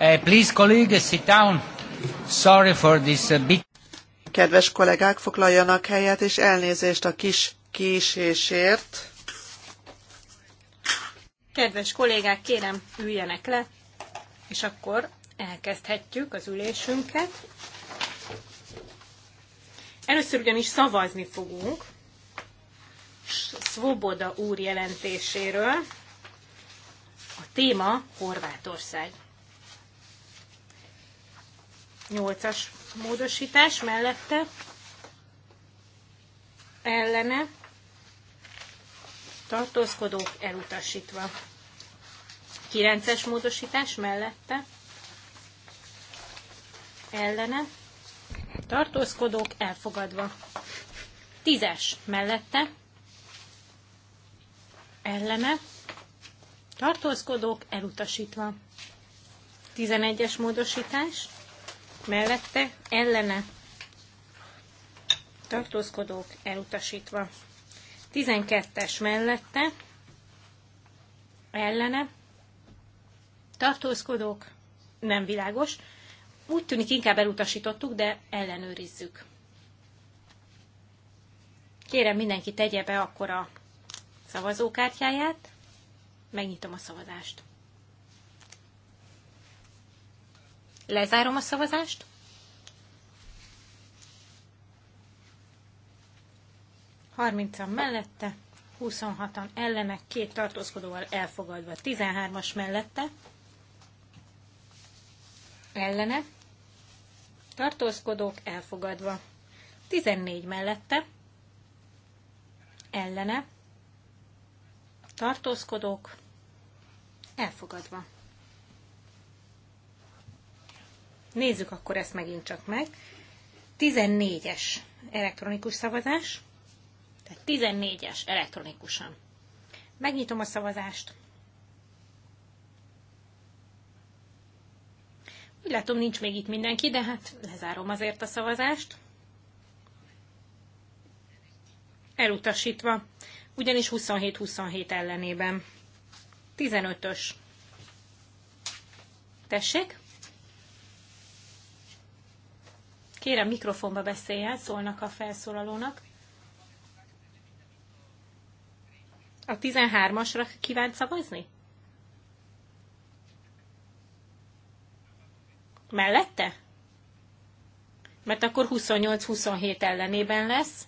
Uh, please, sit down. Sorry for this uh, big... Kedves kollégák, foglaljanak helyet, és elnézést a kis késésért. Kedves kollégák, kérem, üljenek le, és akkor elkezdhetjük az ülésünket. Először ugyanis szavazni fogunk Svoboda úr jelentéséről, a téma Horvátország. Nyolcas módosítás mellette ellene tartózkodók elutasítva. Kilences módosítás mellette ellene tartózkodók elfogadva. tízes mellette ellene tartózkodók elutasítva. 11-es módosítás, mellette ellene tartózkodók elutasítva. 12-es mellette ellene tartózkodók nem világos. Úgy tűnik inkább elutasítottuk, de ellenőrizzük. Kérem mindenki tegye be akkor a szavazókártyáját. Megnyitom a szavazást. Lezárom a szavazást. Harmincan mellette, 26-an ellenek, két tartózkodóval elfogadva, 13-as mellette, ellene, tartózkodók elfogadva, 14 mellette, ellene, tartózkodók Elfogadva. Nézzük akkor ezt megint csak meg. 14-es elektronikus szavazás. Tehát 14-es elektronikusan. Megnyitom a szavazást. Úgy látom, nincs még itt mindenki, de hát lezárom azért a szavazást. Elutasítva, ugyanis 27-27 ellenében. 15-ös. Tessék? Kérem, mikrofonba beszéljen, szólnak a felszólalónak. A 13-asra kívánt szavazni? Mellette? Mert akkor 28-27 ellenében lesz.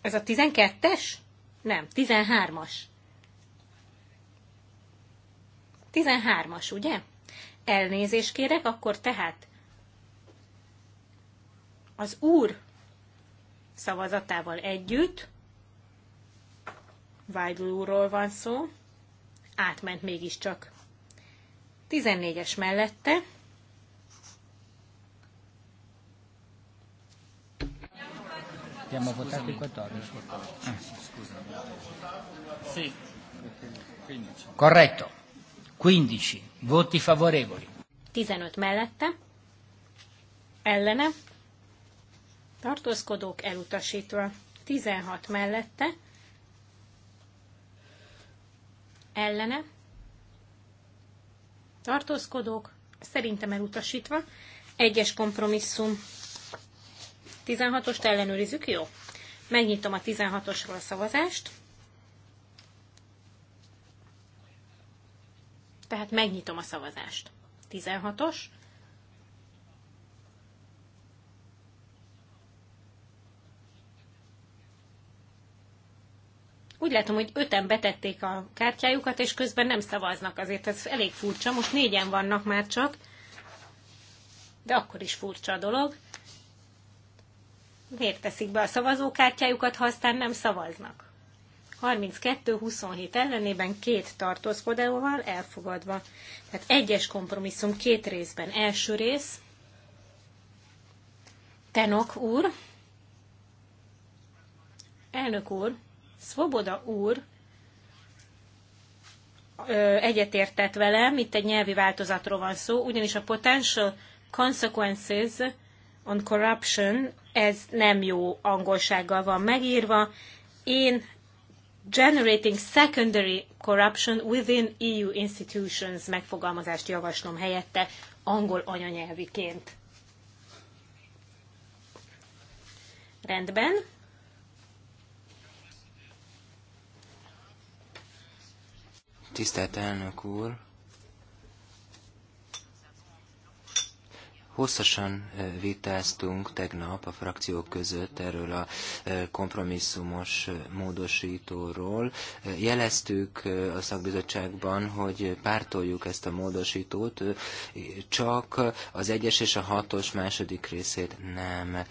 Ez a 12-es? Nem, 13-as. 13-as. 13-as, ugye? Elnézést kérek, akkor tehát az úr szavazatával együtt, Weidl úrról van szó, átment mégiscsak. 14-es mellette, Abbiamo votato il 14. Ah. Sì. 15 voti favorevoli. 15 mellette, ellene, tartózkodók elutasítva. 16 mellette, ellene, tartózkodók, szerintem elutasítva, egyes kompromisszum. 16-ost ellenőrizzük, jó? Megnyitom a 16-osról a szavazást. tehát megnyitom a szavazást. 16-os. Úgy látom, hogy öten betették a kártyájukat, és közben nem szavaznak, azért ez elég furcsa. Most négyen vannak már csak, de akkor is furcsa a dolog. Miért teszik be a szavazókártyájukat, ha aztán nem szavaznak? 32-27 ellenében két tartózkodóval elfogadva. Tehát egyes kompromisszum két részben. Első rész, Tenok úr, elnök úr, Svoboda úr egyetértett velem, itt egy nyelvi változatról van szó, ugyanis a potential consequences on corruption, ez nem jó angolsággal van megírva. Én Generating Secondary Corruption Within EU Institutions megfogalmazást javaslom helyette angol anyanyelviként. Rendben. Tisztelt elnök úr, Hosszasan vitáztunk tegnap a frakciók között erről a kompromisszumos módosítóról. Jeleztük a szakbizottságban, hogy pártoljuk ezt a módosítót, csak az egyes és a hatos második részét nem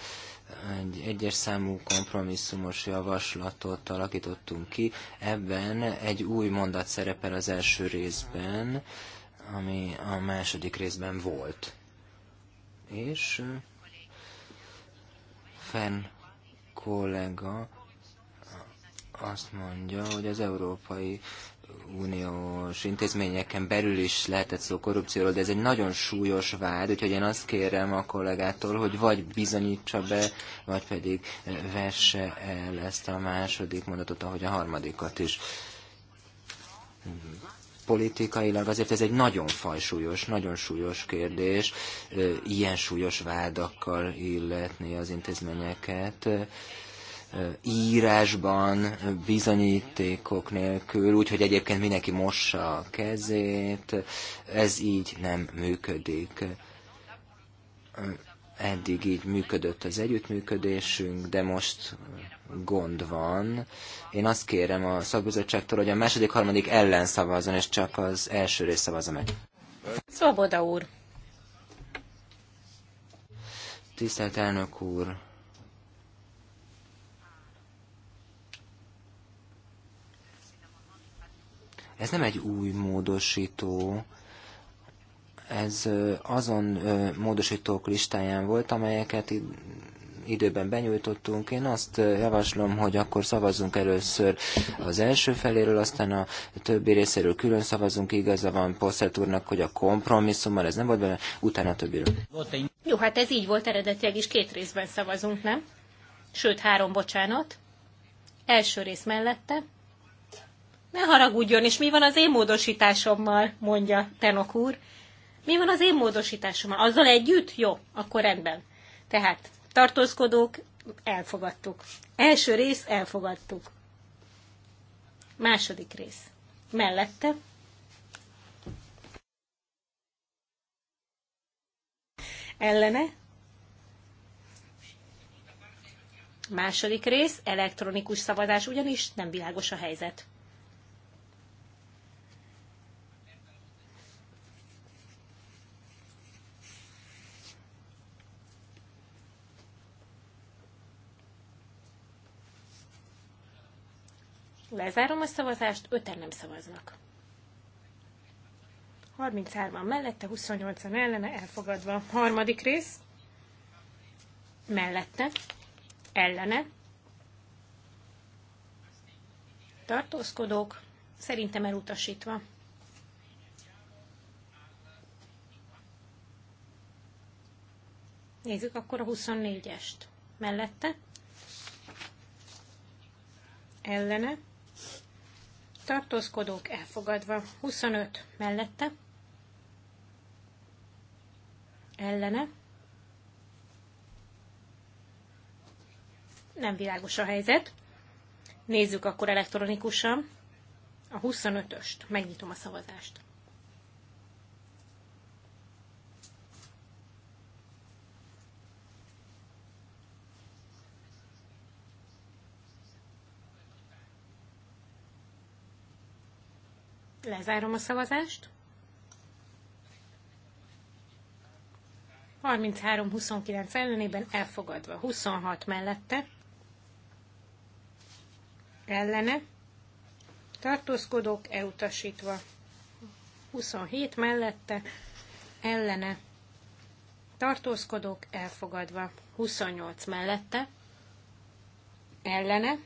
egy egyes számú kompromisszumos javaslatot alakítottunk ki. Ebben egy új mondat szerepel az első részben, ami a második részben volt és Fenn kollega azt mondja, hogy az Európai Uniós intézményeken belül is lehetett szó korrupcióról, de ez egy nagyon súlyos vád, úgyhogy én azt kérem a kollégától, hogy vagy bizonyítsa be, vagy pedig vesse el ezt a második mondatot, ahogy a harmadikat is politikailag, azért ez egy nagyon fajsúlyos, nagyon súlyos kérdés, ilyen súlyos vádakkal illetni az intézményeket írásban, bizonyítékok nélkül, úgyhogy egyébként mindenki mossa a kezét, ez így nem működik. Eddig így működött az együttműködésünk, de most gond van. Én azt kérem a szakbizottságtól, hogy a második, harmadik ellen szavazzon, és csak az első rész szavazza meg. Szoboda úr! Tisztelt elnök úr! Ez nem egy új módosító, ez azon módosítók listáján volt, amelyeket időben benyújtottunk. Én azt javaslom, hogy akkor szavazzunk először az első feléről, aztán a többi részéről külön szavazunk. Igaza van Poszert úrnak, hogy a kompromisszummal ez nem volt benne, utána a többiről. Jó, hát ez így volt eredetileg is, két részben szavazunk, nem? Sőt, három, bocsánat. Első rész mellette. Ne haragudjon, és mi van az én módosításommal, mondja Tenok úr. Mi van az én módosításommal? Azzal együtt? Jó, akkor rendben. Tehát tartózkodók, elfogadtuk. Első rész, elfogadtuk. Második rész. Mellette. Ellene. Második rész, elektronikus szavazás, ugyanis nem világos a helyzet. Lezárom a szavazást, öten nem szavaznak. 33-an mellette, 28-an ellene, elfogadva. Harmadik rész, mellette, ellene, tartózkodók, szerintem elutasítva. Nézzük akkor a 24-est. Mellette, ellene, tartózkodók elfogadva. 25 mellette, ellene. Nem világos a helyzet. Nézzük akkor elektronikusan a 25-öst. Megnyitom a szavazást. Lezárom a szavazást. 33-29 ellenében elfogadva. 26 mellette. Ellene. Tartózkodók elutasítva. 27 mellette. Ellene. Tartózkodók elfogadva. 28 mellette. Ellene.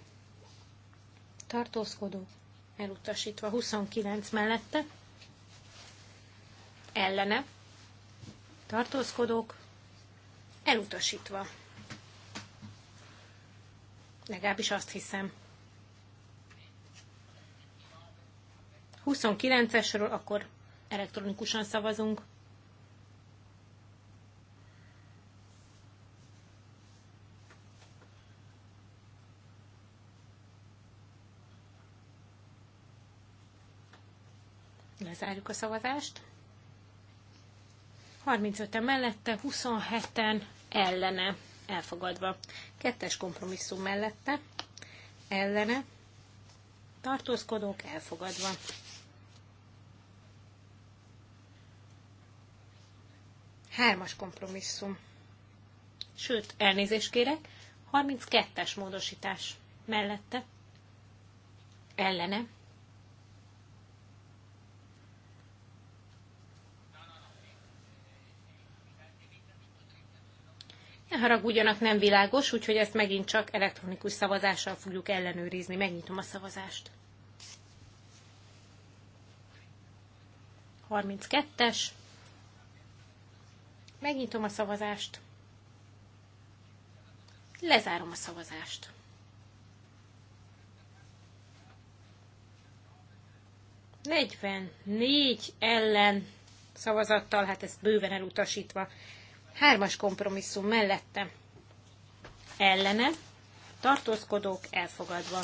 Tartózkodók elutasítva 29 mellette, ellene, tartózkodók, elutasítva. Legalábbis azt hiszem. 29-esről akkor elektronikusan szavazunk. Lezárjuk a szavazást. 35-en mellette, 27-en ellene elfogadva. Kettes kompromisszum mellette, ellene, tartózkodók elfogadva. Hármas kompromisszum. Sőt, elnézést kérek, 32-es módosítás mellette, ellene, Ne haragudjanak, nem világos, úgyhogy ezt megint csak elektronikus szavazással fogjuk ellenőrizni. Megnyitom a szavazást. 32-es. Megnyitom a szavazást. Lezárom a szavazást. Negyven négy ellen szavazattal, hát ezt bőven elutasítva. Hármas kompromisszum mellette ellene tartózkodók elfogadva.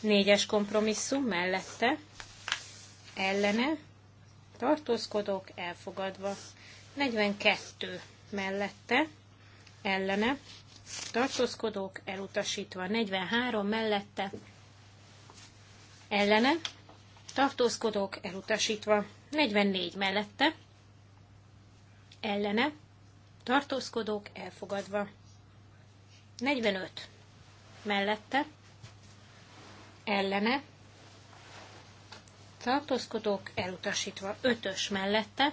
Négyes kompromisszum mellette ellene tartózkodók elfogadva. 42 mellette ellene tartózkodók elutasítva. 43 mellette ellene tartózkodók elutasítva. 44 mellette ellene tartózkodók elfogadva. 45 mellette, ellene, tartózkodók elutasítva. 5-ös mellette,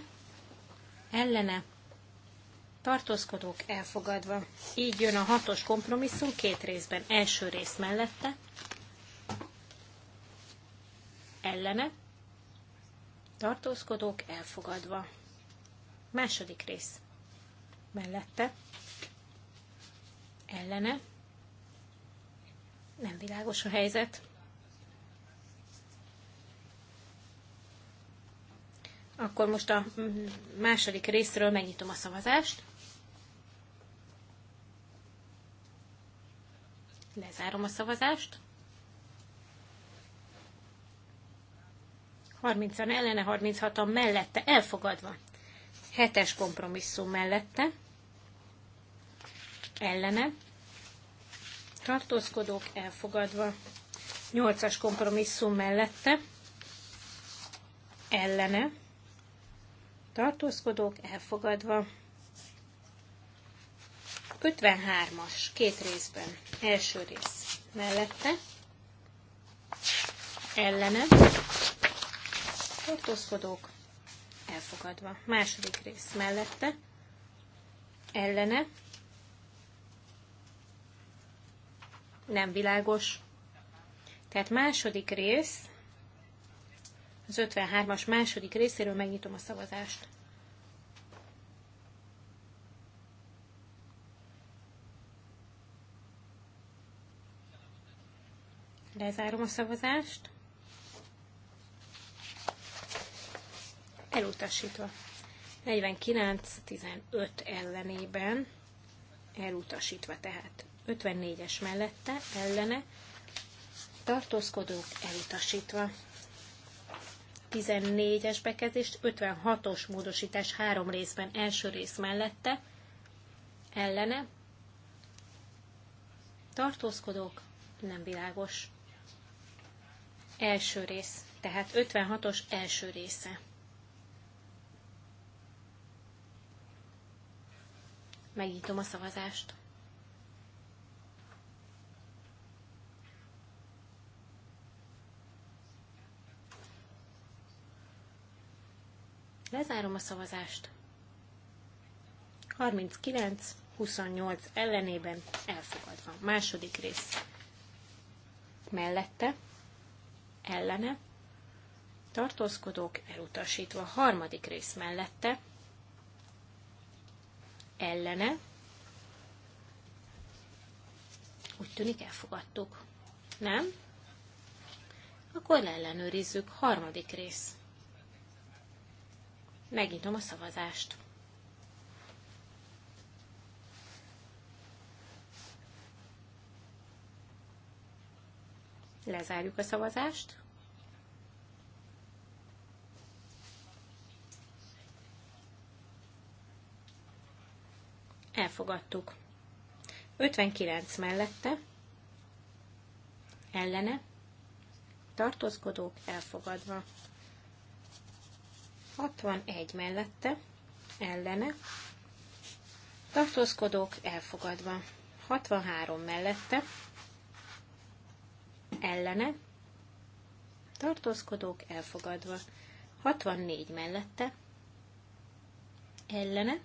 ellene, tartózkodók elfogadva. Így jön a hatos kompromisszum két részben. Első rész mellette, ellene, tartózkodók elfogadva. Második rész mellette, ellene, nem világos a helyzet. Akkor most a második részről megnyitom a szavazást. Lezárom a szavazást. 30-an ellene, 36-an mellette, elfogadva. Hetes kompromisszum mellette, ellene, tartózkodók elfogadva, nyolcas kompromisszum mellette, ellene, tartózkodók elfogadva, 53-as, két részben, első rész mellette, ellene, tartózkodók elfogadva, második rész mellette, ellene, nem világos. Tehát második rész, az 53-as második részéről megnyitom a szavazást. Lezárom a szavazást. Elutasítva. 49-15 ellenében elutasítva tehát. 54-es mellette ellene tartózkodók elutasítva. 14-es bekezdést 56-os módosítás három részben első rész mellette ellene tartózkodók nem világos. Első rész, tehát 56-os első része. Megnyitom a szavazást. lezárom a szavazást. 39, 28 ellenében elfogadva. Második rész mellette, ellene, tartózkodók elutasítva. Harmadik rész mellette, ellene, úgy tűnik elfogadtuk. Nem? Akkor ellenőrizzük. Harmadik rész. Megnyitom a szavazást. Lezárjuk a szavazást. Elfogadtuk. 59 mellette, ellene, tartózkodók elfogadva. 61 mellette, ellene, tartózkodók elfogadva. 63 mellette, ellene, tartózkodók elfogadva. 64 mellette, ellene,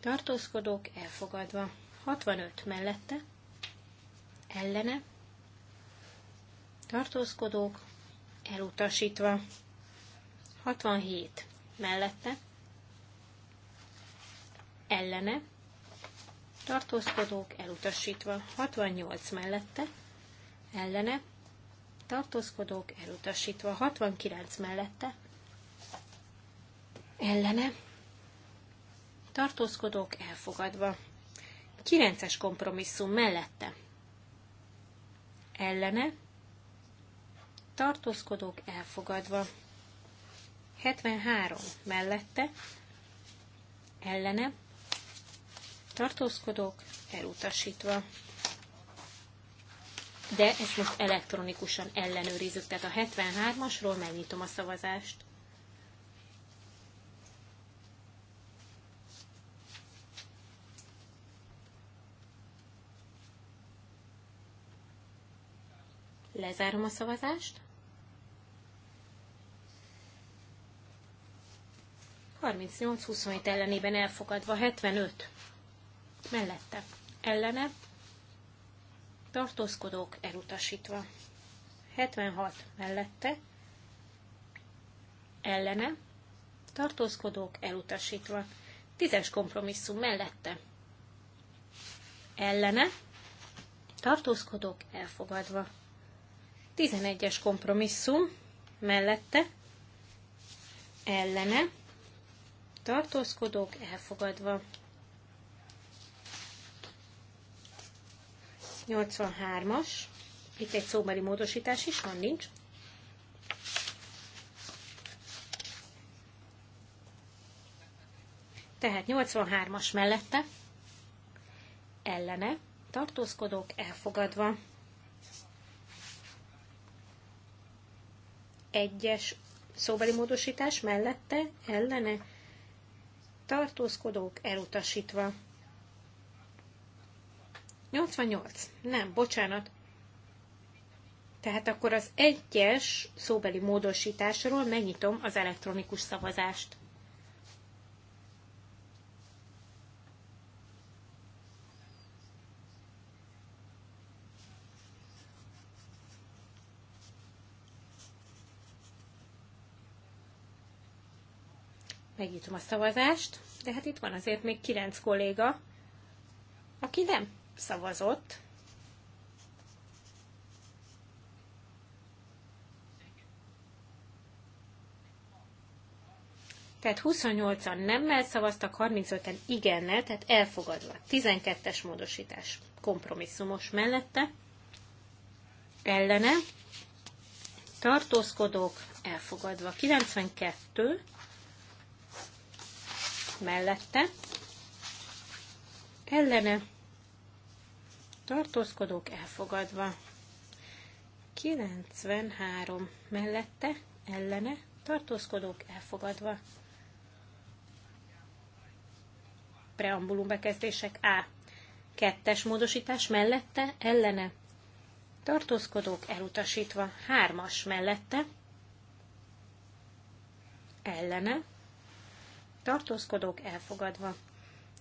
tartózkodók elfogadva. 65 mellette, ellene, tartózkodók elutasítva. 67 mellette, ellene, tartózkodók elutasítva, 68 mellette, ellene, tartózkodók elutasítva, 69 mellette, ellene, tartózkodók elfogadva, 9-es kompromisszum mellette, ellene, tartózkodók elfogadva, 73 mellette ellene tartózkodók elutasítva. De ezt most elektronikusan ellenőrizzük, tehát a 73-asról megnyitom a szavazást. Lezárom a szavazást. 38-27 ellenében elfogadva 75 mellette ellene tartózkodók elutasítva 76 mellette ellene tartózkodók elutasítva 10-es kompromisszum mellette ellene tartózkodók elfogadva 11-es kompromisszum mellette ellene tartózkodók elfogadva. 83-as, itt egy szóbeli módosítás is van, nincs? Tehát 83-as mellette ellene tartózkodók elfogadva. Egyes szóbeli módosítás mellette ellene tartózkodók elutasítva. 88. Nem, bocsánat. Tehát akkor az egyes szóbeli módosításról megnyitom az elektronikus szavazást. Megnyitom a szavazást, de hát itt van azért még kilenc kolléga, aki nem szavazott. Tehát 28-an nemmel szavaztak, 35-en igennel, tehát elfogadva. 12-es módosítás kompromisszumos mellette, ellene, tartózkodók elfogadva. 92 mellette, ellene, tartózkodók elfogadva. 93 mellette, ellene, tartózkodók elfogadva. Preambulum bekezdések A. Kettes módosítás mellette, ellene, tartózkodók elutasítva. Hármas mellette, ellene, tartózkodók elfogadva.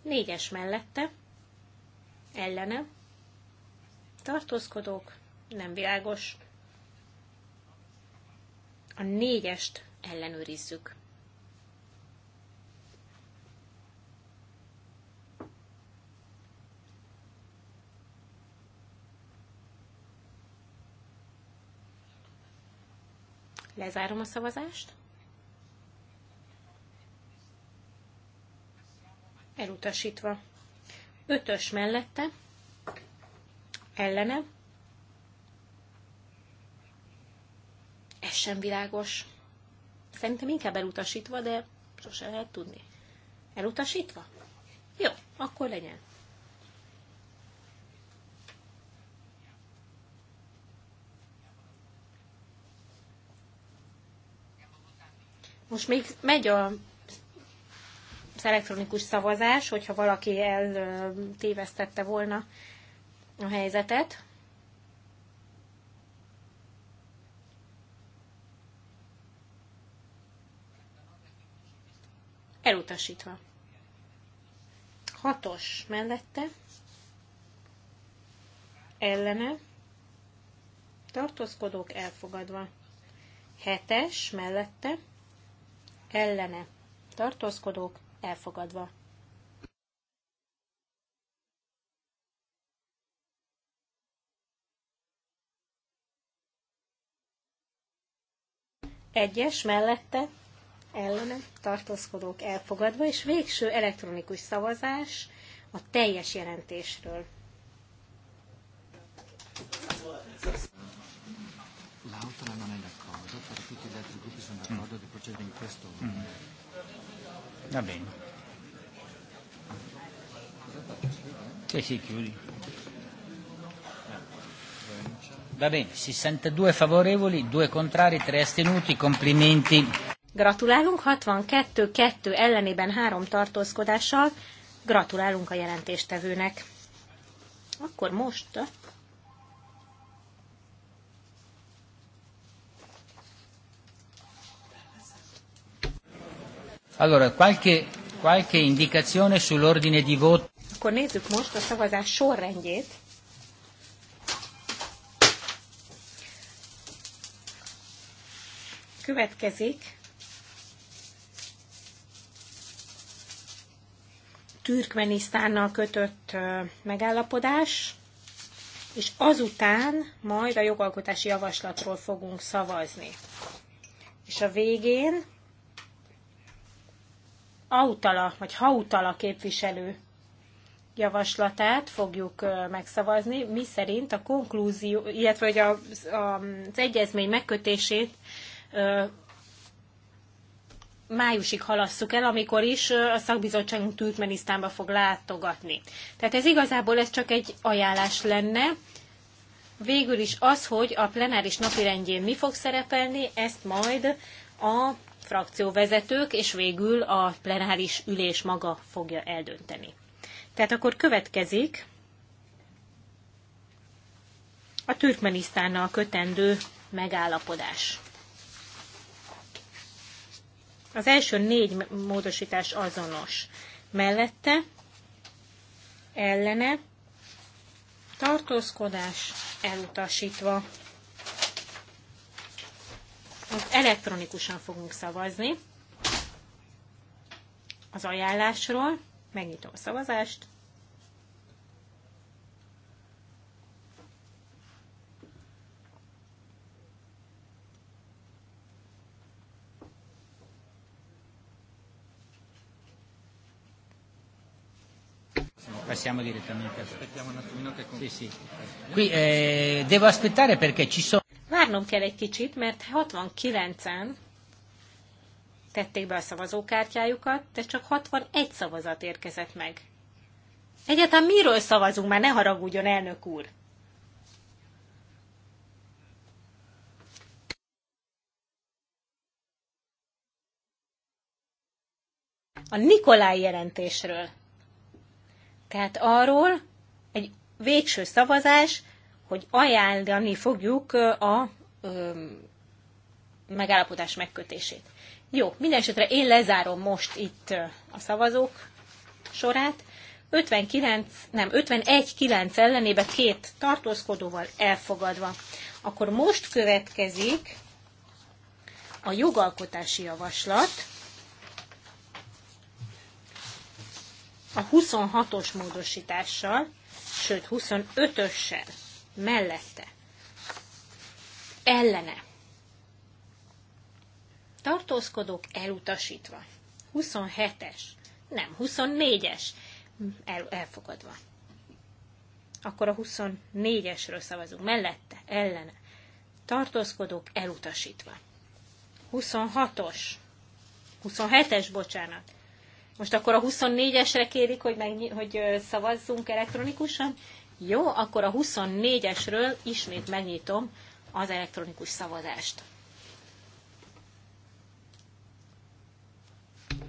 Négyes mellette, ellene, tartózkodók, nem világos. A négyest ellenőrizzük. Lezárom a szavazást. elutasítva. Ötös mellette, ellene, ez sem világos. Szerintem inkább elutasítva, de sose lehet tudni. Elutasítva? Jó, akkor legyen. Most még megy a elektronikus szavazás, hogyha valaki eltévesztette volna a helyzetet. Elutasítva. Hatos mellette. Ellene. Tartózkodók elfogadva. Hetes mellette. Ellene tartózkodók, elfogadva. Egyes mellette ellene tartózkodók elfogadva, és végső elektronikus szavazás a teljes jelentésről. non è d'accordo, però tutti gli altri gruppi sono d'accordo di procedere in questo. Mm-hmm. Va bem. Sì, sì, chiudi. Va bene, 62 favorevoli, 2 contrari, 3 astenuti, complimenti. Gratulálunk 62-2 ellenében 3 tartózkodással. Gratulálunk a jelentéstevőnek. Akkor most Allora, qualche, qualche indicazione sull'ordine di voto. Akkor nézzük most a szavazás sorrendjét. Következik Türkmenisztánnal kötött megállapodás, és azután majd a jogalkotási javaslatról fogunk szavazni. És a végén Autala, vagy Hautala képviselő javaslatát fogjuk megszavazni, mi szerint a konklúzió, illetve hogy az, az egyezmény megkötését májusig halasszuk el, amikor is a szakbizottságunk Türkmenisztánba fog látogatni. Tehát ez igazából ez csak egy ajánlás lenne. Végül is az, hogy a plenáris napirendjén mi fog szerepelni, ezt majd a frakcióvezetők, és végül a plenáris ülés maga fogja eldönteni. Tehát akkor következik a Türkmenisztánnal kötendő megállapodás. Az első négy módosítás azonos. Mellette ellene tartózkodás elutasítva az elektronikusan fogunk szavazni az ajánlásról. Megnyitom a szavazást. Passiamo direttamente. Aspettiamo un attimino che... Sì, sì. Qui eh, devo aspettare perché ci sono... Várnom kell egy kicsit, mert 69-en tették be a szavazókártyájukat, de csak 61 szavazat érkezett meg. Egyáltalán miről szavazunk már, ne haragudjon, elnök úr! A Nikolai jelentésről. Tehát arról egy végső szavazás, hogy ajánlani fogjuk a megállapodás megkötését. Jó, minden esetre én lezárom most itt a szavazók sorát. 59, nem, 51-9 ellenébe két tartózkodóval elfogadva. Akkor most következik a jogalkotási javaslat, a 26-os módosítással, sőt 25-össel mellette, ellene, tartózkodók elutasítva, 27-es, nem, 24-es, el, elfogadva. Akkor a 24-esről szavazunk, mellette, ellene, tartózkodók elutasítva. 26-os, 27-es, bocsánat, most akkor a 24-esre kérik, hogy, meg, hogy szavazzunk elektronikusan. Jó, akkor a 24-esről ismét megnyitom az elektronikus szavazást.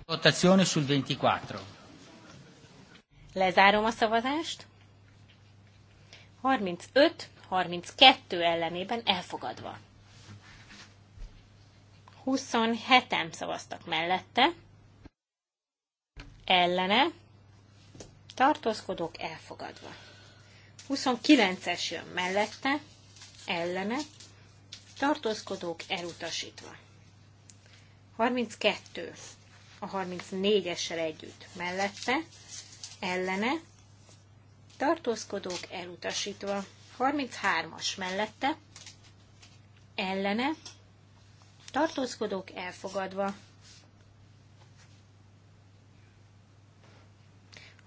Votazione sul 24. Lezárom a szavazást. 35-32 ellenében elfogadva. 27-en szavaztak mellette, ellene, tartózkodók elfogadva. 29-es jön mellette, ellene, tartózkodók elutasítva. 32 a 34-essel együtt mellette, ellene, tartózkodók elutasítva. 33-as mellette, ellene, tartózkodók elfogadva.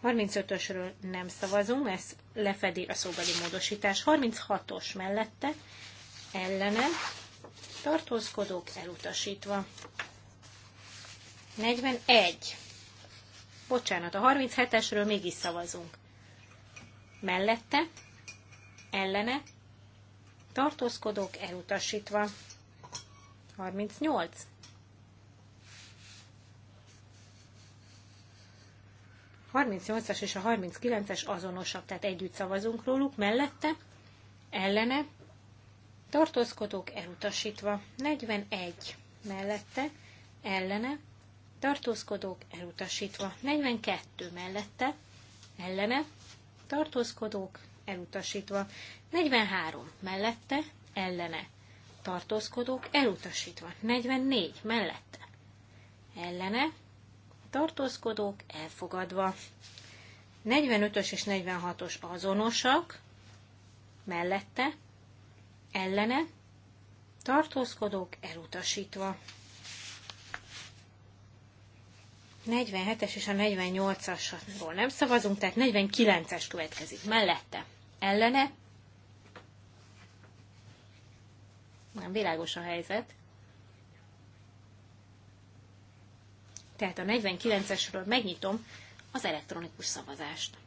35-ösről nem szavazunk, ez lefedi a szóbeli módosítás. 36-os mellette ellene tartózkodók elutasítva. 41. Bocsánat, a 37-esről mégis szavazunk. Mellette, ellene, tartózkodók elutasítva. 38. 38-as és a 39-es azonosak, tehát együtt szavazunk róluk, mellette, ellene, tartózkodók elutasítva, 41 mellette, ellene, tartózkodók elutasítva, 42 mellette, ellene, tartózkodók elutasítva, 43 mellette, ellene, tartózkodók elutasítva, 44 mellette, ellene, tartózkodók elfogadva. 45-ös és 46-os azonosak, mellette, ellene, tartózkodók elutasítva. 47-es és a 48-asról nem szavazunk, tehát 49-es következik mellette. Ellene? Nem világos a helyzet. Tehát a 49-esről megnyitom az elektronikus szavazást.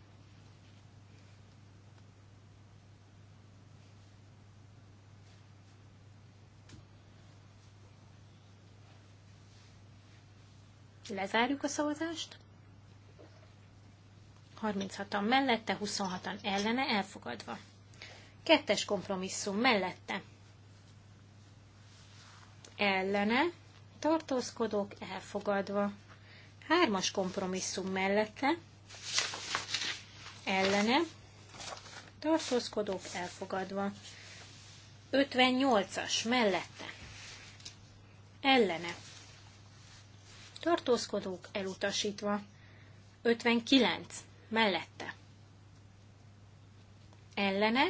Lezárjuk a szavazást. 36-an mellette, 26-an ellene elfogadva. Kettes kompromisszum mellette. Ellene tartózkodók elfogadva. Hármas kompromisszum mellette, ellene, tartózkodók elfogadva. 58-as mellette, ellene, tartózkodók elutasítva. 59 mellette, ellene,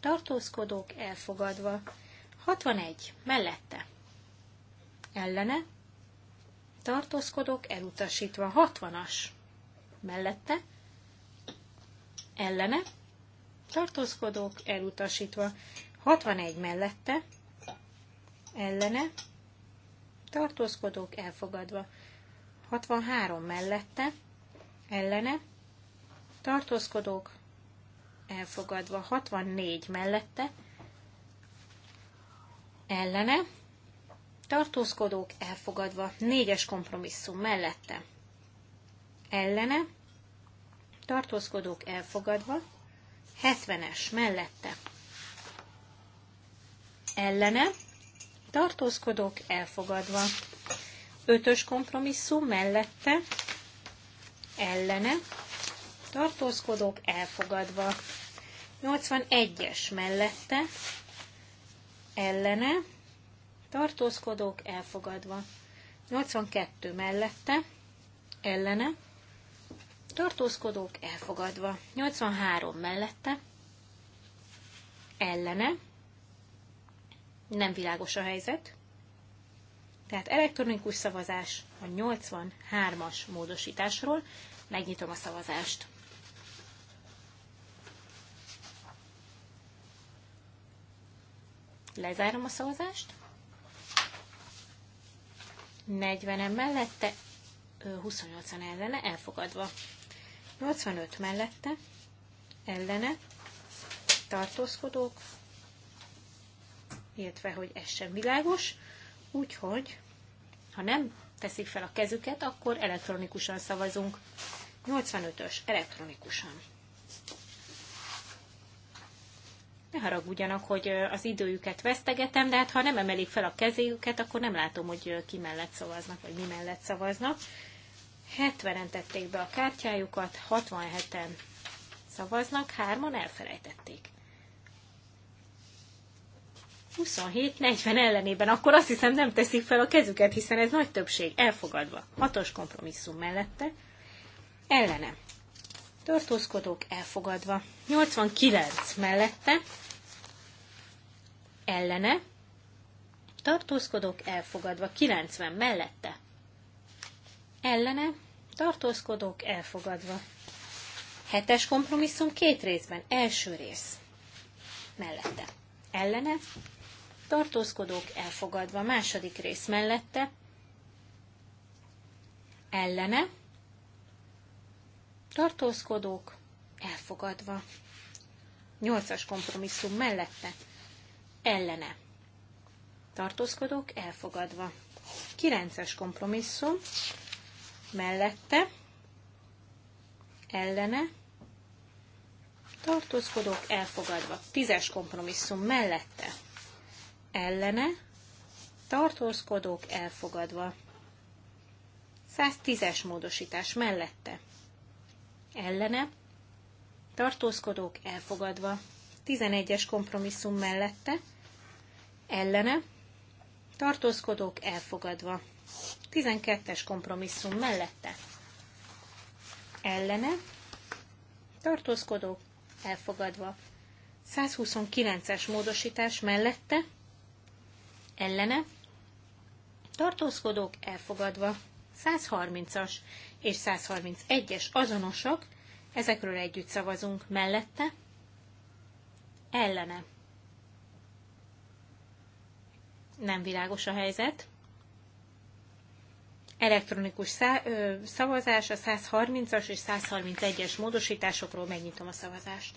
tartózkodók elfogadva. 61 mellette, ellene, tartózkodok, elutasítva 60-as mellette, ellene, tartózkodok, elutasítva 61 mellette, ellene, tartózkodók elfogadva. 63 mellette, ellene, tartózkodók elfogadva. 64 mellette, ellene, tartózkodók elfogadva, négyes kompromisszum mellette, ellene, tartózkodók elfogadva, 70-es mellette, ellene, tartózkodók elfogadva, ötös kompromisszum mellette, ellene, tartózkodók elfogadva, 81-es mellette, ellene, tartózkodók elfogadva. 82 mellette, ellene, tartózkodók elfogadva. 83 mellette, ellene, nem világos a helyzet, tehát elektronikus szavazás a 83-as módosításról. Megnyitom a szavazást. Lezárom a szavazást. 40-en mellette, 28-an ellene, elfogadva. 85 mellette, ellene, tartózkodók, illetve, hogy ez sem világos, úgyhogy, ha nem teszik fel a kezüket, akkor elektronikusan szavazunk. 85-ös elektronikusan. Ne haragudjanak, hogy az időjüket vesztegetem, de hát ha nem emelik fel a kezéjüket, akkor nem látom, hogy ki mellett szavaznak, vagy mi mellett szavaznak. 70-en tették be a kártyájukat, 67-en szavaznak, hárman elfelejtették. 27-40 ellenében, akkor azt hiszem nem teszik fel a kezüket, hiszen ez nagy többség, elfogadva. Hatos kompromisszum mellette, Ellenem. Tartózkodók elfogadva. 89 mellette, ellene, tartózkodok, elfogadva. 90 mellette, ellene, tartózkodok, elfogadva. Hetes kompromisszum két részben, első rész mellette, ellene, tartózkodók elfogadva, második rész mellette, ellene, tartózkodók elfogadva, nyolcas kompromisszum mellette, ellene. Tartózkodók elfogadva. 9-es kompromisszum mellette ellene. Tartózkodók elfogadva. 10-es kompromisszum mellette ellene. Tartózkodók elfogadva. 110-es módosítás mellette ellene. Tartózkodók elfogadva. 11-es kompromisszum mellette ellene, tartózkodók elfogadva. 12-es kompromisszum mellette, ellene, tartózkodók elfogadva. 129-es módosítás mellette, ellene, tartózkodók elfogadva. 130-as és 131-es azonosak, ezekről együtt szavazunk mellette, ellene nem világos a helyzet. Elektronikus szavazás a 130-as és 131-es módosításokról megnyitom a szavazást.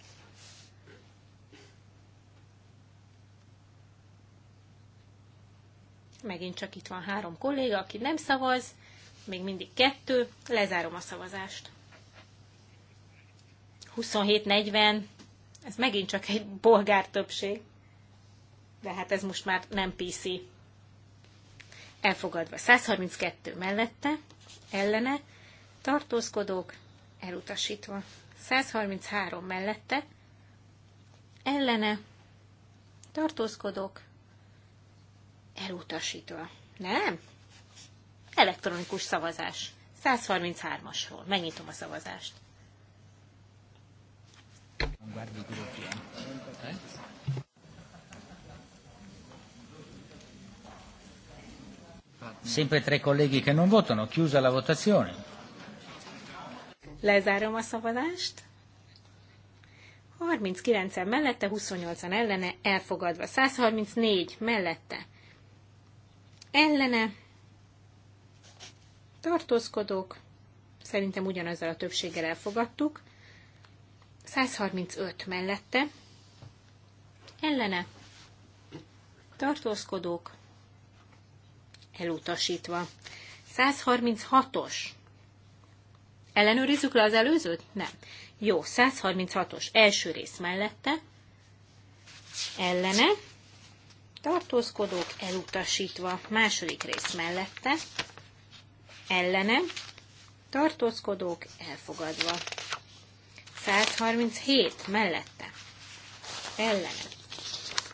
Megint csak itt van három kolléga, aki nem szavaz, még mindig kettő, lezárom a szavazást. 27-40, ez megint csak egy bolgár többség de hát ez most már nem PC. Elfogadva 132 mellette, ellene, tartózkodók, elutasítva. 133 mellette, ellene, tartózkodók, elutasítva. Nem? Elektronikus szavazás. 133-asról. Megnyitom a szavazást. Sempre tre colleghi che non votano, chiusa la votazione. Lezárom a szavazást. 39-en mellette, 28-an ellene, elfogadva. 134 mellette, ellene, tartózkodók, szerintem ugyanazzal a többséggel elfogadtuk. 135 mellette, ellene, tartózkodók, elutasítva. 136-os. Ellenőrizzük le az előzőt? Nem. Jó, 136-os első rész mellette, ellene, tartózkodók elutasítva, második rész mellette, ellene, tartózkodók elfogadva. 137 mellette, ellene,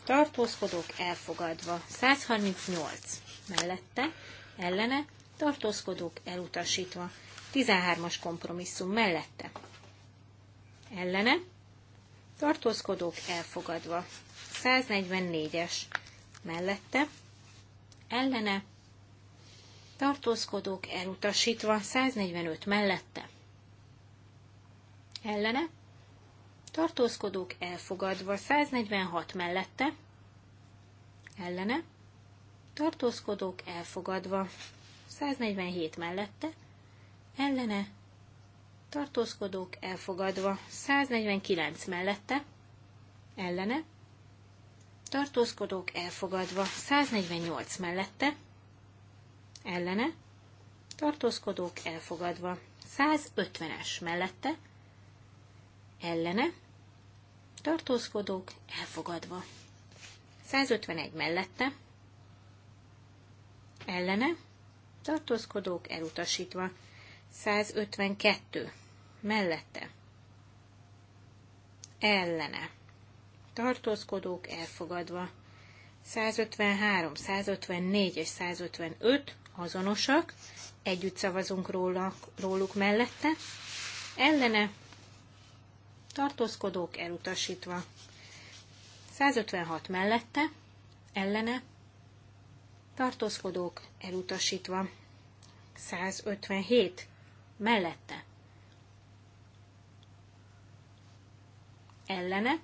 tartózkodók elfogadva. 138 mellette, ellene, tartózkodók elutasítva. 13-as kompromisszum mellette, ellene, tartózkodók elfogadva. 144-es mellette, ellene, tartózkodók elutasítva, 145 mellette, ellene, tartózkodók elfogadva, 146 mellette, ellene, tartózkodók elfogadva. 147 mellette, ellene, tartózkodók elfogadva. 149 mellette, ellene, tartózkodók elfogadva. 148 mellette, ellene, tartózkodók elfogadva. 150-es mellette, ellene, tartózkodók elfogadva. 151 mellette, ellene, tartózkodók elutasítva. 152 mellette, ellene, tartózkodók elfogadva. 153, 154 és 155 azonosak, együtt szavazunk róla, róluk mellette, ellene tartózkodók elutasítva. 156 mellette, ellene tartózkodók elutasítva. 157 mellette. Ellene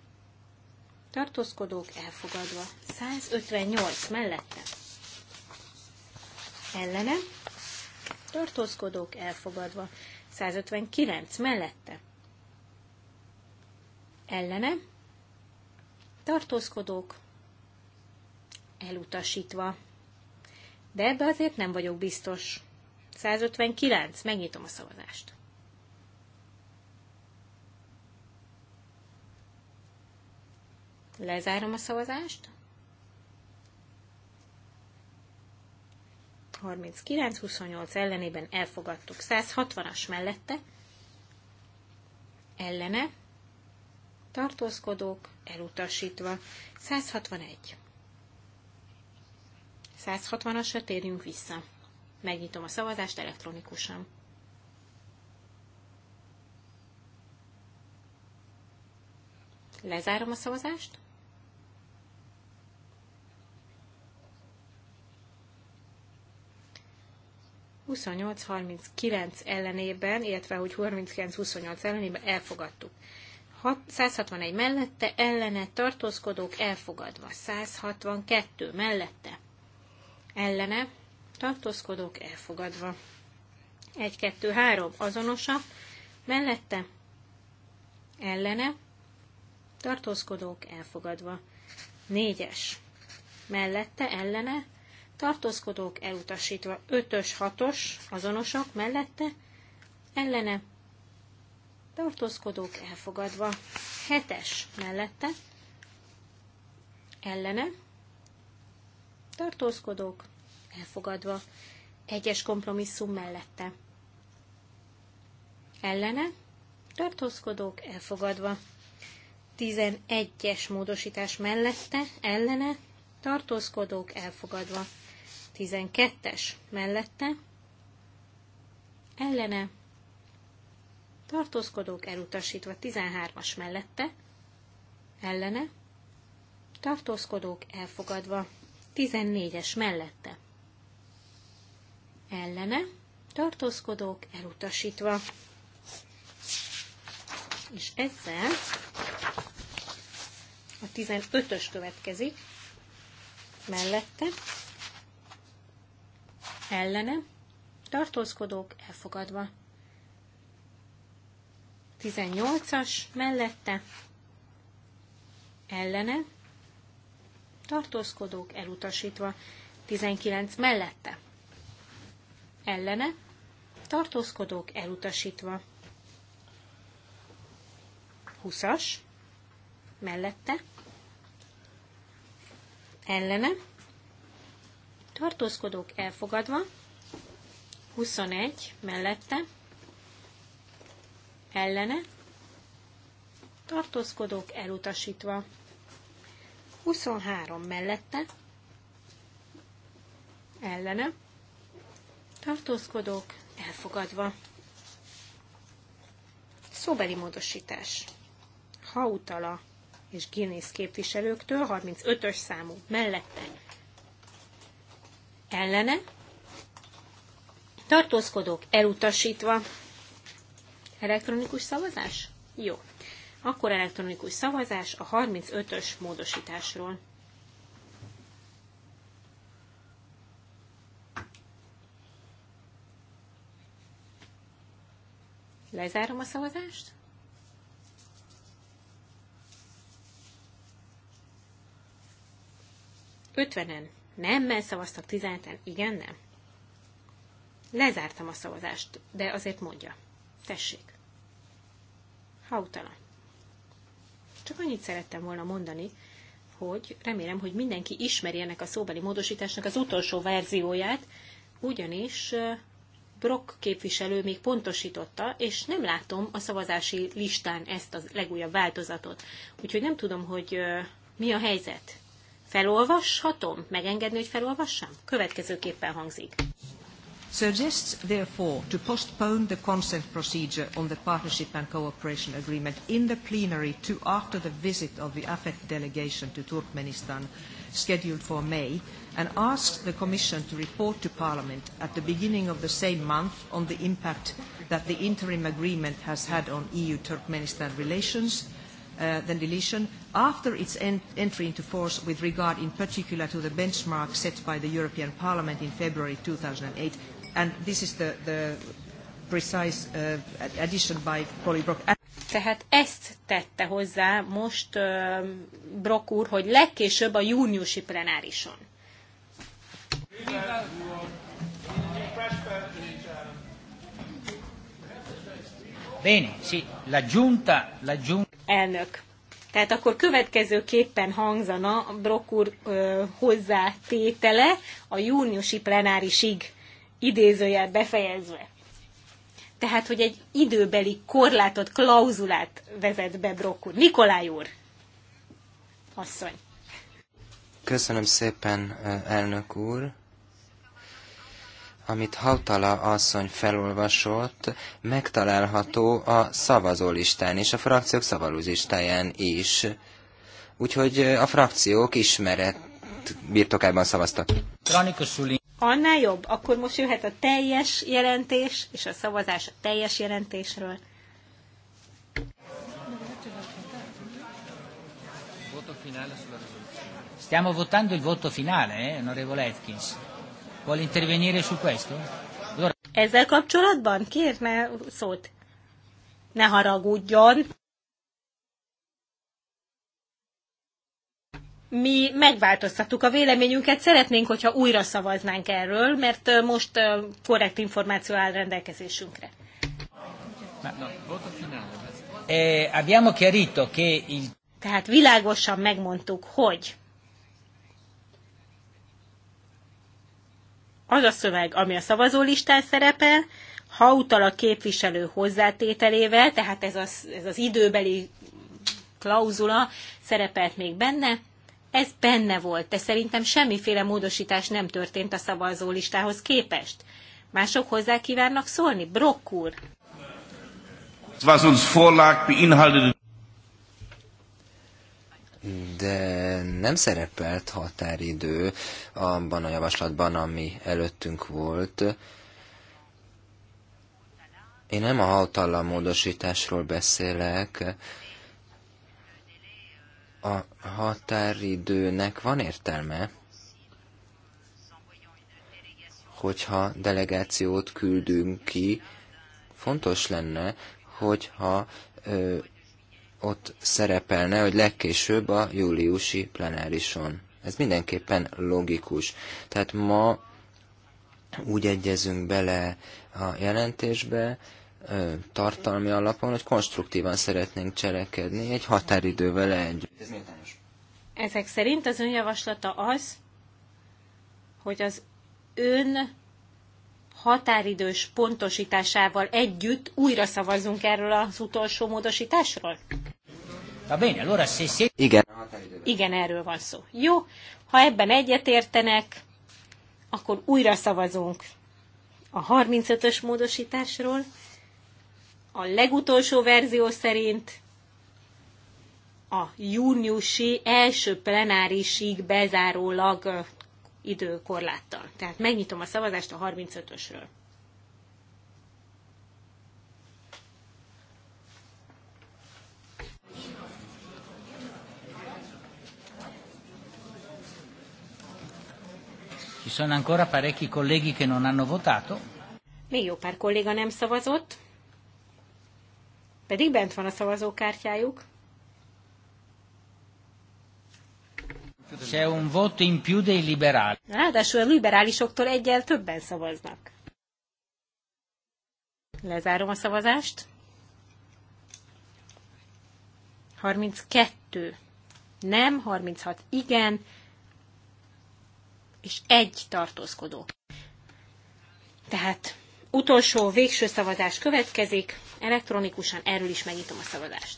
tartózkodók elfogadva. 158 mellette. Ellene tartózkodók elfogadva. 159 mellette. Ellene tartózkodók elutasítva de ebbe azért nem vagyok biztos. 159, megnyitom a szavazást. Lezárom a szavazást. 39-28 ellenében elfogadtuk. 160-as mellette ellene tartózkodók elutasítva. 161. 160-asra térjünk vissza. Megnyitom a szavazást elektronikusan. Lezárom a szavazást. Huszonnyolc ellenében, illetve hogy 39-28 ellenében elfogadtuk. 161 mellette, ellene tartózkodók elfogadva. 162 mellette, ellene, tartózkodók elfogadva. 1-2-3 azonosak, mellette, ellene, tartózkodók elfogadva. 4-es, mellette, ellene, tartózkodók elutasítva. 5-ös, 6-os azonosak, mellette, ellene, tartózkodók elfogadva. 7-es, mellette, ellene, tartózkodók, elfogadva, egyes kompromisszum mellette. Ellene, tartózkodók, elfogadva, tizenegyes módosítás mellette, ellene, tartózkodók, elfogadva, tizenkettes mellette, ellene, tartózkodók, elutasítva, tizenhármas mellette, ellene, tartózkodók, elfogadva, 14-es mellette. Ellene, tartózkodók elutasítva. És ezzel a 15-ös következik mellette, ellene, tartózkodók elfogadva. 18-as mellette, ellene, tartózkodók elutasítva, 19 mellette ellene, tartózkodók elutasítva, 20-as mellette ellene, tartózkodók elfogadva, 21 mellette ellene, tartózkodók elutasítva. 23 mellette ellene tartózkodók elfogadva. Szóbeli módosítás. Hautala és Guinness képviselőktől 35-ös számú mellette ellene tartózkodók elutasítva. Elektronikus szavazás? Jó. Akkor elektronikus szavazás a 35-ös módosításról. Lezárom a szavazást. Ötvenen nemmel szavaztak, tizenheten igen, nem. Lezártam a szavazást, de azért mondja. Tessék. Hautalan. Csak annyit szerettem volna mondani, hogy remélem, hogy mindenki ismeri ennek a szóbeli módosításnak az utolsó verzióját, ugyanis Brock képviselő még pontosította, és nem látom a szavazási listán ezt a legújabb változatot. Úgyhogy nem tudom, hogy mi a helyzet. Felolvashatom? Megengedni, hogy felolvassam? Következőképpen hangzik suggests, therefore, to postpone the consent procedure on the Partnership and Cooperation Agreement in the plenary to after the visit of the AFET delegation to Turkmenistan scheduled for May and asks the Commission to report to Parliament at the beginning of the same month on the impact that the interim agreement has had on EU-Turkmenistan relations uh, deletion after its ent entry into force with regard in particular to the benchmark set by the European Parliament in February 2008 this is the, the precise uh, addition by Tehát ezt tette hozzá most uh, Brock úr, hogy legkésőbb a júniusi plenárison. Bene, sì, la giunta, la giunta. Elnök. Tehát akkor következőképpen hangzana Brock úr ö, hozzátétele a júniusi plenárisig idézőjel befejezve. Tehát, hogy egy időbeli korlátot, klauzulát vezet be Brock úr. Nikolaj úr! Asszony. Köszönöm szépen, elnök úr amit Hautala asszony felolvasott, megtalálható a szavazólistán és a frakciók szavazólistáján is. Úgyhogy a frakciók ismeret birtokában szavaztak annál jobb. Akkor most jöhet a teljes jelentés, és a szavazás a teljes jelentésről. Stiamo votando il voto finale, eh, onorevole Atkins. Vuole intervenire su questo? Allora... Ezzel kapcsolatban kérne szót. Ne haragudjon. mi megváltoztattuk a véleményünket, szeretnénk, hogyha újra szavaznánk erről, mert most korrekt információ áll rendelkezésünkre. Eh, tehát világosan megmondtuk, hogy az a szöveg, ami a szavazólistán szerepel, ha utal a képviselő hozzátételével, tehát ez az, ez az időbeli klauzula szerepelt még benne, ez benne volt, de szerintem semmiféle módosítás nem történt a szavazólistához képest. Mások hozzá kívánnak szólni? Brock úr. de nem szerepelt határidő abban a javaslatban, ami előttünk volt. Én nem a hatallam módosításról beszélek, a határidőnek van értelme, hogyha delegációt küldünk ki, fontos lenne, hogyha ö, ott szerepelne, hogy legkésőbb a júliusi plenárison. Ez mindenképpen logikus. Tehát ma úgy egyezünk bele a jelentésbe, tartalmi alapon, hogy konstruktívan szeretnénk cselekedni egy határidővel együtt. Ez Ezek szerint az önjavaslata az, hogy az ön határidős pontosításával együtt újra szavazunk erről az utolsó módosításról? Igen. Igen, erről van szó. Jó, ha ebben egyetértenek, akkor újra szavazunk a 35-ös módosításról a legutolsó verzió szerint a júniusi első plenárisig bezárólag időkorláttal. Tehát megnyitom a szavazást a 35-ösről. Ci sono ancora parecchi colleghi che non hanno votato. Még jó pár kolléga nem szavazott. Pedig bent van a szavazókártyájuk. un voto in più dei liberali. Ráadásul a liberálisoktól egyel többen szavaznak. Lezárom a szavazást. 32 nem, 36 igen, és egy tartózkodó. Tehát utolsó, végső szavazás következik. Elektronikusan erről is megnyitom a szavazást.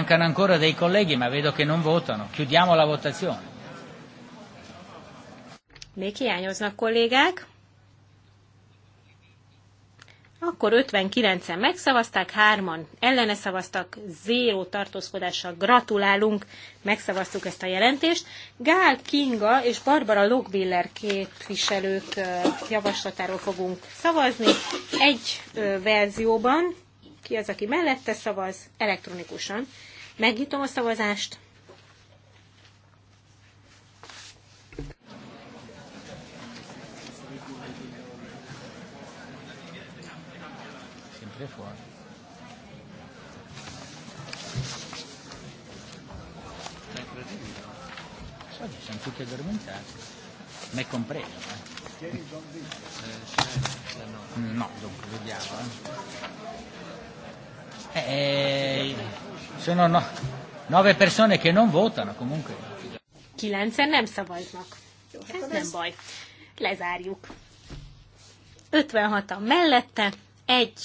Mancano ancora dei colleghi, ma vedo che non votano. Chiudiamo la votazione. Még hiányoznak kollégák. Akkor 59-en megszavazták, hárman ellene szavaztak, zéró tartózkodással gratulálunk, megszavaztuk ezt a jelentést. Gál Kinga és Barbara Logbiller képviselők javaslatáról fogunk szavazni. Egy verzióban, ki az, aki mellette szavaz, elektronikusan. Megnyitom a szavazást. me compreso. Eh, eh. No, dunque, vediamo. Eh. Eh, sono no, nove persone che non votano comunque. Kilencen nem szavaznak. Jó, Ez hát nem ez... baj. Lezárjuk. 56-an mellette, egy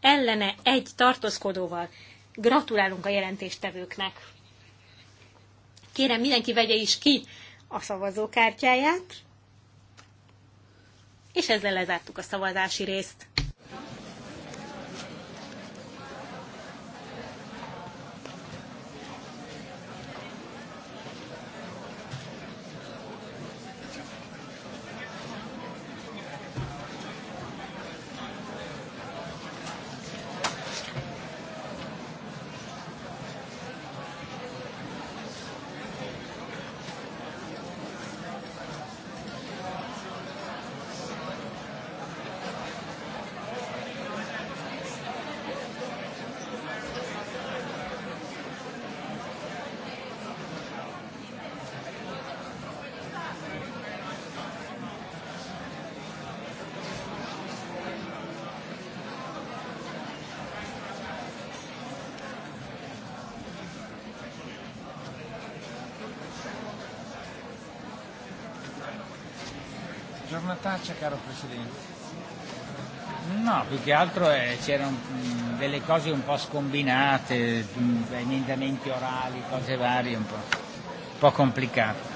ellene, egy tartózkodóval. Gratulálunk a jelentéstevőknek. Kérem, mindenki vegye is ki a szavazókártyáját. És ezzel lezártuk a szavazási részt. sostanza, caro Presidente? No, più che altro eh, c'erano mm, delle cose un po' scombinate, mm, emendamenti orali, cose varie, un po', un po complicate.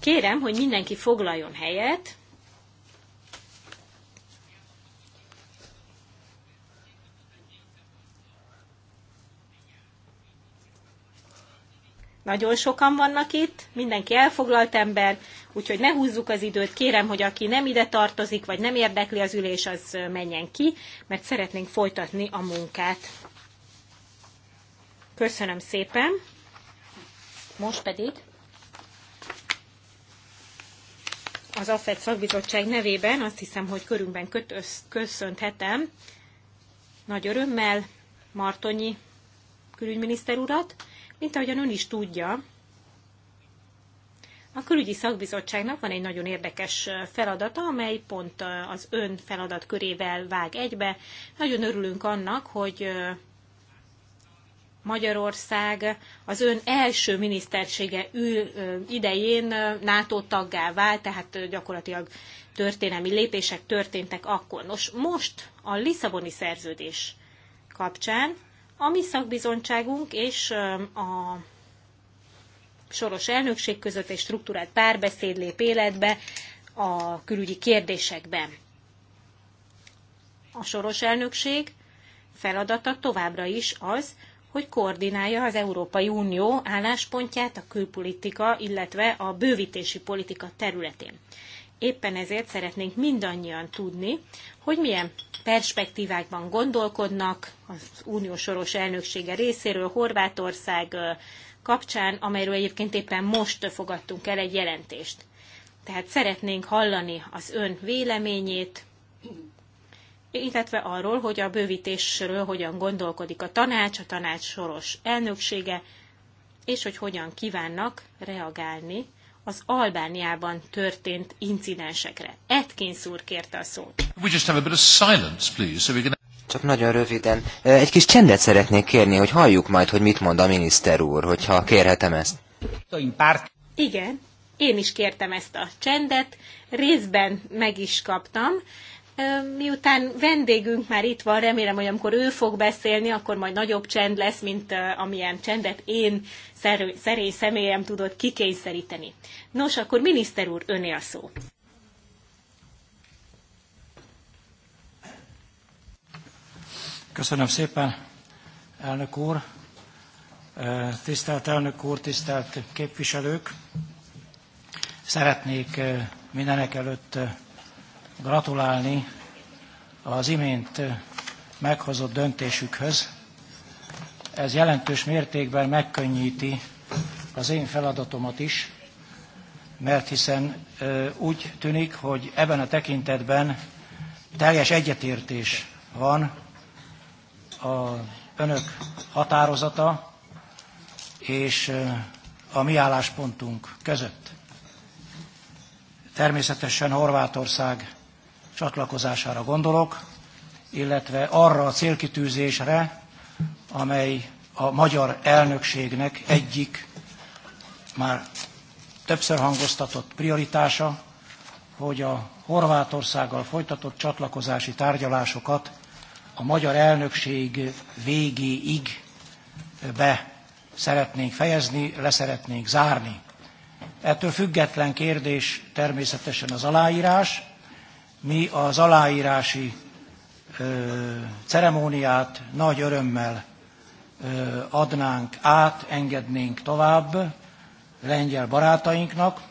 Kérem, hogy mindenki foglaljon helyet. Nagyon sokan vannak itt, mindenki elfoglalt ember, úgyhogy ne húzzuk az időt. Kérem, hogy aki nem ide tartozik, vagy nem érdekli az ülés, az menjen ki, mert szeretnénk folytatni a munkát. Köszönöm szépen! Most pedig az AFED szakbizottság nevében azt hiszem, hogy körünkben köszönthetem nagy örömmel Martonyi külügyminiszter urat, mint ahogyan ön is tudja, a külügyi szakbizottságnak van egy nagyon érdekes feladata, amely pont az ön feladat körével vág egybe. Nagyon örülünk annak, hogy Magyarország az ön első minisztersége idején NATO taggá vált, tehát gyakorlatilag történelmi lépések történtek akkor. Nos, most a Lisszaboni szerződés kapcsán a mi szakbizonyságunk és a soros elnökség között egy struktúrált párbeszéd lép életbe a külügyi kérdésekben. A soros elnökség feladata továbbra is az, hogy koordinálja az Európai Unió álláspontját a külpolitika, illetve a bővítési politika területén. Éppen ezért szeretnénk mindannyian tudni, hogy milyen perspektívákban gondolkodnak az unió soros elnöksége részéről Horvátország kapcsán, amelyről egyébként éppen most fogadtunk el egy jelentést. Tehát szeretnénk hallani az ön véleményét, illetve arról, hogy a bővítésről hogyan gondolkodik a tanács, a tanács soros elnöksége, és hogy hogyan kívánnak reagálni az Albániában történt incidensekre. Atkins úr kérte a szót. We just have a bit of silence, please, so we can... Csak nagyon röviden. Egy kis csendet szeretnék kérni, hogy halljuk majd, hogy mit mond a miniszter úr, hogyha kérhetem ezt. Igen, én is kértem ezt a csendet, részben meg is kaptam, Miután vendégünk már itt van, remélem, hogy amikor ő fog beszélni, akkor majd nagyobb csend lesz, mint amilyen csendet én szerény személyem tudott kikényszeríteni. Nos, akkor miniszter úr, öné a szó. Köszönöm szépen, elnök úr, tisztelt elnök úr, tisztelt képviselők. Szeretnék mindenek előtt gratulálni az imént meghozott döntésükhöz. Ez jelentős mértékben megkönnyíti az én feladatomat is, mert hiszen úgy tűnik, hogy ebben a tekintetben teljes egyetértés van a önök határozata és a mi álláspontunk között. Természetesen Horvátország csatlakozására gondolok, illetve arra a célkitűzésre, amely a magyar elnökségnek egyik már többször hangoztatott prioritása, hogy a Horvátországgal folytatott csatlakozási tárgyalásokat a magyar elnökség végéig be szeretnénk fejezni, leszeretnénk zárni. Ettől független kérdés természetesen az aláírás, mi az aláírási ö, ceremóniát nagy örömmel ö, adnánk át, engednénk tovább lengyel barátainknak,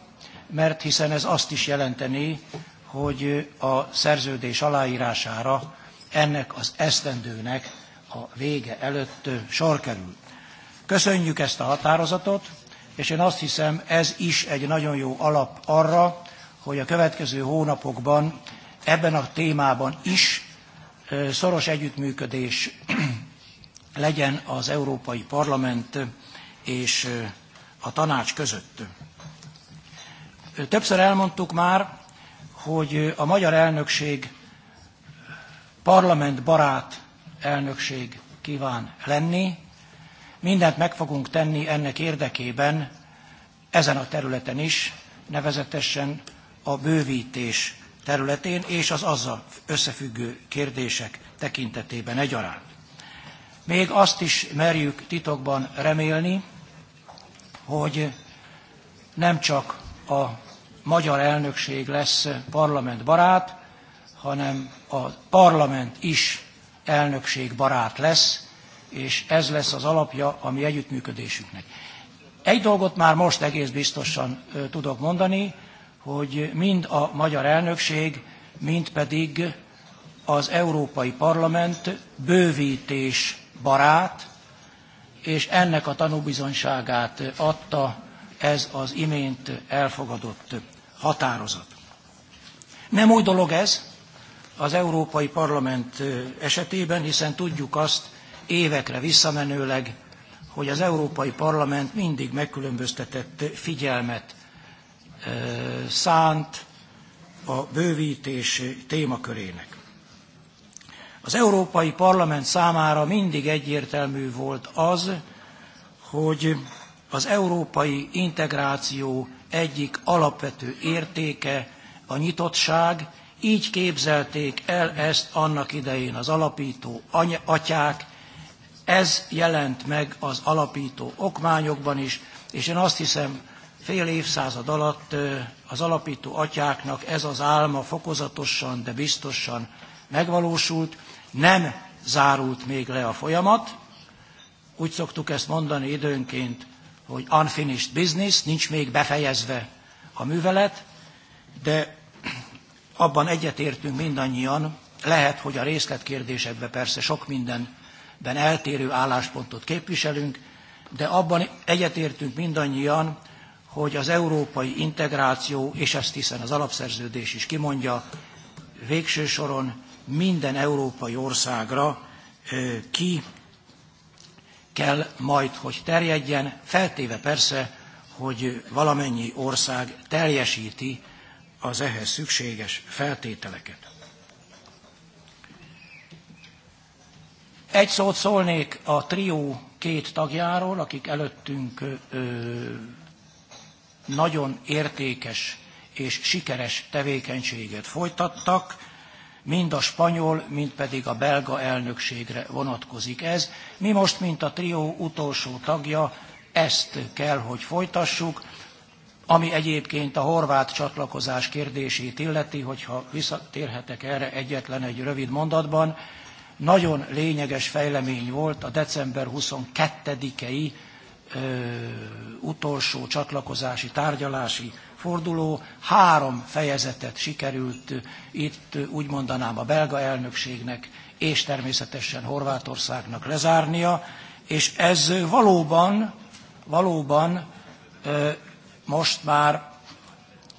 mert hiszen ez azt is jelenteni, hogy a szerződés aláírására ennek az esztendőnek a vége előtt sor kerül. Köszönjük ezt a határozatot, és én azt hiszem, ez is egy nagyon jó alap arra, hogy a következő hónapokban ebben a témában is szoros együttműködés legyen az Európai Parlament és a tanács között. Többször elmondtuk már, hogy a magyar elnökség parlamentbarát elnökség kíván lenni. Mindent meg fogunk tenni ennek érdekében ezen a területen is, nevezetesen a bővítés területén és az azzal összefüggő kérdések tekintetében egyaránt. Még azt is merjük titokban remélni, hogy nem csak a magyar elnökség lesz parlament barát, hanem a parlament is elnökség barát lesz, és ez lesz az alapja a mi együttműködésünknek. Egy dolgot már most egész biztosan tudok mondani, hogy mind a magyar elnökség, mind pedig az Európai Parlament bővítés barát, és ennek a tanúbizonyságát adta ez az imént elfogadott határozat. Nem új dolog ez az Európai Parlament esetében, hiszen tudjuk azt évekre visszamenőleg, hogy az Európai Parlament mindig megkülönböztetett figyelmet szánt a bővítés témakörének. Az Európai Parlament számára mindig egyértelmű volt az, hogy az európai integráció egyik alapvető értéke a nyitottság, így képzelték el ezt annak idején az alapító atyák, ez jelent meg az alapító okmányokban is, és én azt hiszem, fél évszázad alatt az alapító atyáknak ez az álma fokozatosan, de biztosan megvalósult, nem zárult még le a folyamat. Úgy szoktuk ezt mondani időnként, hogy unfinished business, nincs még befejezve a művelet, de abban egyetértünk mindannyian, lehet, hogy a részletkérdésekben persze sok mindenben eltérő álláspontot képviselünk, de abban egyetértünk mindannyian, hogy az európai integráció, és ezt hiszen az alapszerződés is kimondja, végső soron minden európai országra ki kell majd, hogy terjedjen, feltéve persze, hogy valamennyi ország teljesíti az ehhez szükséges feltételeket. Egy szót szólnék a trió két tagjáról, akik előttünk nagyon értékes és sikeres tevékenységet folytattak, mind a spanyol, mind pedig a belga elnökségre vonatkozik ez. Mi most, mint a trió utolsó tagja, ezt kell, hogy folytassuk, ami egyébként a horvát csatlakozás kérdését illeti, hogyha visszatérhetek erre egyetlen egy rövid mondatban, nagyon lényeges fejlemény volt a december 22-i utolsó csatlakozási tárgyalási forduló. Három fejezetet sikerült itt, úgy mondanám, a belga elnökségnek és természetesen Horvátországnak lezárnia, és ez valóban, valóban most már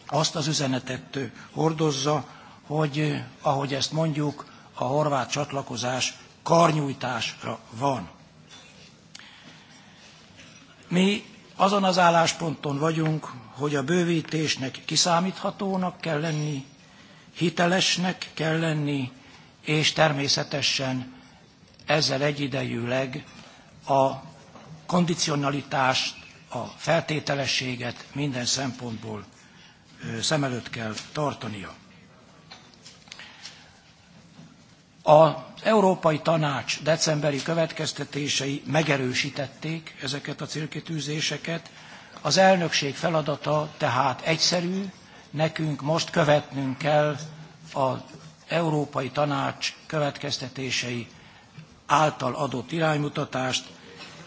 azt az üzenetet hordozza, hogy ahogy ezt mondjuk, a horvát csatlakozás karnyújtásra van. Mi azon az állásponton vagyunk, hogy a bővítésnek kiszámíthatónak kell lenni, hitelesnek kell lenni, és természetesen ezzel egyidejűleg a kondicionalitást, a feltételességet minden szempontból szem előtt kell tartania. A Európai Tanács decemberi következtetései megerősítették ezeket a célkitűzéseket. Az elnökség feladata tehát egyszerű, nekünk most követnünk kell az Európai Tanács következtetései által adott iránymutatást,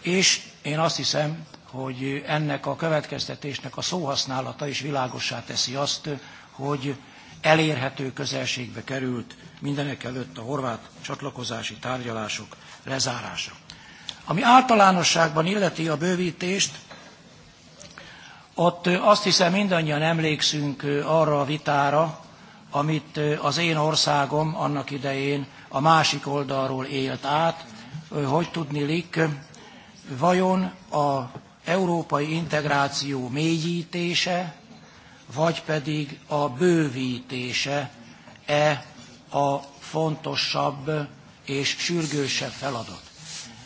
és én azt hiszem, hogy ennek a következtetésnek a szóhasználata is világossá teszi azt, hogy elérhető közelségbe került mindenek előtt a horvát csatlakozási tárgyalások lezárása. Ami általánosságban illeti a bővítést, ott azt hiszem mindannyian emlékszünk arra a vitára, amit az én országom annak idején a másik oldalról élt át, hogy tudni lik, vajon a európai integráció mélyítése, vagy pedig a bővítése e a fontosabb és sürgősebb feladat.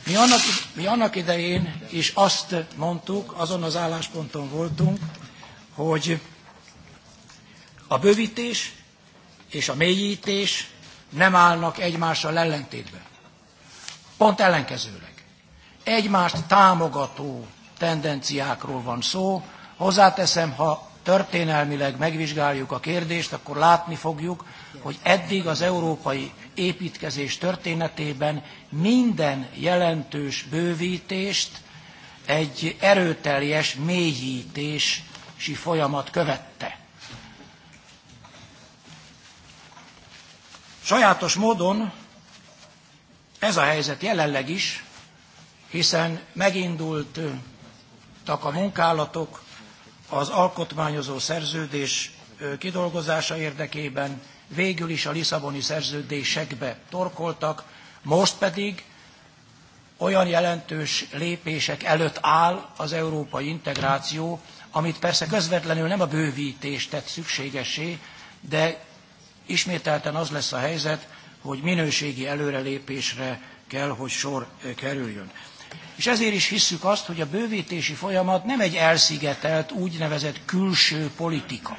Mi annak, mi annak idején is azt mondtuk, azon az állásponton voltunk, hogy a bővítés és a mélyítés nem állnak egymással ellentétben. Pont ellenkezőleg. Egymást támogató tendenciákról van szó. Hozzáteszem, ha történelmileg megvizsgáljuk a kérdést, akkor látni fogjuk, hogy eddig az európai építkezés történetében minden jelentős bővítést egy erőteljes mélyítési folyamat követte. Sajátos módon ez a helyzet jelenleg is, hiszen megindultak a munkálatok az alkotmányozó szerződés kidolgozása érdekében végül is a Lisszaboni szerződésekbe torkoltak, most pedig olyan jelentős lépések előtt áll az európai integráció, amit persze közvetlenül nem a bővítés tett szükségesé, de ismételten az lesz a helyzet, hogy minőségi előrelépésre kell, hogy sor kerüljön és ezért is hisszük azt, hogy a bővítési folyamat nem egy elszigetelt, úgynevezett külső politika.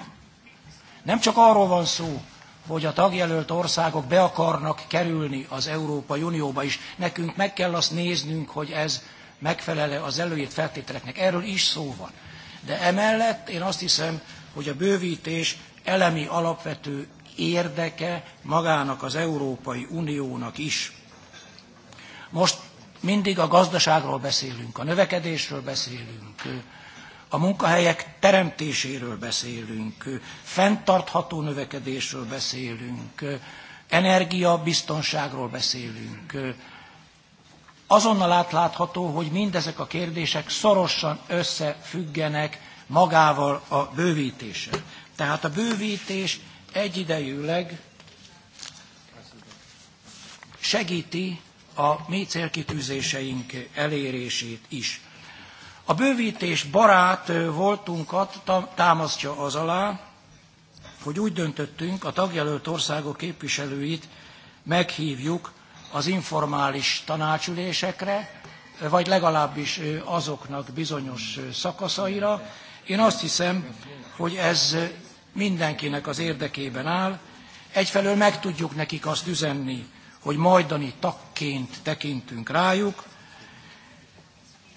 Nem csak arról van szó, hogy a tagjelölt országok be akarnak kerülni az Európai Unióba is. Nekünk meg kell azt néznünk, hogy ez megfelele az előírt feltételeknek. Erről is szó van. De emellett én azt hiszem, hogy a bővítés elemi alapvető érdeke magának az Európai Uniónak is. Most mindig a gazdaságról beszélünk, a növekedésről beszélünk, a munkahelyek teremtéséről beszélünk, fenntartható növekedésről beszélünk, energiabiztonságról beszélünk. Azonnal átlátható, hogy mindezek a kérdések szorosan összefüggenek magával a bővítéssel. Tehát a bővítés egyidejűleg segíti a mi célkitűzéseink elérését is. A bővítés barát voltunkat támasztja az alá, hogy úgy döntöttünk, a tagjelölt országok képviselőit meghívjuk az informális tanácsülésekre, vagy legalábbis azoknak bizonyos szakaszaira. Én azt hiszem, hogy ez mindenkinek az érdekében áll. Egyfelől meg tudjuk nekik azt üzenni, hogy majdani tagként tekintünk rájuk,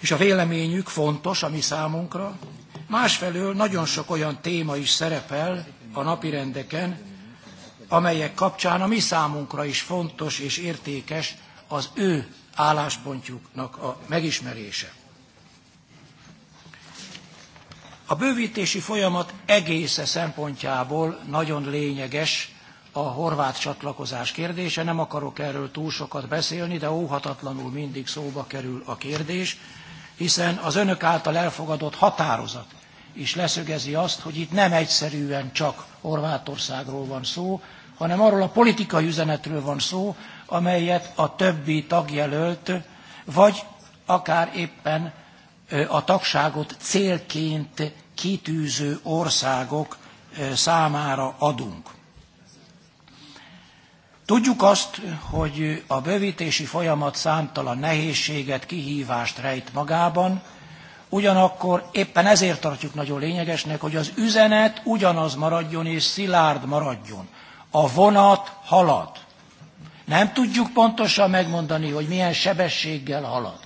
és a véleményük fontos a mi számunkra. Másfelől nagyon sok olyan téma is szerepel a napirendeken, amelyek kapcsán a mi számunkra is fontos és értékes az ő álláspontjuknak a megismerése. A bővítési folyamat egésze szempontjából nagyon lényeges a horvát csatlakozás kérdése. Nem akarok erről túl sokat beszélni, de óhatatlanul mindig szóba kerül a kérdés, hiszen az önök által elfogadott határozat is leszögezi azt, hogy itt nem egyszerűen csak Horvátországról van szó, hanem arról a politikai üzenetről van szó, amelyet a többi tagjelölt, vagy akár éppen a tagságot célként kitűző országok számára adunk. Tudjuk azt, hogy a bővítési folyamat számtalan nehézséget, kihívást rejt magában, ugyanakkor éppen ezért tartjuk nagyon lényegesnek, hogy az üzenet ugyanaz maradjon és szilárd maradjon. A vonat halad. Nem tudjuk pontosan megmondani, hogy milyen sebességgel halad.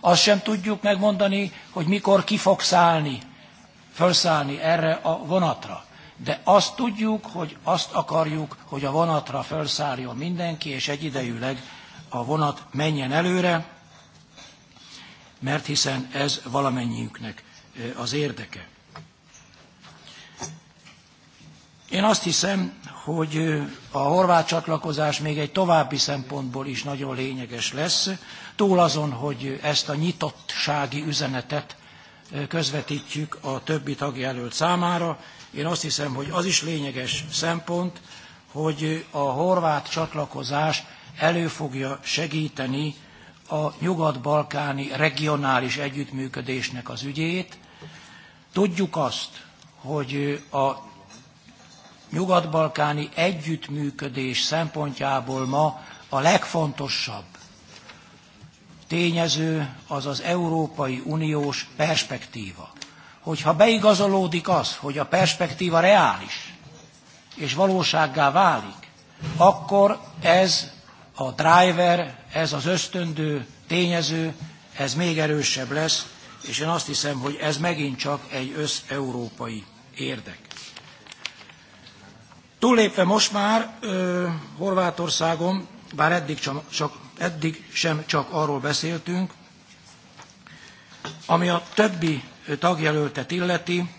Azt sem tudjuk megmondani, hogy mikor ki fog szállni, felszállni erre a vonatra de azt tudjuk, hogy azt akarjuk, hogy a vonatra felszálljon mindenki, és egyidejűleg a vonat menjen előre, mert hiszen ez valamennyiünknek eh, az érdeke. Én azt hiszem, hogy eh, a horvát csatlakozás még egy további szempontból is nagyon lényeges lesz, túl azon, hogy ezt a nyitottsági üzenetet eh, közvetítjük a többi tagjelölt számára, én azt hiszem, hogy az is lényeges szempont, hogy a horvát csatlakozás elő fogja segíteni a nyugat-balkáni regionális együttműködésnek az ügyét. Tudjuk azt, hogy a nyugat-balkáni együttműködés szempontjából ma a legfontosabb tényező az az Európai Uniós perspektíva hogyha beigazolódik az, hogy a perspektíva reális, és valósággá válik, akkor ez a driver, ez az ösztöndő tényező, ez még erősebb lesz, és én azt hiszem, hogy ez megint csak egy összeurópai érdek. Túllépve most már ö, Horvátországon, bár eddig, csak, csak, eddig sem csak arról beszéltünk, ami a többi tagjelöltet illeti.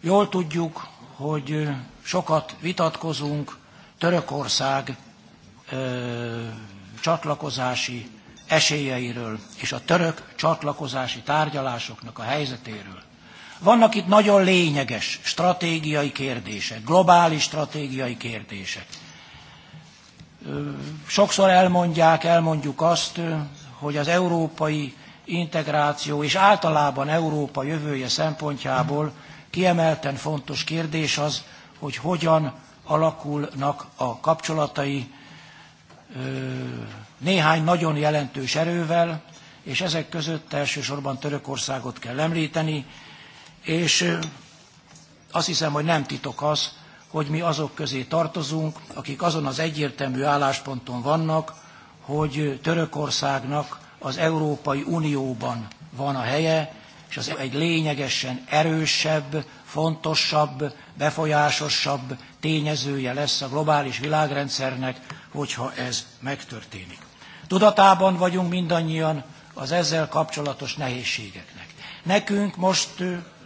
Jól tudjuk, hogy sokat vitatkozunk Törökország csatlakozási esélyeiről és a török csatlakozási tárgyalásoknak a helyzetéről. Vannak itt nagyon lényeges stratégiai kérdések, globális stratégiai kérdések. Sokszor elmondják, elmondjuk azt, hogy az európai integráció és általában Európa jövője szempontjából kiemelten fontos kérdés az, hogy hogyan alakulnak a kapcsolatai néhány nagyon jelentős erővel, és ezek között elsősorban Törökországot kell említeni, és azt hiszem, hogy nem titok az, hogy mi azok közé tartozunk, akik azon az egyértelmű állásponton vannak, hogy Törökországnak az Európai Unióban van a helye, és az egy lényegesen erősebb, fontosabb, befolyásosabb tényezője lesz a globális világrendszernek, hogyha ez megtörténik. Tudatában vagyunk mindannyian az ezzel kapcsolatos nehézségeknek. Nekünk most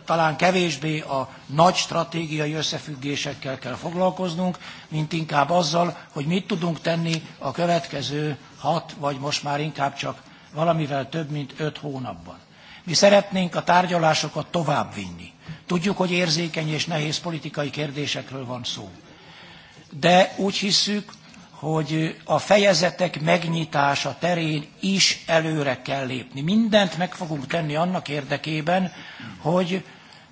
talán kevésbé a nagy stratégiai összefüggésekkel kell foglalkoznunk, mint inkább azzal, hogy mit tudunk tenni a következő hat, vagy most már inkább csak valamivel több mint öt hónapban. Mi szeretnénk a tárgyalásokat továbbvinni. Tudjuk, hogy érzékeny és nehéz politikai kérdésekről van szó. De úgy hisszük, hogy a fejezetek megnyitása terén is előre kell lépni. Mindent meg fogunk tenni annak érdekében, hogy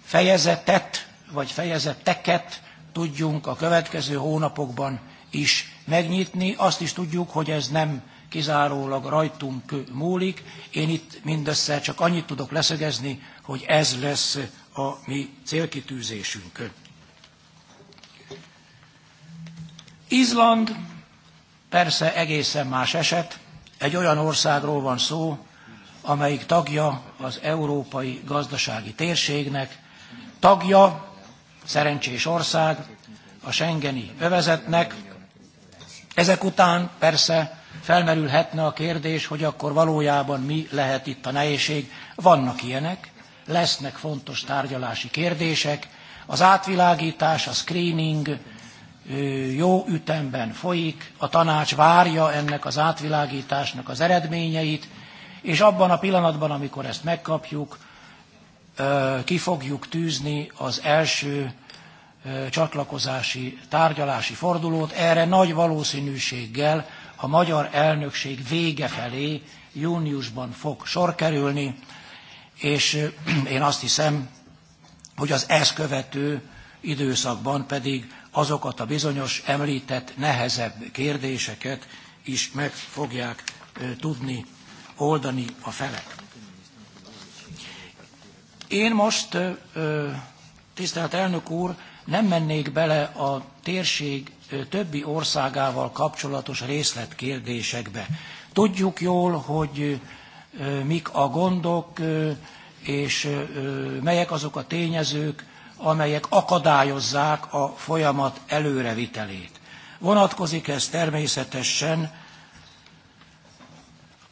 fejezetet vagy fejezeteket tudjunk a következő hónapokban is megnyitni. Azt is tudjuk, hogy ez nem kizárólag rajtunk múlik. Én itt mindössze csak annyit tudok leszögezni, hogy ez lesz a mi célkitűzésünk. Izland persze egészen más eset. Egy olyan országról van szó, amelyik tagja az Európai Gazdasági Térségnek, tagja, szerencsés ország, a Schengeni övezetnek, ezek után persze felmerülhetne a kérdés, hogy akkor valójában mi lehet itt a nehézség. Vannak ilyenek, lesznek fontos tárgyalási kérdések, az átvilágítás, a screening jó ütemben folyik, a tanács várja ennek az átvilágításnak az eredményeit, és abban a pillanatban, amikor ezt megkapjuk, ki fogjuk tűzni az első csatlakozási tárgyalási fordulót. Erre nagy valószínűséggel a magyar elnökség vége felé júniusban fog sor kerülni, és én azt hiszem, hogy az ezt követő időszakban pedig azokat a bizonyos említett nehezebb kérdéseket is meg fogják tudni oldani a felek. Én most, tisztelt elnök úr, nem mennék bele a térség többi országával kapcsolatos részletkérdésekbe. Tudjuk jól, hogy mik a gondok, és melyek azok a tényezők, amelyek akadályozzák a folyamat előrevitelét. Vonatkozik ez természetesen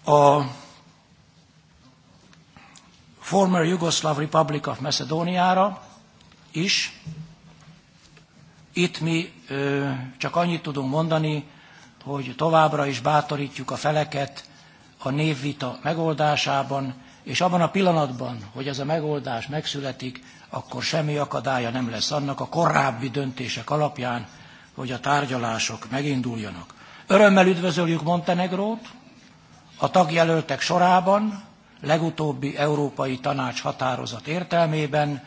a former Yugoslav Republic of Macedonia-ra is, itt mi csak annyit tudunk mondani, hogy továbbra is bátorítjuk a feleket a névvita megoldásában, és abban a pillanatban, hogy ez a megoldás megszületik, akkor semmi akadálya nem lesz annak a korábbi döntések alapján, hogy a tárgyalások meginduljanak. Örömmel üdvözöljük Montenegrót a tagjelöltek sorában, legutóbbi Európai Tanács határozat értelmében,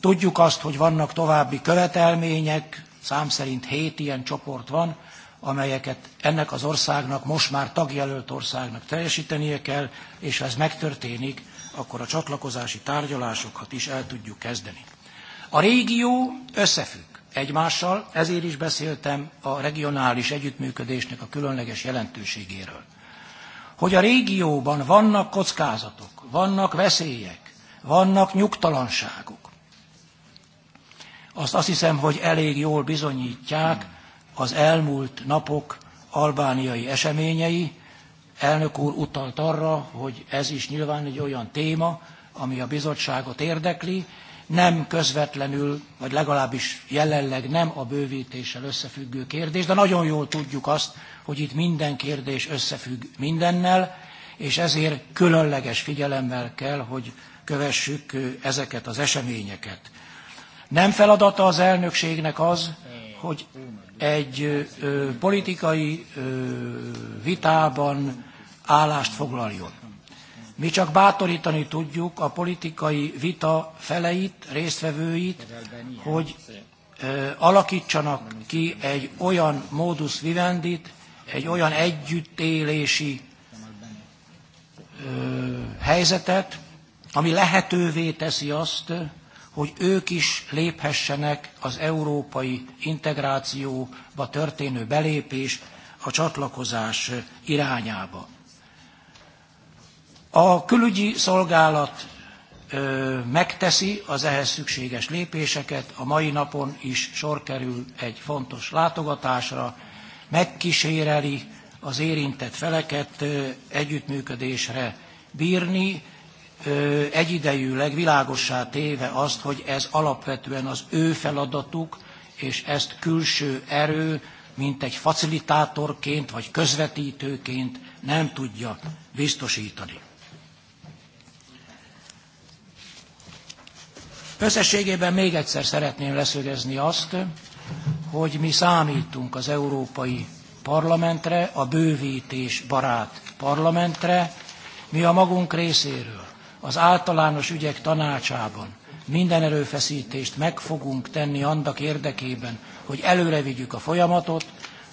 Tudjuk azt, hogy vannak további követelmények, szám szerint hét ilyen csoport van, amelyeket ennek az országnak, most már tagjelölt országnak teljesítenie kell, és ha ez megtörténik, akkor a csatlakozási tárgyalásokat is el tudjuk kezdeni. A régió összefügg egymással, ezért is beszéltem a regionális együttműködésnek a különleges jelentőségéről. Hogy a régióban vannak kockázatok, vannak veszélyek, vannak nyugtalanságok, azt azt hiszem, hogy elég jól bizonyítják az elmúlt napok albániai eseményei. Elnök úr utalt arra, hogy ez is nyilván egy olyan téma, ami a bizottságot érdekli, nem közvetlenül, vagy legalábbis jelenleg nem a bővítéssel összefüggő kérdés, de nagyon jól tudjuk azt, hogy itt minden kérdés összefügg mindennel, és ezért különleges figyelemmel kell, hogy kövessük ezeket az eseményeket. Nem feladata az elnökségnek az, hogy egy ö, politikai ö, vitában állást foglaljon. Mi csak bátorítani tudjuk a politikai vita feleit, résztvevőit, hogy ö, alakítsanak ki egy olyan módusz vivendit, egy olyan együttélési ö, helyzetet, ami lehetővé teszi azt, hogy ők is léphessenek az európai integrációba történő belépés, a csatlakozás irányába. A külügyi szolgálat megteszi az ehhez szükséges lépéseket, a mai napon is sor kerül egy fontos látogatásra, megkíséreli az érintett feleket együttműködésre bírni, egyidejűleg világossá téve azt, hogy ez alapvetően az ő feladatuk, és ezt külső erő, mint egy facilitátorként vagy közvetítőként nem tudja biztosítani. Összességében még egyszer szeretném leszögezni azt, hogy mi számítunk az Európai Parlamentre, a bővítés barát parlamentre, mi a magunk részéről az általános ügyek tanácsában minden erőfeszítést meg fogunk tenni annak érdekében, hogy előre vigyük a folyamatot.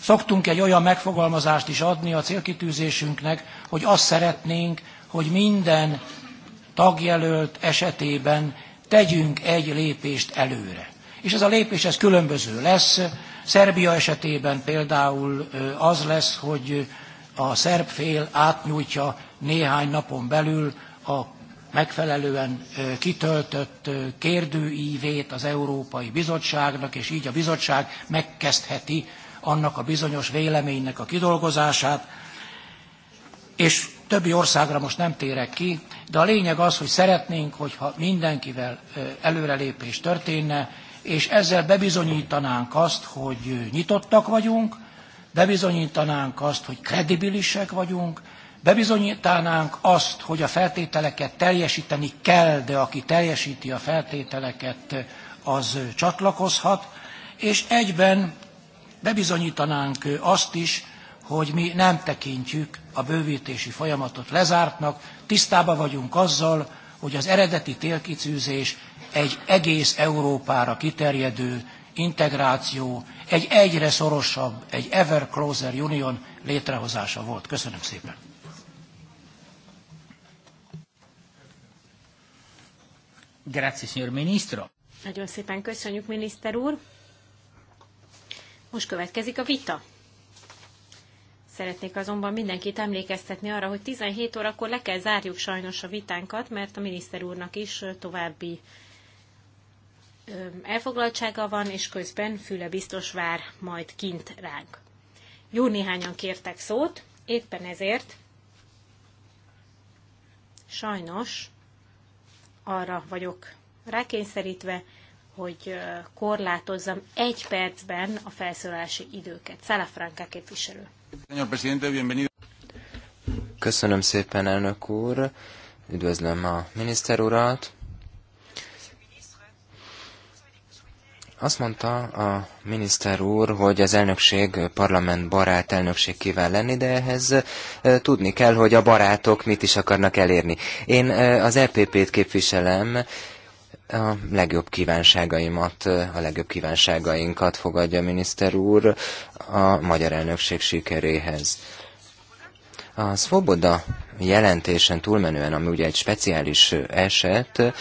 Szoktunk egy olyan megfogalmazást is adni a célkitűzésünknek, hogy azt szeretnénk, hogy minden tagjelölt esetében tegyünk egy lépést előre. És ez a lépés ez különböző lesz. Szerbia esetében például az lesz, hogy a szerb fél átnyújtja néhány napon belül a megfelelően kitöltött kérdőívét az Európai Bizottságnak, és így a bizottság megkezdheti annak a bizonyos véleménynek a kidolgozását, és többi országra most nem térek ki, de a lényeg az, hogy szeretnénk, hogyha mindenkivel előrelépés történne, és ezzel bebizonyítanánk azt, hogy nyitottak vagyunk, bebizonyítanánk azt, hogy kredibilisek vagyunk, bebizonyítanánk azt, hogy a feltételeket teljesíteni kell, de aki teljesíti a feltételeket, az csatlakozhat, és egyben bebizonyítanánk azt is, hogy mi nem tekintjük a bővítési folyamatot lezártnak, tisztában vagyunk azzal, hogy az eredeti télkicűzés egy egész Európára kiterjedő integráció, egy egyre szorosabb, egy ever closer union létrehozása volt. Köszönöm szépen! Grazie, signor ministro. Nagyon szépen köszönjük, miniszter úr. Most következik a vita. Szeretnék azonban mindenkit emlékeztetni arra, hogy 17 órakor le kell zárjuk sajnos a vitánkat, mert a miniszter úrnak is további elfoglaltsága van, és közben Füle biztos vár majd kint ránk. Jó néhányan kértek szót, éppen ezért sajnos arra vagyok rákényszerítve, hogy korlátozzam egy percben a felszólalási időket. Franka képviselő. Köszönöm szépen, elnök úr. Üdvözlöm a miniszter urat. Azt mondta a miniszter úr, hogy az elnökség parlament barát elnökség kíván lenni, de ehhez e, tudni kell, hogy a barátok mit is akarnak elérni. Én e, az EPP-t képviselem, a legjobb kívánságaimat, e, a legjobb kívánságainkat fogadja a miniszter úr a magyar elnökség sikeréhez. A Svoboda jelentésen túlmenően, ami ugye egy speciális eset,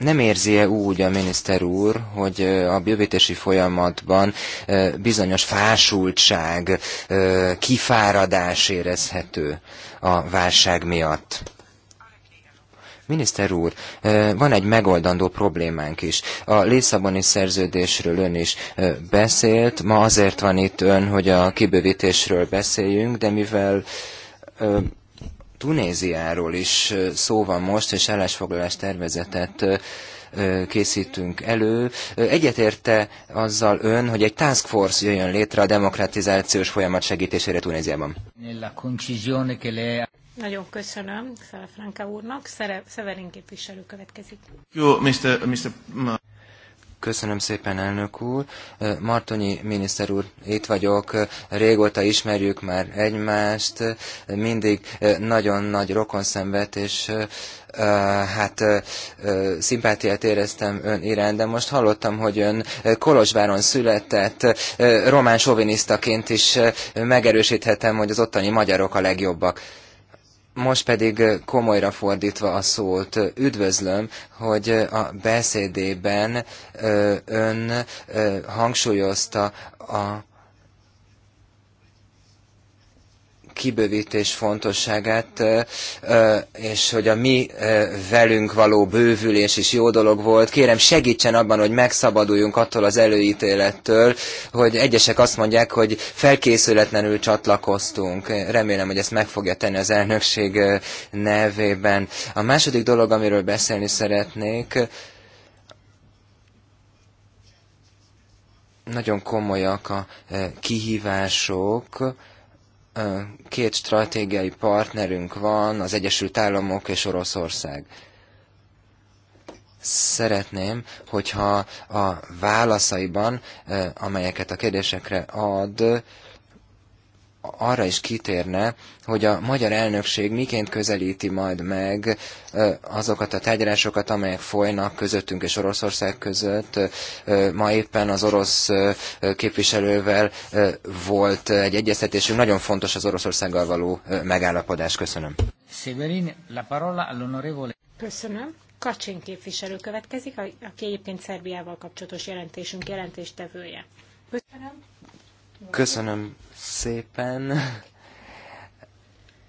nem érzi-e úgy a miniszter úr, hogy a bővítési folyamatban bizonyos fásultság, kifáradás érezhető a válság miatt? Miniszter úr, van egy megoldandó problémánk is. A Lisszaboni szerződésről ön is beszélt, ma azért van itt ön, hogy a kibővítésről beszéljünk, de mivel Tunéziáról is szó van most, és állásfoglalás tervezetet készítünk elő. Egyetérte azzal ön, hogy egy task force jöjjön létre a demokratizációs folyamat segítésére Tunéziában? Nagyon köszönöm Szerefranka úrnak. Szere, Szeverin képviselő következik. Jó, Mr. Mr. Köszönöm szépen, elnök úr. Martonyi miniszter úr, itt vagyok. Régóta ismerjük már egymást. Mindig nagyon nagy rokon szenved, és hát szimpátiát éreztem ön iránt, de most hallottam, hogy ön Kolozsváron született, román sovinisztaként is megerősíthetem, hogy az ottani magyarok a legjobbak. Most pedig komolyra fordítva a szót, üdvözlöm, hogy a beszédében ön hangsúlyozta a kibővítés fontosságát, és hogy a mi velünk való bővülés is jó dolog volt. Kérem, segítsen abban, hogy megszabaduljunk attól az előítélettől, hogy egyesek azt mondják, hogy felkészületlenül csatlakoztunk. Remélem, hogy ezt meg fogja tenni az elnökség nevében. A második dolog, amiről beszélni szeretnék, nagyon komolyak a kihívások, két stratégiai partnerünk van, az Egyesült Államok és Oroszország. Szeretném, hogyha a válaszaiban, amelyeket a kérdésekre ad, arra is kitérne, hogy a magyar elnökség miként közelíti majd meg azokat a tegyelésokat, amelyek folynak közöttünk és Oroszország között. Ma éppen az orosz képviselővel volt egy egyeztetésünk. Nagyon fontos az Oroszországgal való megállapodás. Köszönöm. Severin, la parola all'onorevole. Köszönöm. Kacsin képviselő következik, aki egyébként Szerbiával kapcsolatos jelentésünk jelentéstevője. Köszönöm. Köszönöm szépen.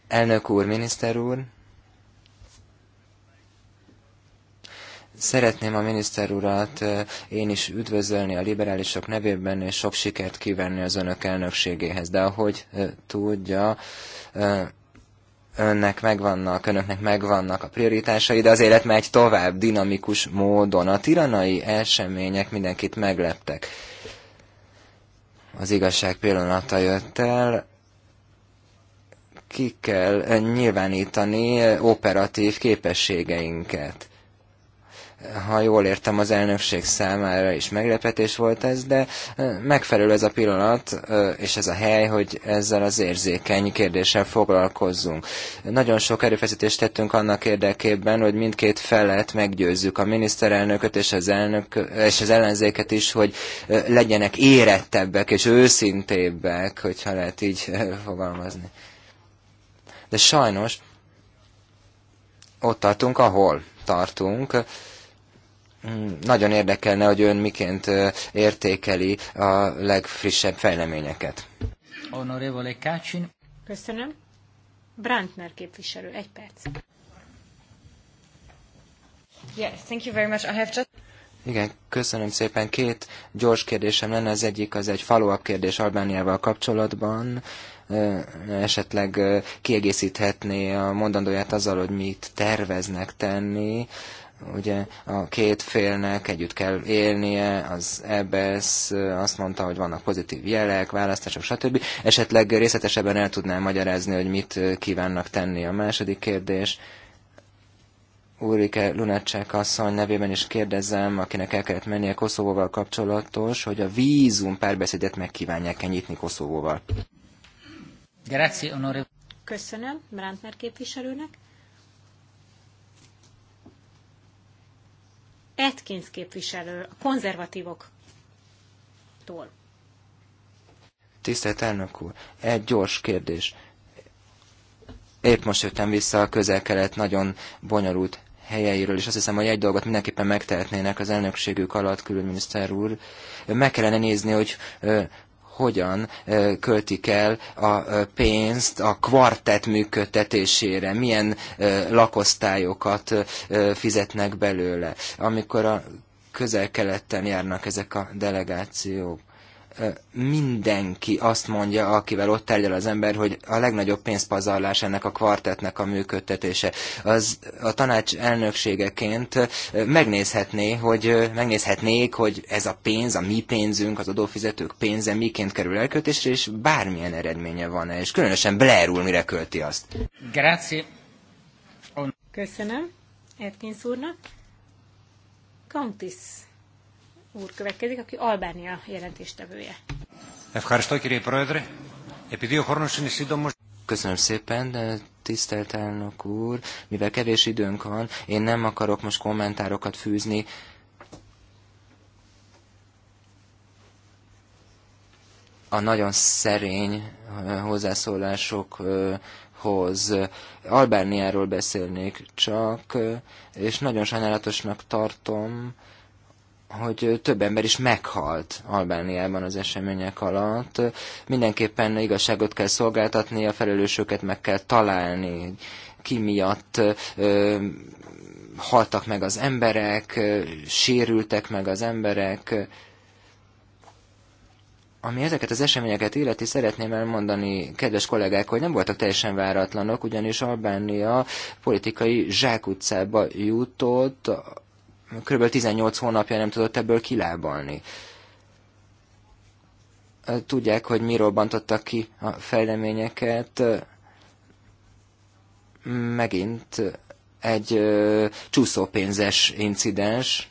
Elnök úr, miniszter úr. Szeretném a miniszter urat én is üdvözölni a liberálisok nevében, és sok sikert kívánni az önök elnökségéhez. De ahogy tudja, önnek megvannak, önöknek megvannak a prioritásai, de az élet megy tovább dinamikus módon. A tiranai események mindenkit megleptek az igazság pillanata jött el, ki kell eh, nyilvánítani eh, operatív képességeinket ha jól értem, az elnökség számára is meglepetés volt ez, de megfelelő ez a pillanat és ez a hely, hogy ezzel az érzékeny kérdéssel foglalkozzunk. Nagyon sok erőfeszítést tettünk annak érdekében, hogy mindkét felet meggyőzzük a miniszterelnököt és az, elnök, és az ellenzéket is, hogy legyenek érettebbek és őszintébbek, hogyha lehet így fogalmazni. De sajnos ott tartunk, ahol tartunk, nagyon érdekelne, hogy ön miként értékeli a legfrissebb fejleményeket. Honorevole Kácsin. Köszönöm. Brandner képviselő, egy perc. Yes, thank you very much. I have just... Igen, köszönöm szépen. Két gyors kérdésem lenne. Az egyik az egy follow-up kérdés Albániával kapcsolatban. Esetleg kiegészíthetné a mondandóját azzal, hogy mit terveznek tenni Ugye a két félnek együtt kell élnie, az EBS azt mondta, hogy vannak pozitív jelek, választások, stb. Esetleg részletesebben el tudnám magyarázni, hogy mit kívánnak tenni. A második kérdés, Ulrike Lunacek asszony nevében is kérdezem, akinek el kellett mennie Koszovóval kapcsolatos, hogy a vízum párbeszédet megkívánják-e nyitni Koszovóval. Köszönöm Brandner képviselőnek. Atkins képviselő, a konzervatívoktól. Tisztelt elnök úr, egy gyors kérdés. Épp most jöttem vissza a közel-kelet nagyon bonyolult helyeiről, és azt hiszem, hogy egy dolgot mindenképpen megtehetnének az elnökségük alatt, külügyminiszter úr. Meg kellene nézni, hogy hogyan költik el a pénzt a kvartett működtetésére, milyen lakosztályokat fizetnek belőle. Amikor a közel-keleten járnak ezek a delegációk mindenki azt mondja, akivel ott tárgyal az ember, hogy a legnagyobb pénzpazarlás ennek a kvartetnek a működtetése. Az a tanács elnökségeként megnézhetné, hogy megnézhetnék, hogy ez a pénz, a mi pénzünk, az adófizetők pénze miként kerül elköltésre, és bármilyen eredménye van-e, és különösen Blair úr mire költi azt. Grazie. Köszönöm Atkins úrnak. Countess úr következik, aki Albánia jelentéstevője. Köszönöm szépen, tisztelt elnök úr, mivel kevés időnk van, én nem akarok most kommentárokat fűzni, a nagyon szerény eh, hozzászólásokhoz. Eh, Albániáról beszélnék csak, eh, és nagyon sajnálatosnak tartom, hogy több ember is meghalt Albániában az események alatt. Mindenképpen igazságot kell szolgáltatni, a felelősöket meg kell találni, ki miatt ö, haltak meg az emberek, sérültek meg az emberek. Ami ezeket az eseményeket illeti, szeretném elmondani, kedves kollégák, hogy nem voltak teljesen váratlanok, ugyanis Albánia politikai zsákutcába jutott kb. 18 hónapja nem tudott ebből kilábalni. Tudják, hogy mi robbantottak ki a fejleményeket. Megint egy csúszópénzes incidens,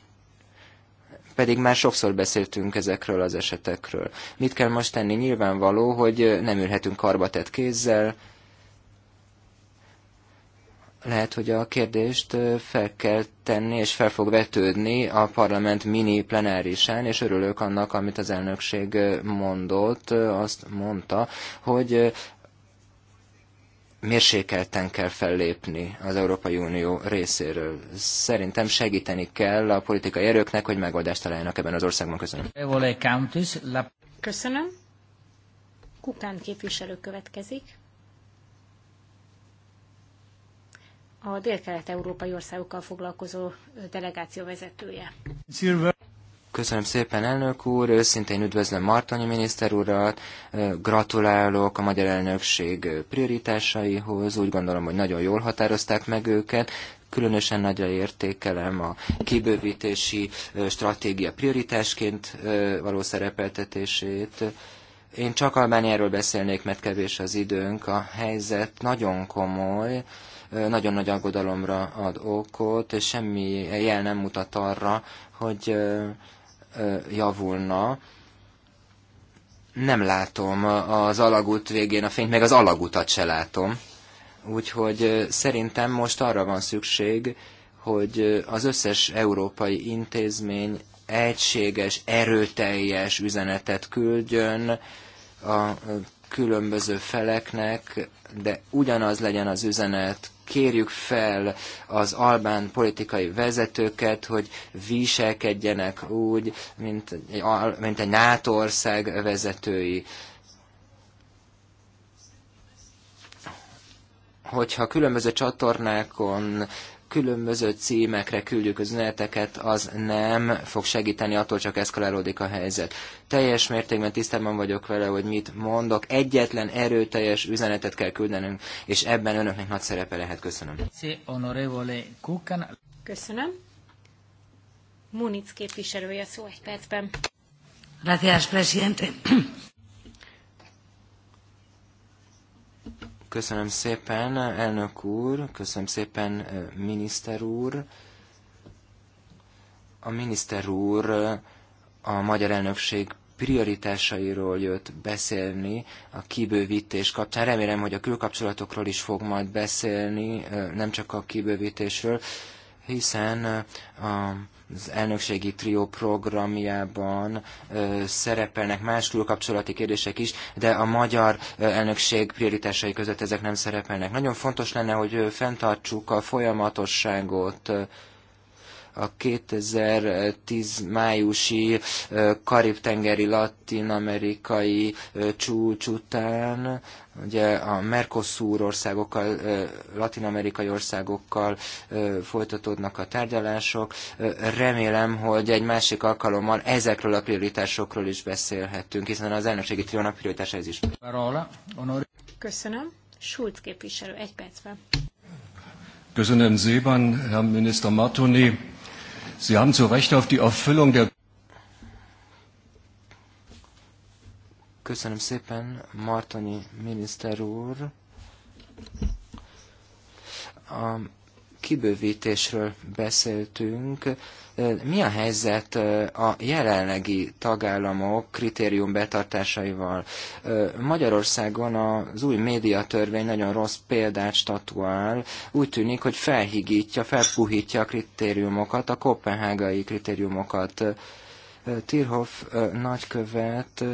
pedig már sokszor beszéltünk ezekről az esetekről. Mit kell most tenni? Nyilvánvaló, hogy nem ülhetünk karbatett kézzel, lehet, hogy a kérdést fel kell tenni, és fel fog vetődni a parlament mini plenárisán, és örülök annak, amit az elnökség mondott, azt mondta, hogy mérsékelten kell fellépni az Európai Unió részéről. Szerintem segíteni kell a politikai erőknek, hogy megoldást találjanak ebben az országban. Köszönöm. Köszönöm. Kukán képviselő következik. a dél-kelet-európai országokkal foglalkozó delegáció vezetője. Köszönöm szépen, elnök úr, őszintén üdvözlöm Martonyi miniszter urat, gratulálok a magyar elnökség prioritásaihoz, úgy gondolom, hogy nagyon jól határozták meg őket, különösen nagyra értékelem a kibővítési stratégia prioritásként való szerepeltetését. Én csak Albániáról beszélnék, mert kevés az időnk, a helyzet nagyon komoly, nagyon nagy aggodalomra ad okot, és semmi jel nem mutat arra, hogy javulna. Nem látom az alagút végén a fényt, meg az alagutat se látom. Úgyhogy szerintem most arra van szükség, hogy az összes európai intézmény egységes, erőteljes üzenetet küldjön a különböző feleknek, de ugyanaz legyen az üzenet kérjük fel az albán politikai vezetőket, hogy viselkedjenek úgy, mint egy, mint egy NATO ország vezetői. hogyha különböző csatornákon különböző címekre küldjük az üzeneteket, az nem fog segíteni, attól csak eszkalálódik a helyzet. Teljes mértékben tisztában vagyok vele, hogy mit mondok. Egyetlen erőteljes üzenetet kell küldenünk, és ebben önöknek nagy szerepe lehet. Köszönöm. Köszönöm. Muniz képviselője szó egy percben. Gracias, presidente. Köszönöm szépen, elnök úr, köszönöm szépen, miniszter úr. A miniszter úr a magyar elnökség prioritásairól jött beszélni a kibővítés kapcsán. Remélem, hogy a külkapcsolatokról is fog majd beszélni, nem csak a kibővítésről, hiszen a az elnökségi trió programjában szerepelnek más külkapcsolati kérdések is, de a magyar elnökség prioritásai között ezek nem szerepelnek. Nagyon fontos lenne, hogy fenntartsuk a folyamatosságot, a 2010 májusi karib-tengeri latin-amerikai csúcs után ugye a Mercosur országokkal, latin-amerikai országokkal folytatódnak a tárgyalások. Remélem, hogy egy másik alkalommal ezekről a prioritásokról is beszélhetünk, hiszen az elnökségi triónak prioritása ez is. Köszönöm. Schulz képviselő, egy percben. Köszönöm szépen, Herr Miniszter Martoni. Sie haben zu Recht auf die Erfüllung der... Köszönöm szépen, Martoni miniszter úr. A kibővítésről beszéltünk. Mi a helyzet a jelenlegi tagállamok kritérium betartásaival? Magyarországon az új médiatörvény nagyon rossz példát statuál. Úgy tűnik, hogy felhigítja, felpuhítja a kritériumokat, a kopenhágai kritériumokat. Tirhoff nagykövet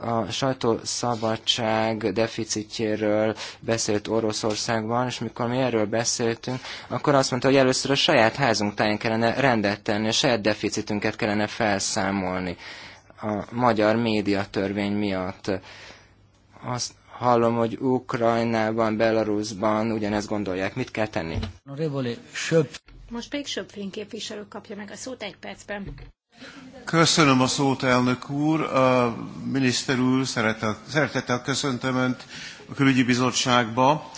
a sajtószabadság deficitjéről beszélt Oroszországban, és mikor mi erről beszéltünk, akkor azt mondta, hogy először a saját házunk táján kellene rendet tenni, a saját deficitünket kellene felszámolni a magyar médiatörvény miatt. Azt hallom, hogy Ukrajnában, Belarusban ugyanezt gondolják. Mit kell tenni? Most pedig Söpfén képviselő kapja meg a szót egy percben. Köszönöm a szót, elnök úr. A miniszter úr, szeretettel, szeretettel köszöntöm Önt a külügyi bizottságba.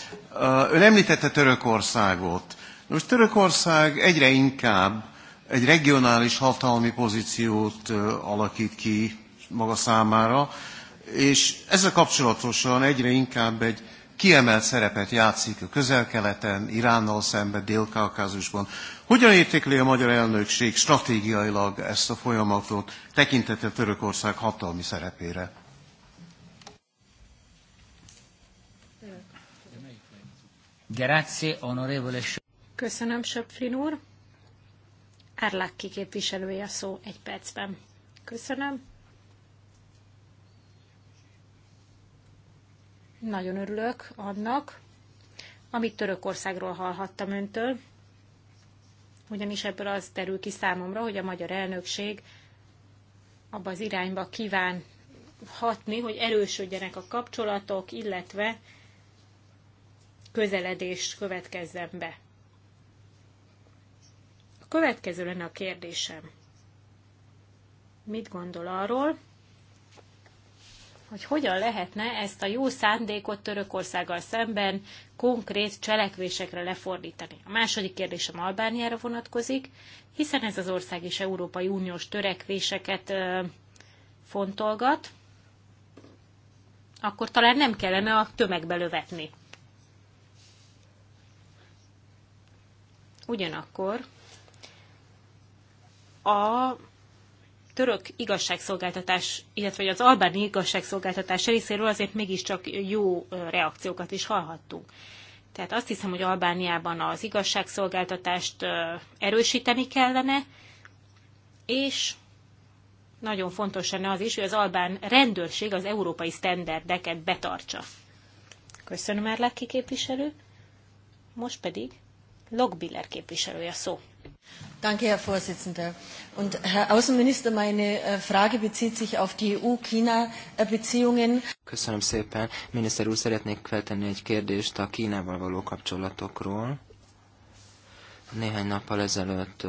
Ön említette Törökországot. Most Törökország egyre inkább egy regionális hatalmi pozíciót alakít ki maga számára, és ezzel kapcsolatosan egyre inkább egy kiemelt szerepet játszik a közel-keleten, Iránnal szemben, Dél-Kaukázusban. Hogyan értékli a magyar elnökség stratégiailag ezt a folyamatot, tekintete Törökország hatalmi szerepére? Grazie, onorevole. Köszönöm, Söpflin úr. Árlákki képviselője a szó egy percben. Köszönöm. Nagyon örülök annak, amit Törökországról hallhattam öntől, ugyanis ebből az terül ki számomra, hogy a magyar elnökség abba az irányba kíván hatni, hogy erősödjenek a kapcsolatok, illetve közeledés következzen be. A következő lenne a kérdésem. Mit gondol arról, hogy hogyan lehetne ezt a jó szándékot Törökországgal szemben konkrét cselekvésekre lefordítani. A második kérdésem Albániára vonatkozik, hiszen ez az ország is Európai Uniós törekvéseket fontolgat, akkor talán nem kellene a tömegbe lövetni. Ugyanakkor a török igazságszolgáltatás, illetve az albáni igazságszolgáltatás részéről azért mégiscsak jó reakciókat is hallhattunk. Tehát azt hiszem, hogy Albániában az igazságszolgáltatást erősíteni kellene, és nagyon fontos lenne az is, hogy az albán rendőrség az európai sztenderdeket betartsa. Köszönöm, Erlaki képviselő. Most pedig Logbiller képviselője szó. Danke, Herr Vorsitzender. Und Herr Außenminister, meine äh, Frage bezieht sich auf die EU-China-Beziehungen. Köszönöm szépen. Miniszter úr, szeretnék feltenni egy kérdést a Kínával való kapcsolatokról. Néhány nappal ezelőtt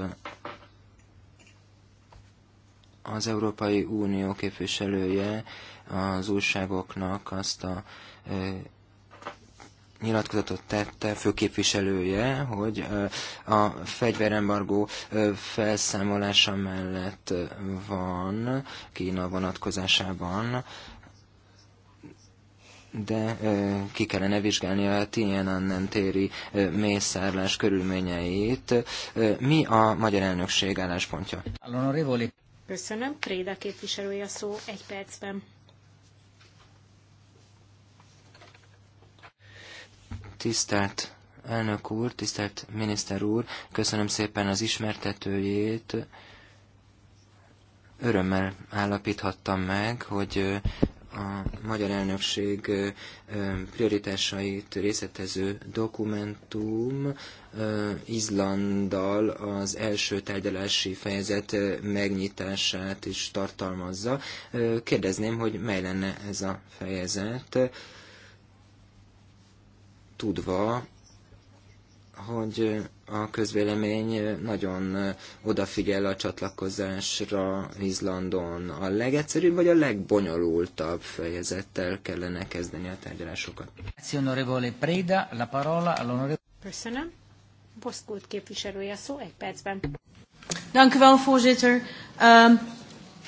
az Európai Unió képviselője az újságoknak azt a nyilatkozatot tette főképviselője, hogy a fegyverembargó felszámolása mellett van Kína vonatkozásában, de ki kellene vizsgálni a Tiananmen téri mészárlás körülményeit. Mi a magyar elnökség álláspontja? Köszönöm. Préda képviselője szó egy percben. Tisztelt elnök úr, tisztelt miniszter úr, köszönöm szépen az ismertetőjét. Örömmel állapíthattam meg, hogy a magyar elnökség prioritásait részletező dokumentum Izlanddal az első tárgyalási fejezet megnyitását is tartalmazza. Kérdezném, hogy mely lenne ez a fejezet, tudva, hogy a közvélemény nagyon odafigyel a csatlakozásra Izlandon. A legegyszerűbb vagy a legbonyolultabb fejezettel kellene kezdeni a tárgyalásokat. Köszönöm. Boszkult képviselője szó egy percben. Dank voorzitter. Um,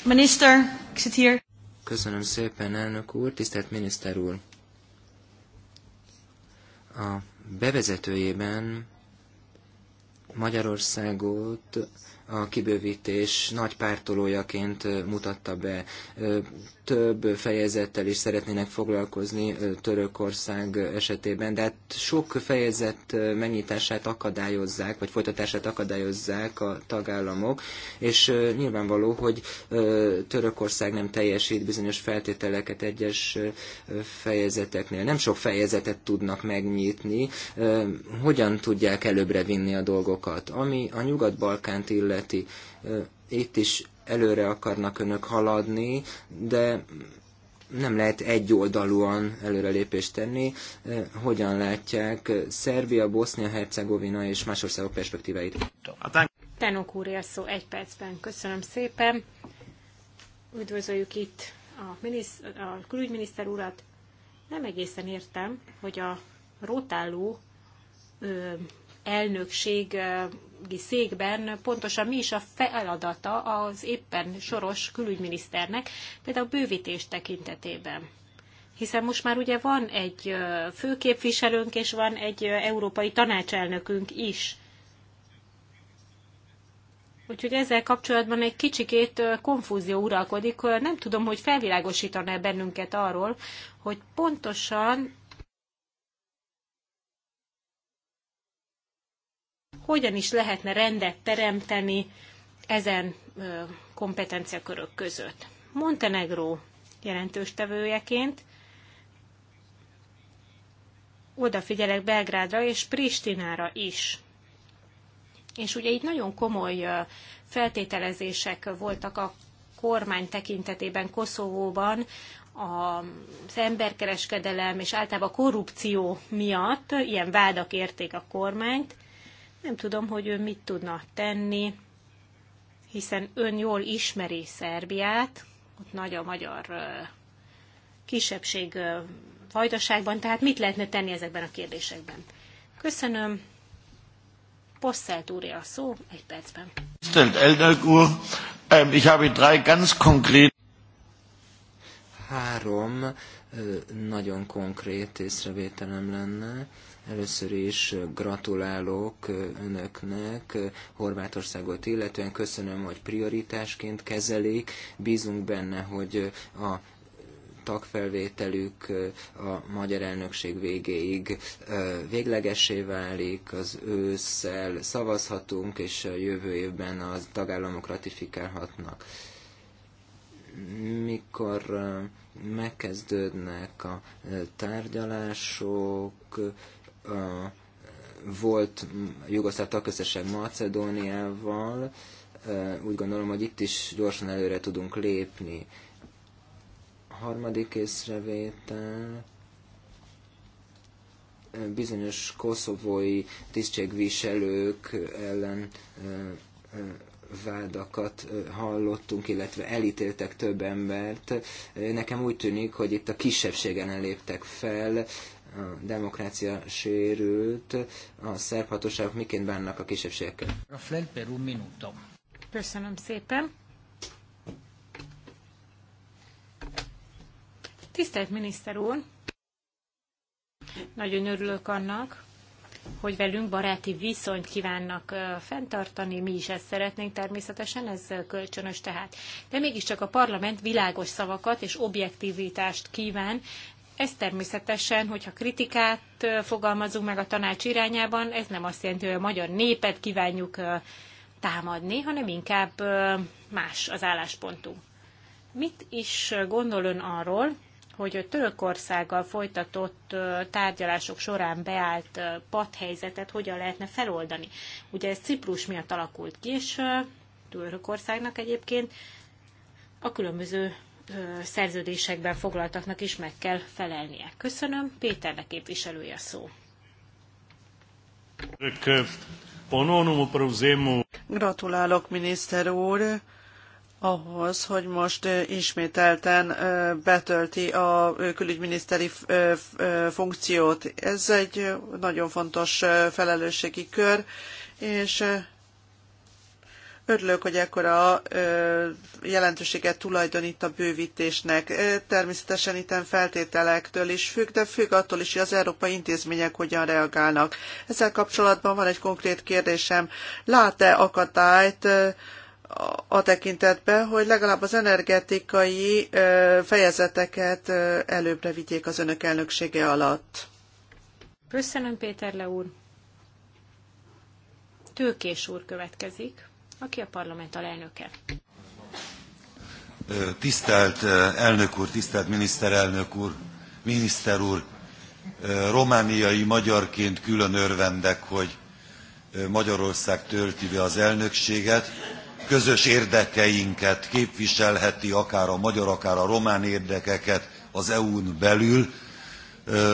minister, ik zit hier. Köszönöm szépen, elnök úr, tisztelt miniszter úr. A bevezetőjében Magyarországot a kibővítés nagy pártolójaként mutatta be több fejezettel is szeretnének foglalkozni Törökország esetében, de hát sok fejezet megnyitását akadályozzák, vagy folytatását akadályozzák a tagállamok, és nyilvánvaló, hogy Törökország nem teljesít bizonyos feltételeket egyes fejezeteknél. Nem sok fejezetet tudnak megnyitni. Hogyan tudják előbbre vinni a dolgokat? Ami a Nyugat-Balkánt illeti, itt is előre akarnak önök haladni, de nem lehet egyoldalúan előrelépést tenni. Eh, hogyan látják eh, Szerbia, Bosznia, Hercegovina és más országok perspektíváit? Tenok úr, szó egy percben. Köszönöm szépen. Üdvözöljük itt a, a külügyminiszter urat. Nem egészen értem, hogy a rotáló ö, elnökség jogi székben pontosan mi is a feladata az éppen soros külügyminiszternek, például bővítés tekintetében. Hiszen most már ugye van egy főképviselőnk, és van egy európai tanácselnökünk is. Úgyhogy ezzel kapcsolatban egy kicsikét konfúzió uralkodik. Nem tudom, hogy felvilágosítaná bennünket arról, hogy pontosan hogyan is lehetne rendet teremteni ezen kompetenciakörök között. Montenegró jelentős tevőjeként odafigyelek Belgrádra és Pristinára is. És ugye itt nagyon komoly feltételezések voltak a kormány tekintetében Koszovóban az emberkereskedelem és általában a korrupció miatt ilyen vádak érték a kormányt, nem tudom, hogy ő mit tudna tenni, hiszen ön jól ismeri Szerbiát, ott nagy a magyar kisebbség vajdaságban, tehát mit lehetne tenni ezekben a kérdésekben? Köszönöm. Posselt úr a szó, egy percben. Ähm, konkrét három nagyon konkrét észrevételem lenne. Először is gratulálok önöknek Horvátországot illetően. Köszönöm, hogy prioritásként kezelik. Bízunk benne, hogy a tagfelvételük a magyar elnökség végéig véglegesé válik, az ősszel szavazhatunk, és a jövő évben a tagállamok ratifikálhatnak. Mikor megkezdődnek a tárgyalások, volt jugoszláv tagközösség Macedóniával, úgy gondolom, hogy itt is gyorsan előre tudunk lépni. A harmadik észrevétel bizonyos koszovói tisztségviselők ellen vádakat hallottunk, illetve elítéltek több embert. Nekem úgy tűnik, hogy itt a kisebbség ellen léptek fel, a demokrácia sérült, a szerb hatóságok miként bánnak a kisebbségekkel. Rafael Peru minuto. Köszönöm szépen. Tisztelt miniszter úr! Nagyon örülök annak, hogy velünk baráti viszonyt kívánnak fenntartani, mi is ezt szeretnénk természetesen, ez kölcsönös tehát. De mégiscsak a parlament világos szavakat és objektivitást kíván ez természetesen, hogyha kritikát fogalmazunk meg a tanács irányában, ez nem azt jelenti, hogy a magyar népet kívánjuk támadni, hanem inkább más az álláspontunk. Mit is gondol ön arról, hogy a Törökországgal folytatott tárgyalások során beállt padhelyzetet hogyan lehetne feloldani? Ugye ez Ciprus miatt alakult ki, és Törökországnak egyébként a különböző szerződésekben foglaltaknak is meg kell felelnie. Köszönöm. Péternek képviselője a szó. Gratulálok, miniszter úr, ahhoz, hogy most ismételten betölti a külügyminiszteri funkciót. Ez egy nagyon fontos felelősségi kör, és Örülök, hogy ekkora jelentőséget tulajdonít a bővítésnek. Természetesen itten feltételektől is függ, de függ attól is, hogy az európai intézmények hogyan reagálnak. Ezzel kapcsolatban van egy konkrét kérdésem. Lát-e akadályt a tekintetben, hogy legalább az energetikai fejezeteket előbbre vigyék az önök elnöksége alatt? Köszönöm, Péter Le úr. Tőkés úr következik aki a parlament alelnöke. Tisztelt elnök úr, tisztelt miniszterelnök úr, miniszter úr, romániai magyarként külön örvendek, hogy Magyarország tölti be az elnökséget. Közös érdekeinket képviselheti akár a magyar, akár a román érdekeket az EU-n belül,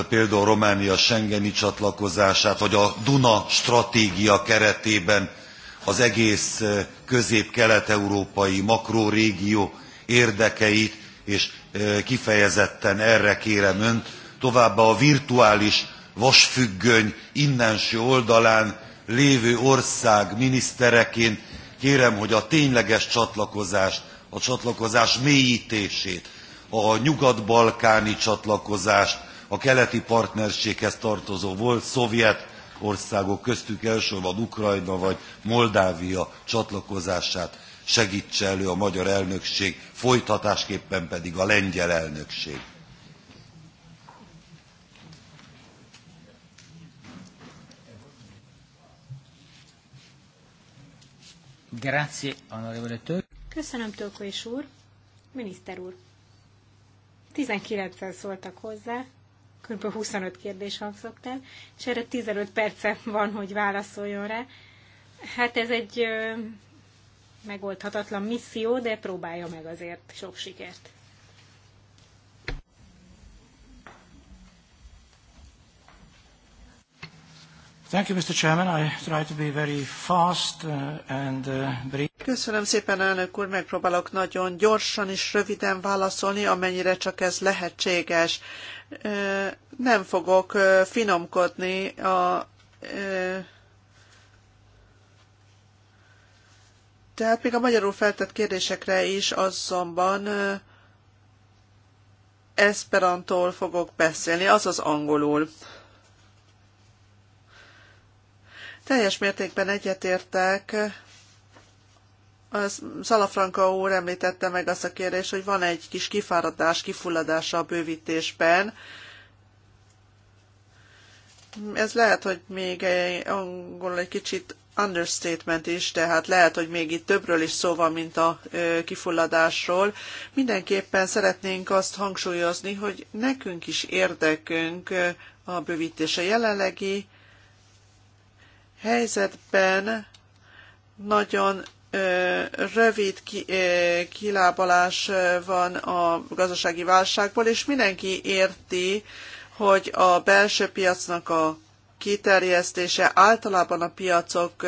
például Románia Schengeni csatlakozását, vagy a Duna stratégia keretében az egész közép-kelet-európai makrórégió érdekeit, és kifejezetten erre kérem önt. Továbbá a virtuális vasfüggöny innenső oldalán lévő ország minisztereként kérem, hogy a tényleges csatlakozást, a csatlakozás mélyítését, a nyugat-balkáni csatlakozást, a keleti partnerséghez tartozó volt szovjet országok, köztük elsősorban Ukrajna vagy Moldávia csatlakozását segítse elő a magyar elnökség, folytatásképpen pedig a lengyel elnökség. Grazie, onorevole Köszönöm, Tölkö és úr. Miniszter úr. 19-en szóltak hozzá kb. 25 kérdés hangzott el, és erre 15 perce van, hogy válaszoljon rá. Hát ez egy megoldhatatlan misszió, de próbálja meg azért. Sok sikert! Thank you, Mr. Chairman. I try to be very fast uh, and uh, brief. Köszönöm szépen, elnök úr, megpróbálok nagyon gyorsan és röviden válaszolni, amennyire csak ez lehetséges nem fogok finomkodni a tehát még a magyarul feltett kérdésekre is azonban esperantól fogok beszélni, azaz angolul. Teljes mértékben egyetértek az Salafranca úr említette meg azt a kérdést, hogy van egy kis kifáradás, kifulladása a bővítésben. Ez lehet, hogy még angolul egy kicsit understatement is, tehát lehet, hogy még itt többről is szó van, mint a kifulladásról. Mindenképpen szeretnénk azt hangsúlyozni, hogy nekünk is érdekünk a bővítése jelenlegi helyzetben nagyon rövid kilábalás van a gazdasági válságból, és mindenki érti, hogy a belső piacnak a kiterjesztése általában a piacok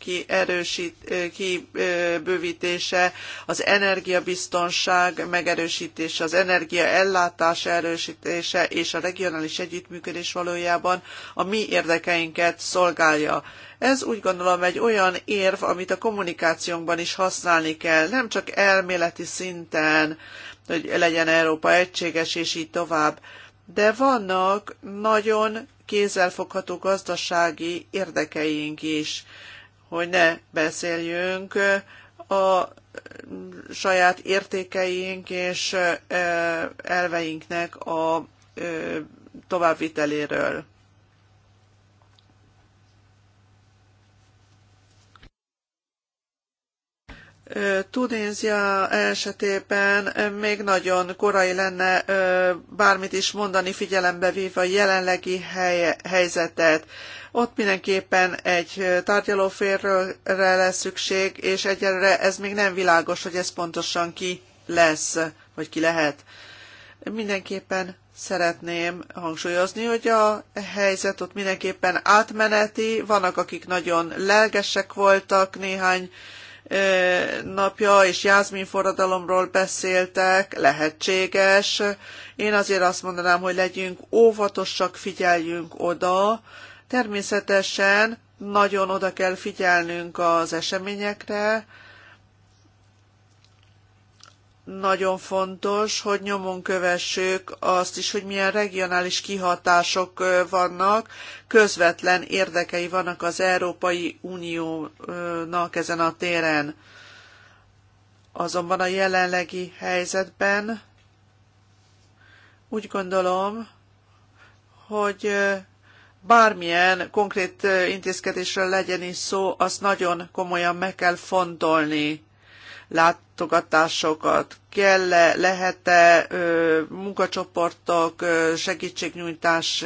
ki erősít, kibővítése, az energiabiztonság megerősítése, az energiaellátás erősítése és a regionális együttműködés valójában a mi érdekeinket szolgálja. Ez úgy gondolom egy olyan érv, amit a kommunikációnkban is használni kell, nem csak elméleti szinten, hogy legyen Európa egységes, és így tovább. De vannak nagyon kézzelfogható gazdasági érdekeink is hogy ne beszéljünk a saját értékeink és elveinknek a továbbviteléről. Tunézia esetében még nagyon korai lenne bármit is mondani, figyelembe véve a jelenlegi helye, helyzetet. Ott mindenképpen egy tárgyalóférre lesz szükség, és egyelőre ez még nem világos, hogy ez pontosan ki lesz, vagy ki lehet. Mindenképpen szeretném hangsúlyozni, hogy a helyzet ott mindenképpen átmeneti, vannak akik nagyon lelgesek voltak néhány napja és Jászmin forradalomról beszéltek, lehetséges. Én azért azt mondanám, hogy legyünk óvatosak, figyeljünk oda. Természetesen nagyon oda kell figyelnünk az eseményekre, nagyon fontos, hogy nyomon kövessük azt is, hogy milyen regionális kihatások vannak, közvetlen érdekei vannak az Európai Uniónak ezen a téren. Azonban a jelenlegi helyzetben úgy gondolom, hogy bármilyen konkrét intézkedésről legyen is szó, azt nagyon komolyan meg kell fontolni látogatásokat, kell-e, lehet-e munkacsoportok segítségnyújtás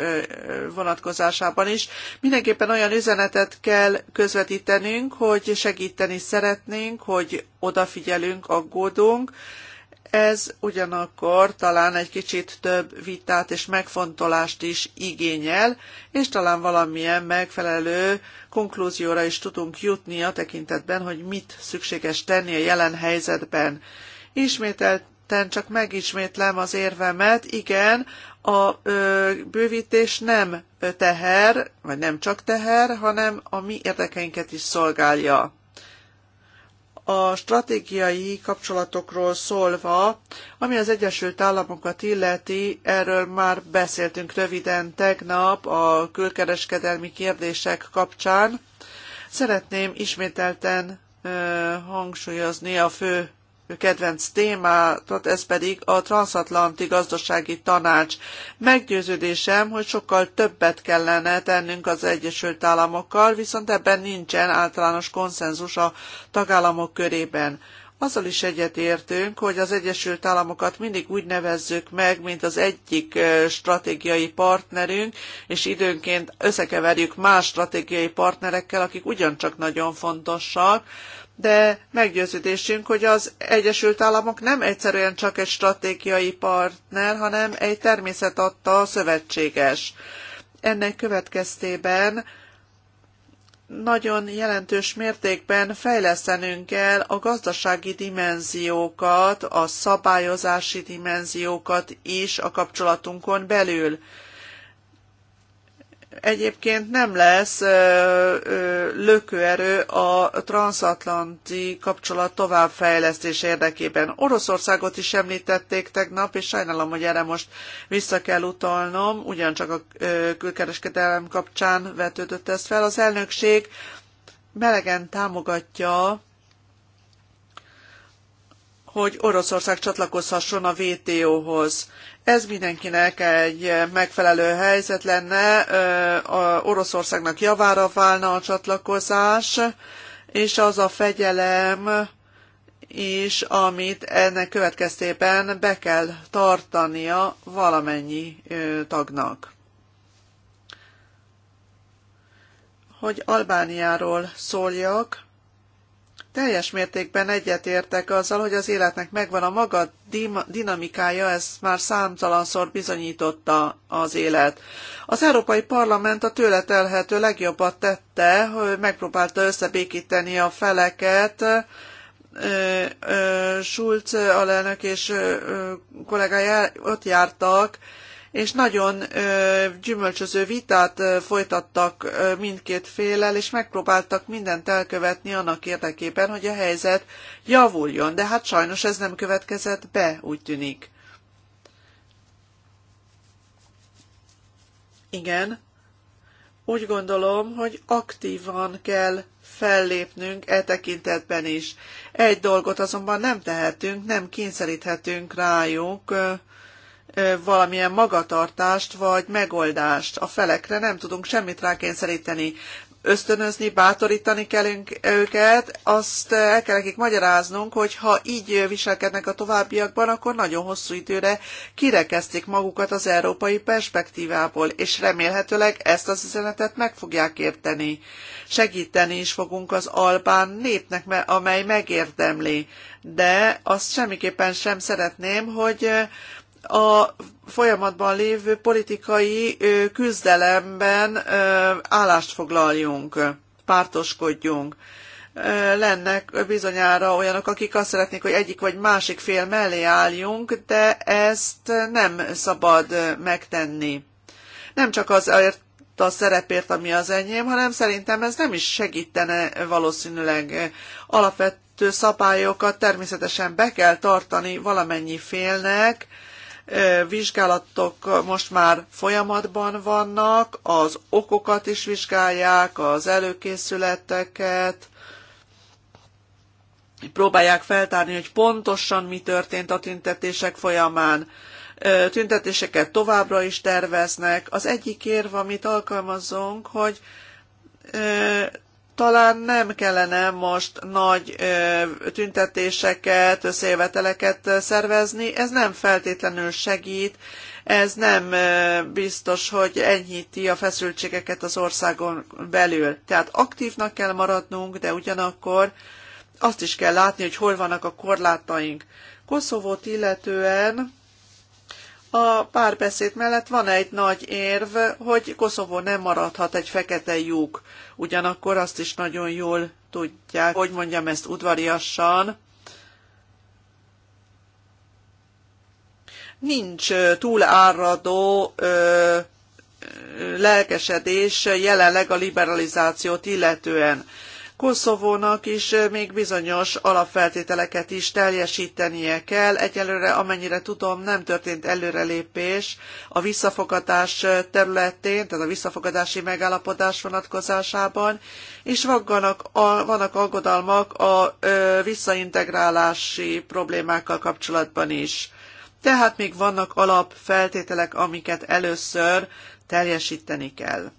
vonatkozásában is. Mindenképpen olyan üzenetet kell közvetítenünk, hogy segíteni szeretnénk, hogy odafigyelünk, aggódunk. Ez ugyanakkor talán egy kicsit több vitát és megfontolást is igényel, és talán valamilyen megfelelő konklúzióra is tudunk jutni a tekintetben, hogy mit szükséges tenni a jelen helyzetben Ismételten csak megismétlem az érvemet, igen, a ö, bővítés nem teher, vagy nem csak teher, hanem a mi érdekeinket is szolgálja. A stratégiai kapcsolatokról szólva, ami az Egyesült Államokat illeti, erről már beszéltünk röviden tegnap a külkereskedelmi kérdések kapcsán. Szeretném ismételten hangsúlyozni a fő kedvenc témátot, ez pedig a Transatlanti Gazdasági Tanács. Meggyőződésem, hogy sokkal többet kellene tennünk az Egyesült Államokkal, viszont ebben nincsen általános konszenzus a tagállamok körében. Azzal is egyetértünk, hogy az Egyesült Államokat mindig úgy nevezzük meg, mint az egyik stratégiai partnerünk, és időnként összekeverjük más stratégiai partnerekkel, akik ugyancsak nagyon fontosak, de meggyőződésünk, hogy az Egyesült Államok nem egyszerűen csak egy stratégiai partner, hanem egy természet adta szövetséges. Ennek következtében nagyon jelentős mértékben fejlesztenünk kell a gazdasági dimenziókat, a szabályozási dimenziókat is a kapcsolatunkon belül egyébként nem lesz lökőerő a transatlanti kapcsolat továbbfejlesztés érdekében. Oroszországot is említették tegnap, és sajnálom, hogy erre most vissza kell utalnom, ugyancsak a külkereskedelem kapcsán vetődött ez fel. Az elnökség melegen támogatja hogy Oroszország csatlakozhasson a WTO-hoz. Ez mindenkinek egy megfelelő helyzet lenne, a Oroszországnak javára válna a csatlakozás, és az a fegyelem is, amit ennek következtében be kell tartania valamennyi tagnak. Hogy Albániáról szóljak, teljes mértékben egyetértek azzal, hogy az életnek megvan a maga dinamikája, ez már számtalanszor bizonyította az élet. Az Európai Parlament a tőle telhető legjobbat tette, hogy megpróbálta összebékíteni a feleket, Schulz alelnök és kollégája ott jártak, és nagyon gyümölcsöző vitát folytattak mindkét félel, és megpróbáltak mindent elkövetni annak érdekében, hogy a helyzet javuljon, de hát sajnos ez nem következett be, úgy tűnik. Igen, úgy gondolom, hogy aktívan kell fellépnünk e tekintetben is. Egy dolgot azonban nem tehetünk, nem kényszeríthetünk rájuk, valamilyen magatartást vagy megoldást. A felekre nem tudunk semmit rákényszeríteni. Ösztönözni, bátorítani kellünk őket, azt el kell nekik magyaráznunk, hogy ha így viselkednek a továbbiakban, akkor nagyon hosszú időre kirekezték magukat az európai perspektívából, és remélhetőleg ezt az üzenetet meg fogják érteni. Segíteni is fogunk az albán népnek, amely megérdemli, de azt semmiképpen sem szeretném, hogy a folyamatban lévő politikai küzdelemben állást foglaljunk, pártoskodjunk. Lennek bizonyára olyanok, akik azt szeretnék, hogy egyik vagy másik fél mellé álljunk, de ezt nem szabad megtenni. Nem csak azért a szerepért, ami az enyém, hanem szerintem ez nem is segítene valószínűleg alapvető szabályokat természetesen be kell tartani valamennyi félnek, Vizsgálatok most már folyamatban vannak, az okokat is vizsgálják, az előkészületeket, próbálják feltárni, hogy pontosan mi történt a tüntetések folyamán. Tüntetéseket továbbra is terveznek. Az egyik érv, amit alkalmazunk, hogy talán nem kellene most nagy tüntetéseket, összejöveteleket szervezni, ez nem feltétlenül segít, ez nem biztos, hogy enyhíti a feszültségeket az országon belül. Tehát aktívnak kell maradnunk, de ugyanakkor azt is kell látni, hogy hol vannak a korlátaink. Koszovót illetően a párbeszéd mellett van egy nagy érv, hogy Koszovó nem maradhat egy fekete lyuk. Ugyanakkor azt is nagyon jól tudják, hogy mondjam ezt udvariassan, nincs túláradó ö, lelkesedés jelenleg a liberalizációt illetően. Koszovónak is eh, még bizonyos alapfeltételeket is teljesítenie kell. Egyelőre, amennyire tudom, nem történt előrelépés a visszafogadás eh, területén, tehát a visszafogadási megállapodás vonatkozásában, és vannak, a, vannak aggodalmak a ö, eh, visszaintegrálási problémákkal kapcsolatban is. Tehát még vannak alapfeltételek, amiket először teljesíteni kell.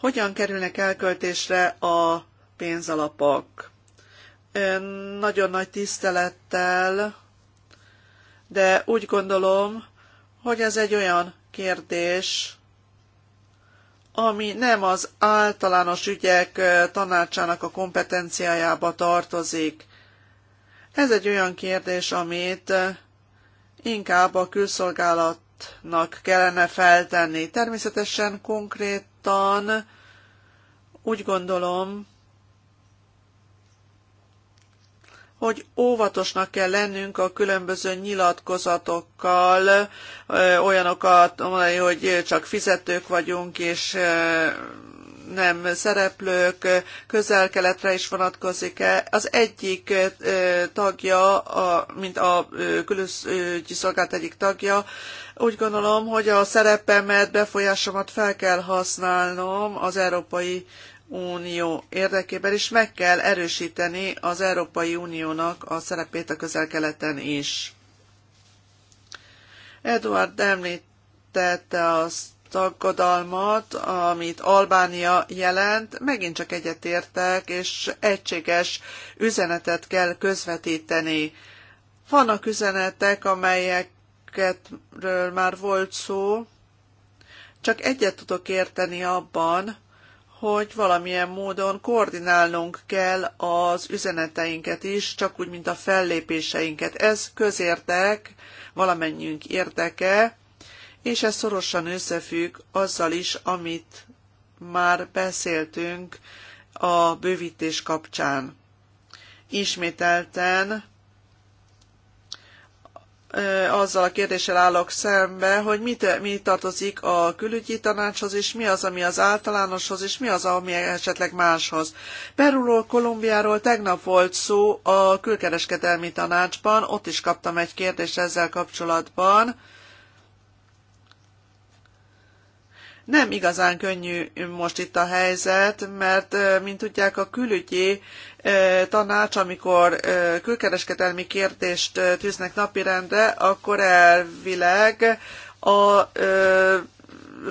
Hogyan kerülnek elköltésre a pénzalapok? Nagyon nagy tisztelettel, de úgy gondolom, hogy ez egy olyan kérdés, ami nem az általános ügyek tanácsának a kompetenciájába tartozik. Ez egy olyan kérdés, amit inkább a külszolgálatnak kellene feltenni. Természetesen konkrét nyugodtan úgy gondolom, hogy óvatosnak kell lennünk a különböző nyilatkozatokkal, olyanokat mondani, hogy csak fizetők vagyunk, és nem szereplők, közel-keletre is vonatkozik-e. Az egyik tagja, a, mint a külügyi szolgált egyik tagja, úgy gondolom, hogy a szerepemet, befolyásomat fel kell használnom az Európai Unió érdekében, és meg kell erősíteni az Európai Uniónak a szerepét a közel-keleten is. Eduard említette azt tagadalmat, amit Albánia jelent, megint csak egyetértek, és egységes üzenetet kell közvetíteni. Vannak üzenetek, amelyekről már volt szó, csak egyet tudok érteni abban, hogy valamilyen módon koordinálnunk kell az üzeneteinket is, csak úgy, mint a fellépéseinket. Ez közértek, valamennyiünk érdeke, és ez szorosan összefügg azzal is, amit már beszéltünk a bővítés kapcsán. Ismételten azzal a kérdéssel állok szembe, hogy mit, mi tartozik a külügyi tanácshoz, és mi az, ami az általánoshoz, és mi az, ami esetleg máshoz. Perúról, Kolumbiáról tegnap volt szó a külkereskedelmi tanácsban, ott is kaptam egy kérdést ezzel kapcsolatban, Nem igazán könnyű most itt a helyzet, mert, mint tudják, a külügyi tanács, amikor külkereskedelmi kérdést tűznek napirendre, akkor elvileg a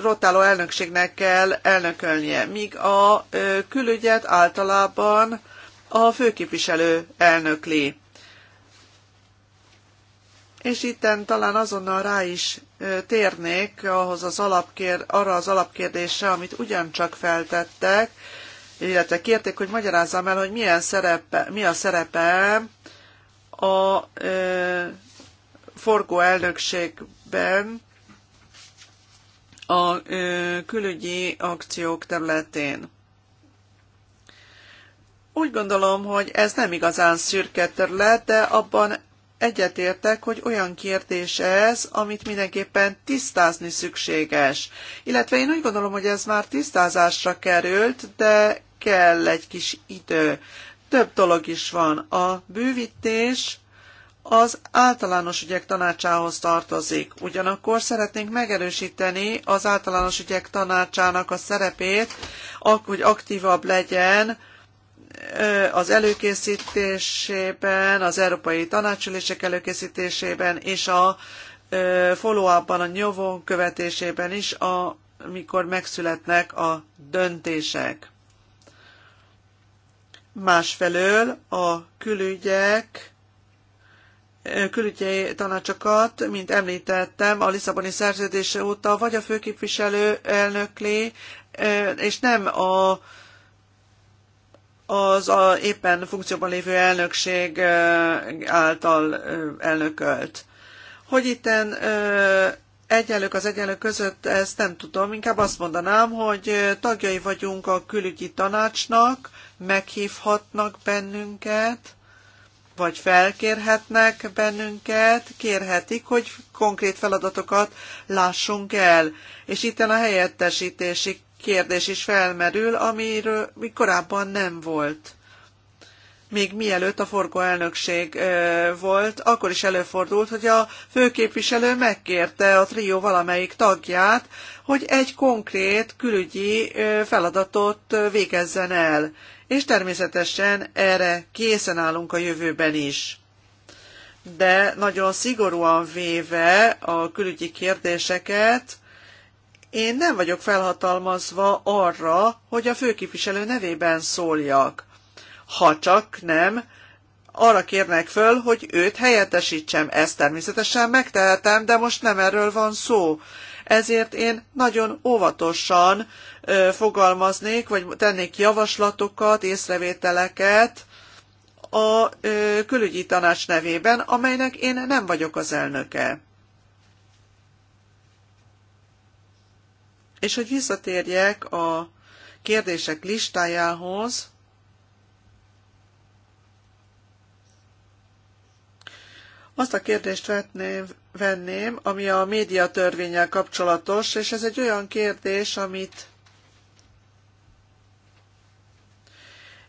rotáló elnökségnek kell elnökölnie, míg a külügyet általában a főképviselő elnökli. És itten talán azonnal rá is térnék ahhoz az alapkér, arra az alapkérdésre, amit ugyancsak feltettek, illetve kérték, hogy magyarázzam el, hogy milyen szerepe, mi a szerepe a forgó elnökségben a ö, külügyi akciók területén. Úgy gondolom, hogy ez nem igazán szürke terület, de abban egyetértek, hogy olyan kérdés ez, amit mindenképpen tisztázni szükséges. Illetve én úgy gondolom, hogy ez már tisztázásra került, de kell egy kis idő. Több dolog is van. A bővítés az általános ügyek tanácsához tartozik. Ugyanakkor szeretnénk megerősíteni az általános ügyek tanácsának a szerepét, hogy aktívabb legyen az előkészítésében, az európai tanácsülések előkészítésében és a follow-upban, a nyomon követésében is, amikor megszületnek a döntések. Másfelől a külügyek külügyi tanácsokat, mint említettem, a Lisszaboni szerződés óta vagy a főképviselő elnökli, és nem a az a éppen funkcióban lévő elnökség által elnökölt. Hogy itten egyenlők az egyenlők között, ezt nem tudom, inkább azt mondanám, hogy tagjai vagyunk a külügyi tanácsnak, meghívhatnak bennünket, vagy felkérhetnek bennünket, kérhetik, hogy konkrét feladatokat lássunk el. És itt a helyettesítési kérdés is felmerül, amiről korábban nem volt. Még mielőtt a forgó elnökség volt, akkor is előfordult, hogy a főképviselő megkérte a trió valamelyik tagját, hogy egy konkrét külügyi feladatot végezzen el. És természetesen erre készen állunk a jövőben is de nagyon szigorúan véve a külügyi kérdéseket, én nem vagyok felhatalmazva arra, hogy a főképviselő nevében szóljak. Ha csak nem, arra kérnek föl, hogy őt helyettesítsem. Ezt természetesen megtehetem, de most nem erről van szó. Ezért én nagyon óvatosan ö, fogalmaznék, vagy tennék javaslatokat, észrevételeket a ö, külügyi tanács nevében, amelynek én nem vagyok az elnöke. És hogy visszatérjek a kérdések listájához, azt a kérdést vetném, venném, ami a média törvényel kapcsolatos, és ez egy olyan kérdés, amit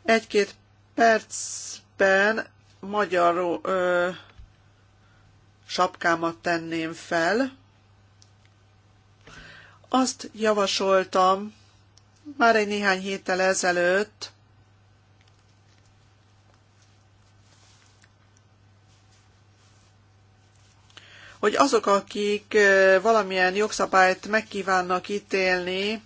egy-két percben magyar ö, sapkámat tenném fel. Azt javasoltam már egy néhány héttel ezelőtt, hogy azok, akik valamilyen jogszabályt megkívánnak ítélni,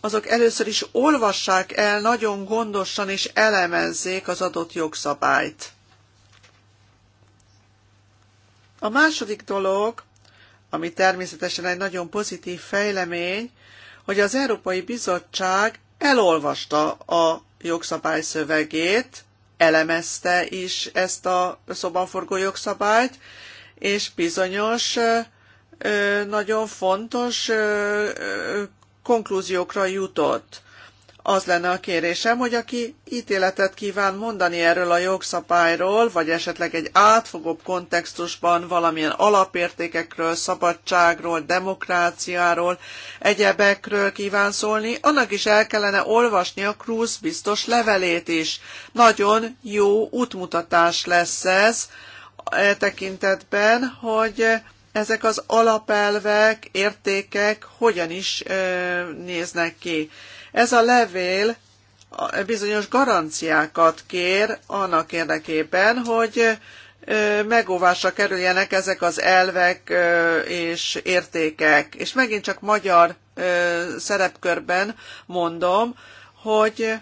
azok először is olvassák el nagyon gondosan és elemezzék az adott jogszabályt. A második dolog, ami természetesen egy nagyon pozitív fejlemény, hogy az Európai Bizottság elolvasta a jogszabály szövegét, elemezte is ezt a szobanforgó jogszabályt, és bizonyos nagyon fontos konklúziókra jutott. Az lenne a kérésem, hogy aki ítéletet kíván mondani erről a jogszabályról, vagy esetleg egy átfogóbb kontextusban valamilyen alapértékekről, szabadságról, demokráciáról, egyebekről kíván szólni, annak is el kellene olvasni a Cruz biztos levelét is. Nagyon jó útmutatás lesz ez e tekintetben, hogy ezek az alapelvek, értékek hogyan is néznek ki. Ez a levél bizonyos garanciákat kér annak érdekében, hogy megóvásra kerüljenek ezek az elvek és értékek. És megint csak magyar szerepkörben mondom, hogy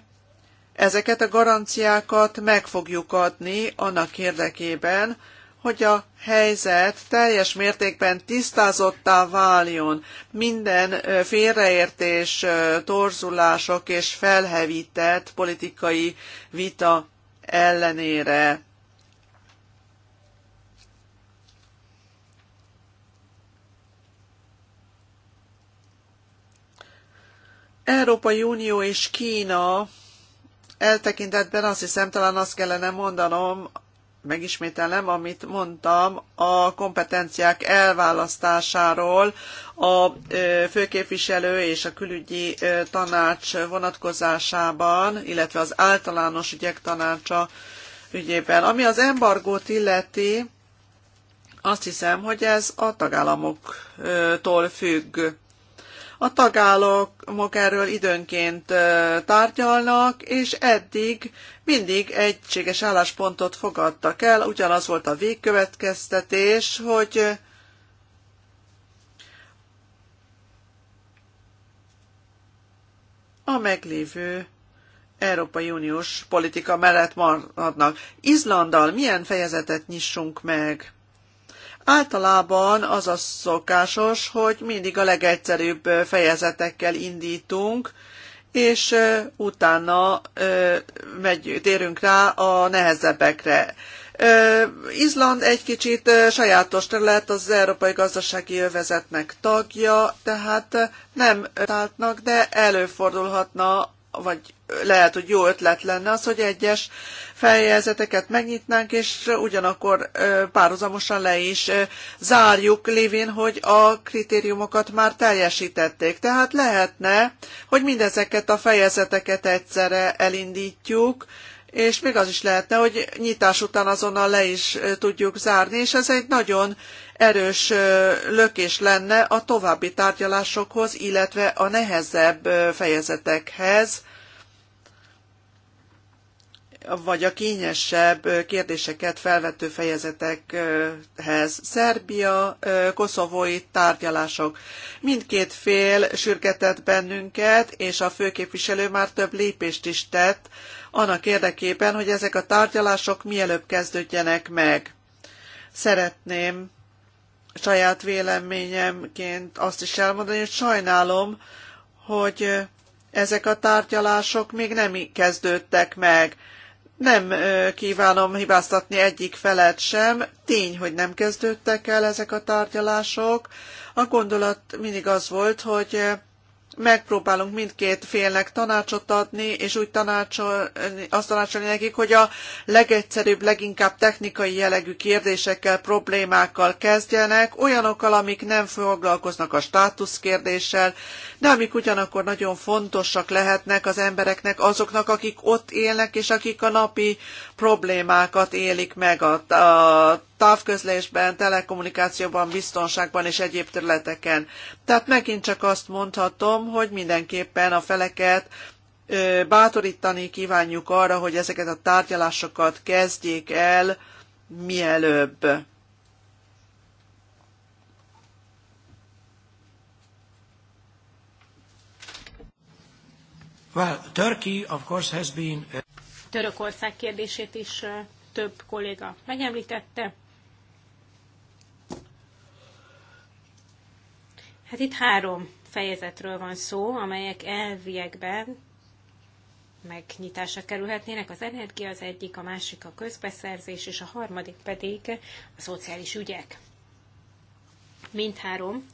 ezeket a garanciákat meg fogjuk adni annak érdekében, hogy a helyzet teljes mértékben tisztázottá váljon, minden félreértés, torzulások és felhevített politikai vita ellenére. Európai Unió és Kína eltekintetben azt hiszem, talán azt kellene mondanom, megismételem, amit mondtam a kompetenciák elválasztásáról a főképviselő és a külügyi tanács vonatkozásában, illetve az általános ügyek tanácsa ügyében. Ami az embargót illeti, azt hiszem, hogy ez a tagállamoktól függ. A tagállamok erről időnként tárgyalnak, és eddig mindig egységes álláspontot fogadtak el. Ugyanaz volt a végkövetkeztetés, hogy a meglévő Európai Uniós politika mellett maradnak. Izlandal milyen fejezetet nyissunk meg? Általában az a szokásos, hogy mindig a legegyszerűbb fejezetekkel indítunk, és utána megy, térünk rá a nehezebbekre. Izland egy kicsit sajátos terület, az Európai Gazdasági Övezetnek tagja, tehát nem táltnak, de előfordulhatna, vagy lehet, hogy jó ötlet lenne az, hogy egyes fejezeteket megnyitnánk, és ugyanakkor párhuzamosan le is zárjuk, lévén, hogy a kritériumokat már teljesítették. Tehát lehetne, hogy mindezeket a fejezeteket egyszerre elindítjuk, és még az is lehetne, hogy nyitás után azonnal le is tudjuk zárni, és ez egy nagyon erős lökés lenne a további tárgyalásokhoz, illetve a nehezebb fejezetekhez, vagy a kényesebb kérdéseket felvető fejezetekhez. Szerbia, koszovói tárgyalások. Mindkét fél sürgetett bennünket, és a főképviselő már több lépést is tett annak érdekében, hogy ezek a tárgyalások mielőbb kezdődjenek meg. Szeretném saját véleményemként azt is elmondani, hogy sajnálom, hogy ezek a tárgyalások még nem kezdődtek meg nem kívánom hibáztatni egyik felet sem. Tény, hogy nem kezdődtek el ezek a tárgyalások. A gondolat mindig az volt, hogy megpróbálunk mindkét félnek tanácsot adni, és úgy tanácsolni, azt tanácsolni nekik, hogy a legegyszerűbb, leginkább technikai jellegű kérdésekkel, problémákkal kezdjenek, olyanokkal, amik nem foglalkoznak a státusz kérdéssel, de amik ugyanakkor nagyon fontosak lehetnek az embereknek, azoknak, akik ott élnek, és akik a napi problémákat élik meg a, a távközlésben, telekommunikációban, biztonságban és egyéb területeken. Tehát megint csak azt mondhatom, hogy mindenképpen a feleket bátorítani kívánjuk arra, hogy ezeket a tárgyalásokat kezdjék el mielőbb. Well, Turkey, of course, has been... Uh, Törökország kérdését is több kolléga megemlítette. Hát itt három fejezetről van szó, amelyek elviekben megnyitásra kerülhetnének. Az energia az egyik, a másik a közbeszerzés, és a harmadik pedig a szociális ügyek. Mindhárom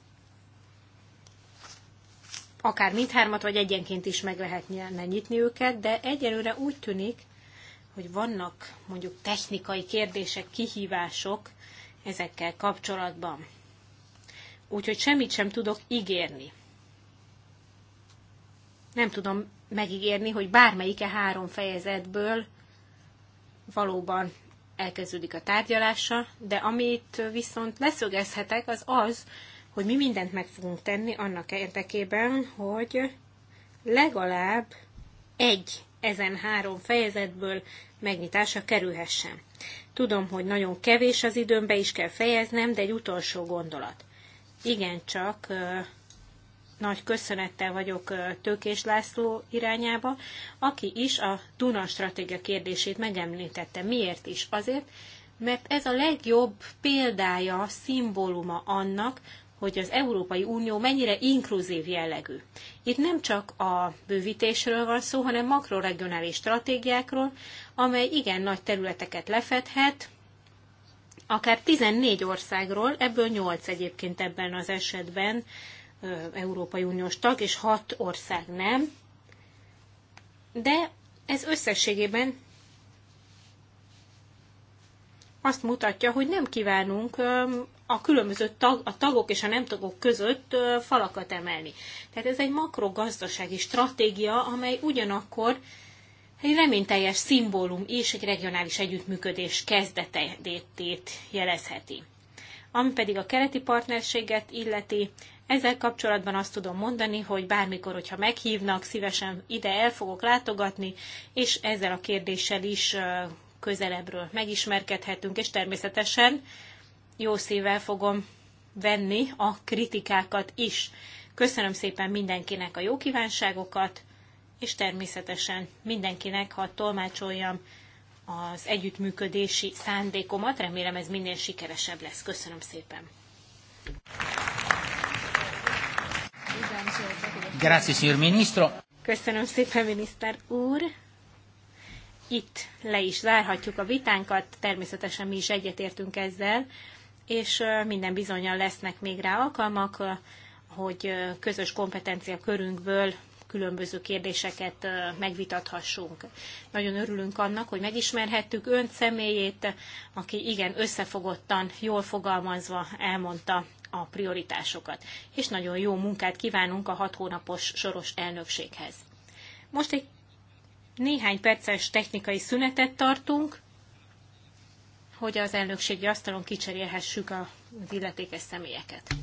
akár mindhármat, vagy egyenként is meg lehetne nyitni őket, de egyelőre úgy tűnik, hogy vannak mondjuk technikai kérdések, kihívások ezekkel kapcsolatban úgyhogy semmit sem tudok ígérni. Nem tudom megígérni, hogy bármelyike három fejezetből valóban elkezdődik a tárgyalása, de amit viszont leszögezhetek, az az, hogy mi mindent meg fogunk tenni annak érdekében, hogy legalább egy ezen három fejezetből megnyitása kerülhessen. Tudom, hogy nagyon kevés az időmbe is kell fejeznem, de egy utolsó gondolat igencsak nagy köszönettel vagyok Tőkés László irányába, aki is a Duna stratégia kérdését megemlítette. Miért is? Azért, mert ez a legjobb példája, szimbóluma annak, hogy az Európai Unió mennyire inkluzív jellegű. Itt nem csak a bővítésről van szó, hanem makroregionális stratégiákról, amely igen nagy területeket lefedhet, akár 14 országról, ebből 8 egyébként ebben az esetben Európai Uniós tag, és 6 ország nem. De ez összességében azt mutatja, hogy nem kívánunk a különböző tag, a tagok és a nem tagok között falakat emelni. Tehát ez egy makrogazdasági stratégia, amely ugyanakkor egy reményteljes szimbólum és egy regionális együttműködés kezdetét jelezheti. Ami pedig a keleti partnerséget illeti, ezzel kapcsolatban azt tudom mondani, hogy bármikor, hogyha meghívnak, szívesen ide el fogok látogatni, és ezzel a kérdéssel is közelebbről megismerkedhetünk, és természetesen jó szívvel fogom venni a kritikákat is. Köszönöm szépen mindenkinek a jó kívánságokat, és természetesen mindenkinek, ha tolmácsoljam az együttműködési szándékomat, remélem ez minél sikeresebb lesz. Köszönöm szépen! Grazie, signor ministro. Köszönöm szépen, miniszter úr! Itt le is zárhatjuk a vitánkat, természetesen mi is egyetértünk ezzel, és minden bizonyal lesznek még rá alkalmak, hogy közös kompetencia körünkből különböző kérdéseket megvitathassunk. Nagyon örülünk annak, hogy megismerhettük ön személyét, aki igen összefogottan, jól fogalmazva elmondta a prioritásokat, és nagyon jó munkát kívánunk a hat hónapos soros elnökséghez. Most egy néhány perces technikai szünetet tartunk, hogy az elnökségi asztalon kicserélhessük az illetékes személyeket.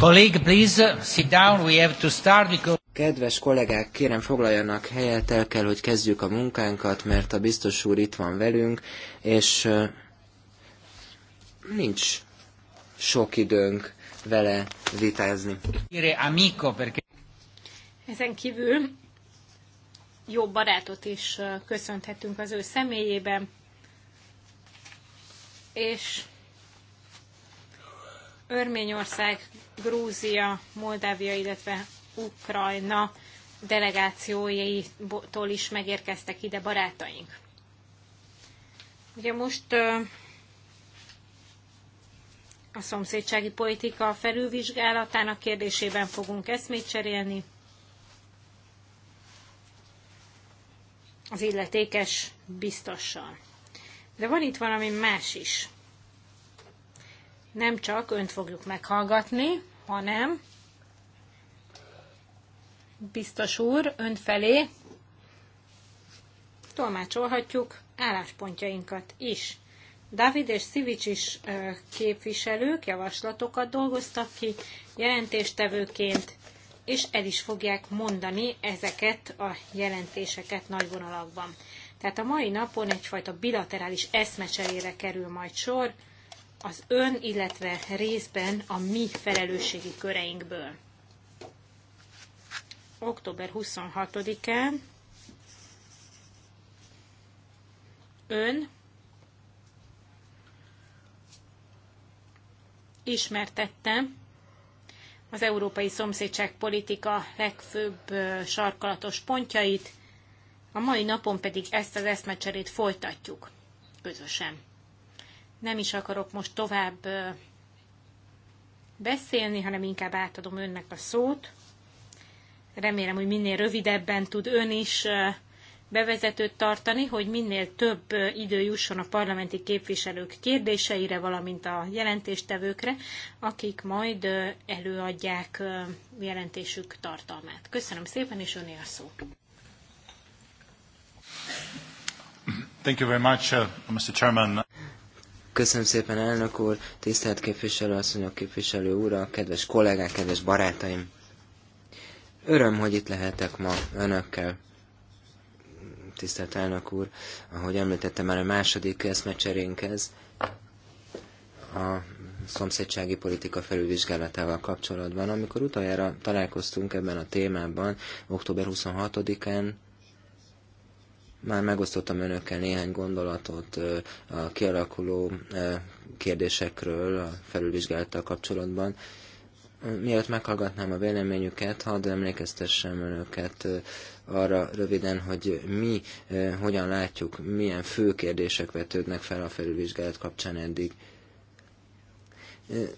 Colleague, please sit down. We have to start because... Kedves kollégák, kérem foglaljanak helyet, el kell, hogy kezdjük a munkánkat, mert a biztos úr itt van velünk, és nincs sok időnk vele vitázni. Ezen kívül jó barátot is köszönhetünk az ő személyében, és Örményország, Grúzia, Moldávia, illetve Ukrajna delegációjaitól is megérkeztek ide barátaink. Ugye most a szomszédsági politika felülvizsgálatának kérdésében fogunk eszmét cserélni. Az illetékes biztossal. De van itt valami más is nem csak önt fogjuk meghallgatni, hanem biztos úr, ön felé tolmácsolhatjuk álláspontjainkat is. David és Szivics is képviselők javaslatokat dolgoztak ki jelentéstevőként, és el is fogják mondani ezeket a jelentéseket nagy vonalakban. Tehát a mai napon egyfajta bilaterális eszmecserére kerül majd sor, az ön, illetve részben a mi felelősségi köreinkből. Október 26-án ön ismertette az európai szomszédság politika legfőbb sarkalatos pontjait, a mai napon pedig ezt az eszmecserét folytatjuk közösen nem is akarok most tovább beszélni, hanem inkább átadom önnek a szót. Remélem, hogy minél rövidebben tud ön is bevezetőt tartani, hogy minél több idő jusson a parlamenti képviselők kérdéseire, valamint a jelentéstevőkre, akik majd előadják jelentésük tartalmát. Köszönöm szépen, és öné a szó. Thank you very much, uh, Mr. Chairman. Köszönöm szépen, elnök úr, tisztelt képviselő asszonyok, képviselő úr, kedves kollégák, kedves barátaim! Öröm, hogy itt lehetek ma önökkel. Tisztelt elnök úr, ahogy említettem már a második eszmecserénkhez, a szomszédsági politika felülvizsgálatával kapcsolatban, amikor utoljára találkoztunk ebben a témában, október 26-án már megosztottam önökkel néhány gondolatot a kialakuló kérdésekről a felülvizsgálattal kapcsolatban. Mielőtt meghallgatnám a véleményüket, hadd emlékeztessem önöket arra röviden, hogy mi hogyan látjuk, milyen fő kérdések vetődnek fel a felülvizsgálat kapcsán eddig.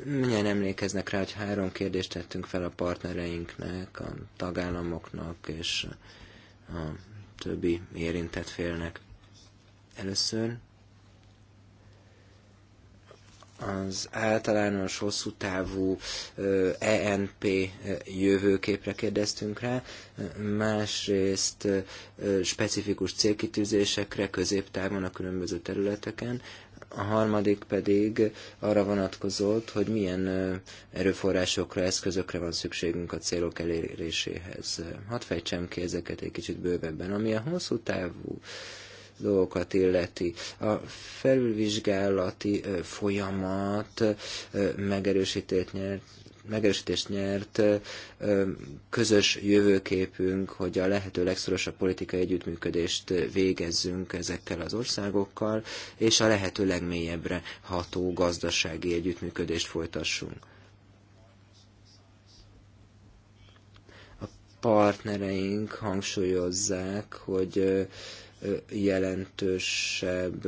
Milyen emlékeznek rá, hogy három kérdést tettünk fel a partnereinknek, a tagállamoknak és a többi érintett félnek. Először az általános hosszú távú ENP jövőképre kérdeztünk rá, másrészt specifikus célkitűzésekre középtávon a különböző területeken, a harmadik pedig arra vonatkozott, hogy milyen erőforrásokra, eszközökre van szükségünk a célok eléréséhez. Hadd fejtsem ki ezeket egy kicsit bővebben. Ami a hosszú távú dolgokat illeti. A felülvizsgálati folyamat megerősítét nyert megerősítést nyert közös jövőképünk, hogy a lehető legszorosabb politikai együttműködést végezzünk ezekkel az országokkal, és a lehető legmélyebbre ható gazdasági együttműködést folytassunk. A partnereink hangsúlyozzák, hogy jelentősebb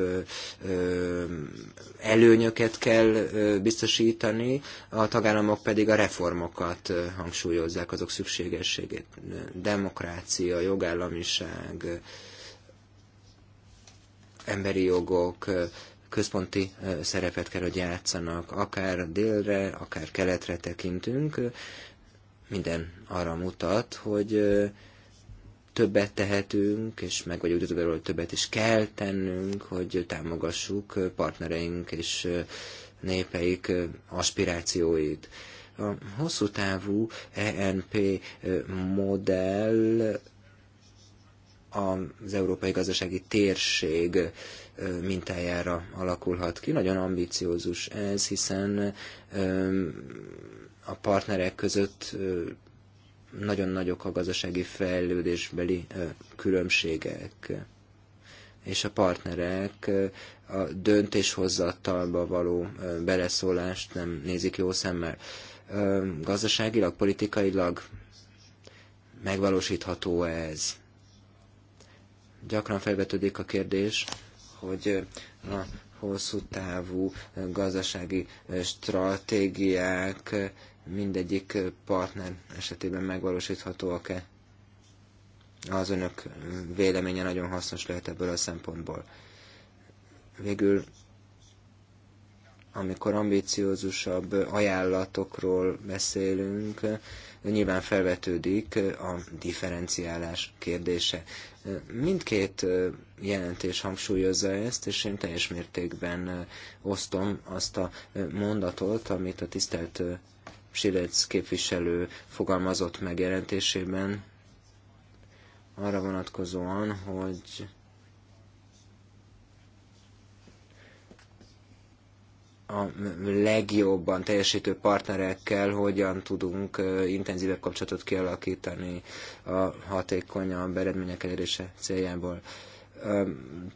előnyöket kell biztosítani, a tagállamok pedig a reformokat hangsúlyozzák, azok szükségességét. Demokrácia, jogállamiság, emberi jogok, központi szerepet kell, hogy játszanak, akár délre, akár keletre tekintünk, minden arra mutat, hogy többet tehetünk, és meg vagyok győződve hogy többet is kell tennünk, hogy támogassuk partnereink és népeik aspirációit. A hosszú távú ENP modell az európai gazdasági térség mintájára alakulhat ki. Nagyon ambiciózus ez, hiszen a partnerek között nagyon nagyok a gazdasági fejlődésbeli különbségek, és a partnerek a döntéshozatalba való beleszólást nem nézik jó szemmel. Gazdaságilag, politikailag megvalósítható ez? Gyakran felvetődik a kérdés, hogy a hosszú távú gazdasági stratégiák mindegyik partner esetében megvalósíthatóak-e? Az önök véleménye nagyon hasznos lehet ebből a szempontból. Végül, amikor ambíciózusabb ajánlatokról beszélünk, nyilván felvetődik a differenciálás kérdése. Mindkét jelentés hangsúlyozza ezt, és én teljes mértékben osztom azt a mondatot, amit a tisztelt Silec képviselő fogalmazott meg arra vonatkozóan, hogy a legjobban teljesítő partnerekkel hogyan tudunk intenzívebb kapcsolatot kialakítani a hatékonyabb eredmények elérése céljából.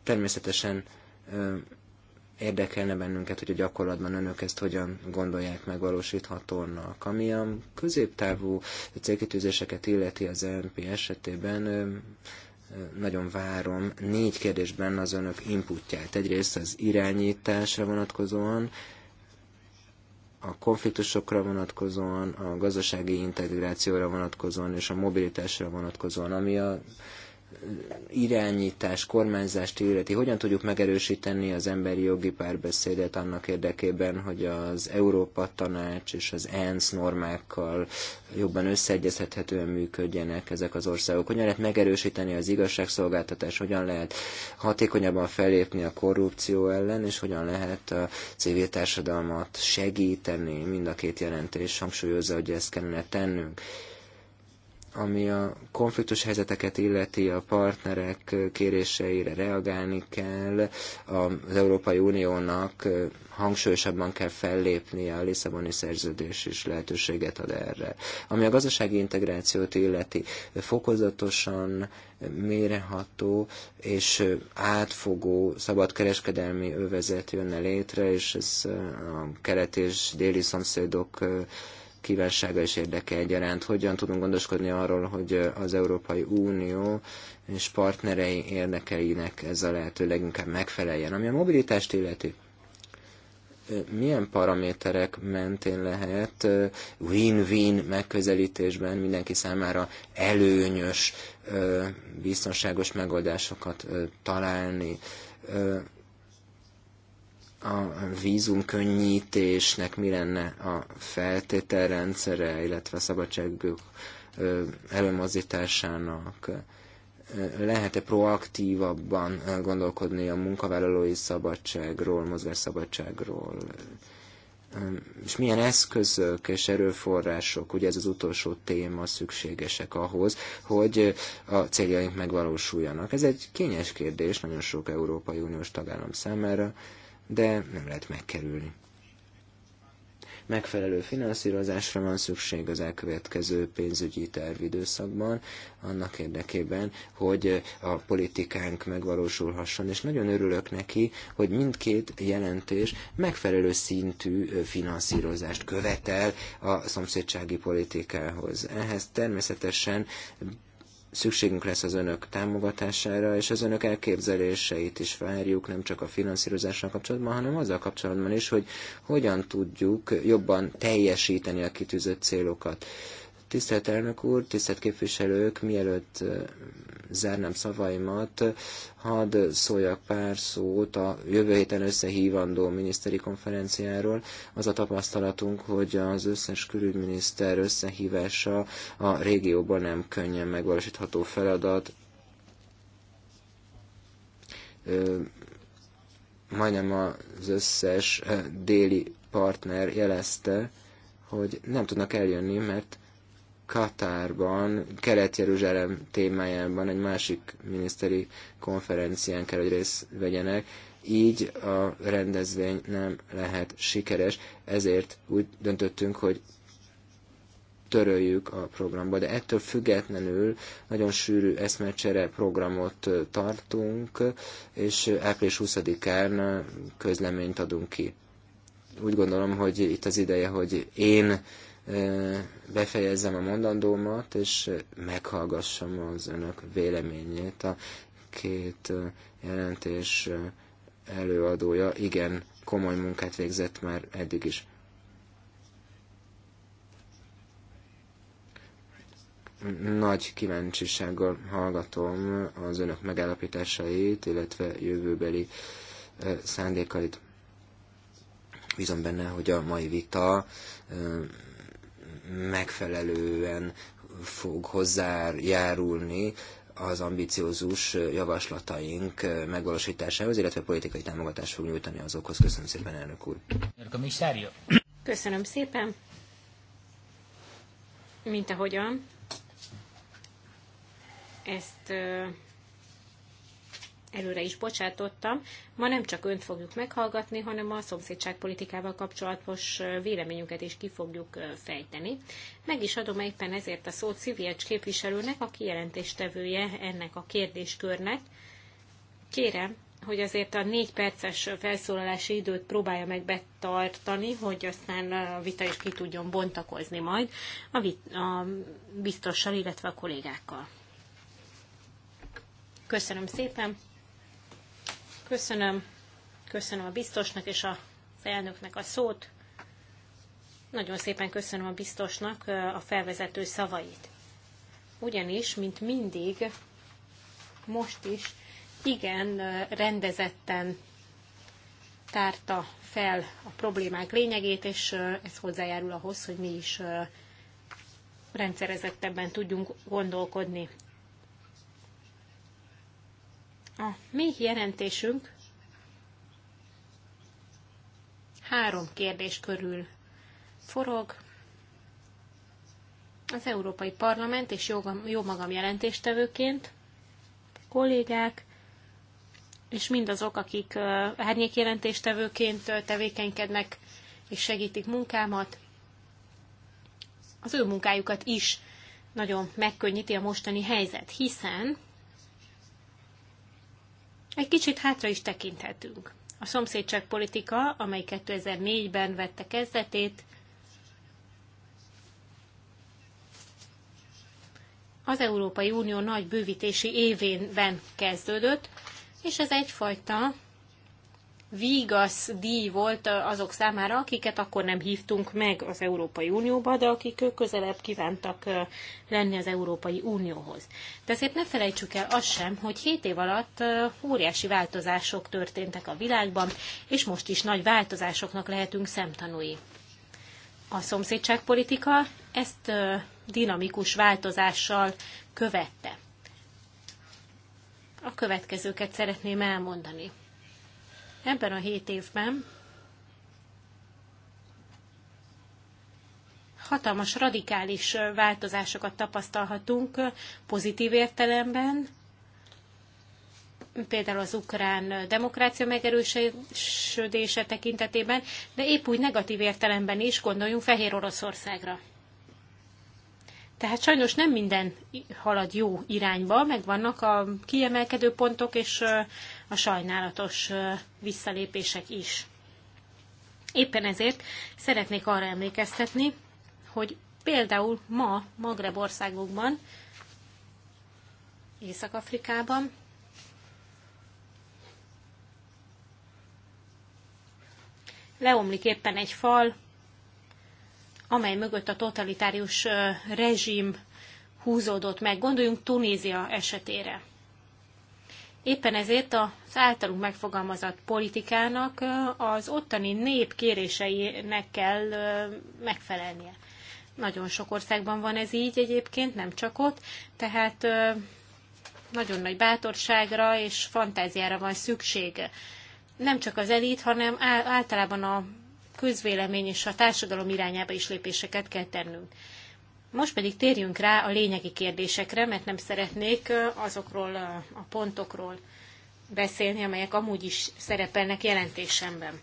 Természetesen Érdekelne bennünket, hogy a gyakorlatban önök ezt hogyan gondolják megvalósíthatónak. Ami a középtávú célkitűzéseket illeti az LNP e esetében, nagyon várom négy kérdésben az önök inputját. Egyrészt az irányításra vonatkozóan, a konfliktusokra vonatkozóan, a gazdasági integrációra vonatkozóan és a mobilitásra vonatkozóan, ami a irányítás, kormányzást illeti, hogyan tudjuk megerősíteni az emberi jogi párbeszédet annak érdekében, hogy az Európa Tanács és az ENSZ normákkal jobban összeegyezhethetően működjenek ezek az országok. Hogyan lehet megerősíteni az igazságszolgáltatás, hogyan lehet hatékonyabban felépni a korrupció ellen, és hogyan lehet a civil társadalmat segíteni. Mind a két jelentés hangsúlyozza, hogy ezt kellene tennünk. Ami a konfliktus helyzeteket illeti, a partnerek kéréseire reagálni kell, az Európai Uniónak hangsúlyosabban kell fellépnie, a Lisszaboni szerződés is lehetőséget ad erre. Ami a gazdasági integrációt illeti, fokozatosan méreható és átfogó szabadkereskedelmi övezet jönne létre, és ez a kelet és déli szomszédok kívánsága és érdeke egyaránt. Hogyan tudunk gondoskodni arról, hogy az Európai Unió és partnerei érdekeinek ez a lehető leginkább megfeleljen. Ami a mobilitást illeti, milyen paraméterek mentén lehet win-win megközelítésben mindenki számára előnyös, biztonságos megoldásokat találni a vízumkönnyítésnek mi lenne a feltételrendszere, illetve a szabadságok előmozdításának lehet-e proaktívabban gondolkodni a munkavállalói szabadságról, mozgásszabadságról, és milyen eszközök és erőforrások, ugye ez az utolsó téma szükségesek ahhoz, hogy a céljaink megvalósuljanak. Ez egy kényes kérdés nagyon sok Európai Uniós tagállam számára, de nem lehet megkerülni. Megfelelő finanszírozásra van szükség az elkövetkező pénzügyi tervidőszakban, annak érdekében, hogy a politikánk megvalósulhasson, és nagyon örülök neki, hogy mindkét jelentés megfelelő szintű finanszírozást követel a szomszédsági politikához. Ehhez természetesen szükségünk lesz az önök támogatására, és az önök elképzeléseit is várjuk, nem csak a finanszírozással kapcsolatban, hanem azzal kapcsolatban is, hogy hogyan tudjuk jobban teljesíteni a kitűzött célokat. Tisztelt elnök úr, tisztelt képviselők, mielőtt zárnám szavaimat, hadd szóljak pár szót a jövő héten összehívandó miniszteri konferenciáról. Az a tapasztalatunk, hogy az összes külügyminiszter összehívása a régióban nem könnyen megvalósítható feladat. Majdnem az összes déli partner jelezte, hogy nem tudnak eljönni, mert Katárban, Kelet-Jeruzsálem témájában egy másik miniszteri konferencián kell, hogy részt vegyenek, így a rendezvény nem lehet sikeres, ezért úgy döntöttünk, hogy töröljük a programba, de ettől függetlenül nagyon sűrű eszmecsere programot tartunk, és április 20-án közleményt adunk ki. Úgy gondolom, hogy itt az ideje, hogy én befejezzem a mondandómat, és meghallgassam az önök véleményét. A két jelentés előadója igen komoly munkát végzett már eddig is. Nagy kíváncsisággal hallgatom az önök megállapításait, illetve jövőbeli szándékait. Bízom benne, hogy a mai vita megfelelően fog hozzájárulni az ambiciózus javaslataink megvalósításához, illetve politikai támogatást fog nyújtani azokhoz. Köszönöm szépen, elnök úr. Köszönöm szépen. Mint ahogyan ezt előre is bocsátottam, ma nem csak önt fogjuk meghallgatni, hanem a szomszédságpolitikával kapcsolatos véleményünket is ki fogjuk fejteni. Meg is adom éppen ezért a szót Szivjecs képviselőnek, a kijelentéstevője ennek a kérdéskörnek. Kérem, hogy azért a négy perces felszólalási időt próbálja meg betartani, hogy aztán a vita is ki tudjon bontakozni majd a, vit- a biztossal, illetve a kollégákkal. Köszönöm szépen! Köszönöm. Köszönöm a biztosnak és a elnöknek a szót. Nagyon szépen köszönöm a biztosnak a felvezető szavait. Ugyanis, mint mindig, most is igen rendezetten tárta fel a problémák lényegét, és ez hozzájárul ahhoz, hogy mi is rendszerezettebben tudjunk gondolkodni a mi jelentésünk három kérdés körül forog. Az Európai Parlament és jó magam jelentéstevőként, kollégák, és mindazok, akik árnyékjelentéstevőként tevékenykednek és segítik munkámat, az ő munkájukat is nagyon megkönnyíti a mostani helyzet, hiszen egy kicsit hátra is tekinthetünk. A szomszédságpolitika, amely 2004-ben vette kezdetét, az Európai Unió nagy bővítési évén kezdődött, és ez egyfajta vígasz díj volt azok számára, akiket akkor nem hívtunk meg az Európai Unióba, de akik közelebb kívántak lenni az Európai Unióhoz. De azért ne felejtsük el azt sem, hogy 7 év alatt óriási változások történtek a világban, és most is nagy változásoknak lehetünk szemtanúi. A szomszédságpolitika ezt dinamikus változással követte. A következőket szeretném elmondani. Ebben a hét évben hatalmas radikális változásokat tapasztalhatunk pozitív értelemben, például az ukrán demokrácia megerősödése tekintetében, de épp úgy negatív értelemben is gondoljunk Fehér Oroszországra. Tehát sajnos nem minden halad jó irányba, meg vannak a kiemelkedő pontok és a sajnálatos visszalépések is. Éppen ezért szeretnék arra emlékeztetni, hogy például ma Magreb országokban, Észak-Afrikában leomlik éppen egy fal, amely mögött a totalitárius rezsim húzódott meg. Gondoljunk Tunézia esetére. Éppen ezért az általunk megfogalmazott politikának az ottani nép kéréseinek kell megfelelnie. Nagyon sok országban van ez így egyébként, nem csak ott, tehát nagyon nagy bátorságra és fantáziára van szüksége. Nem csak az elit, hanem általában a közvélemény és a társadalom irányába is lépéseket kell tennünk. Most pedig térjünk rá a lényegi kérdésekre, mert nem szeretnék azokról a pontokról beszélni, amelyek amúgy is szerepelnek jelentésemben.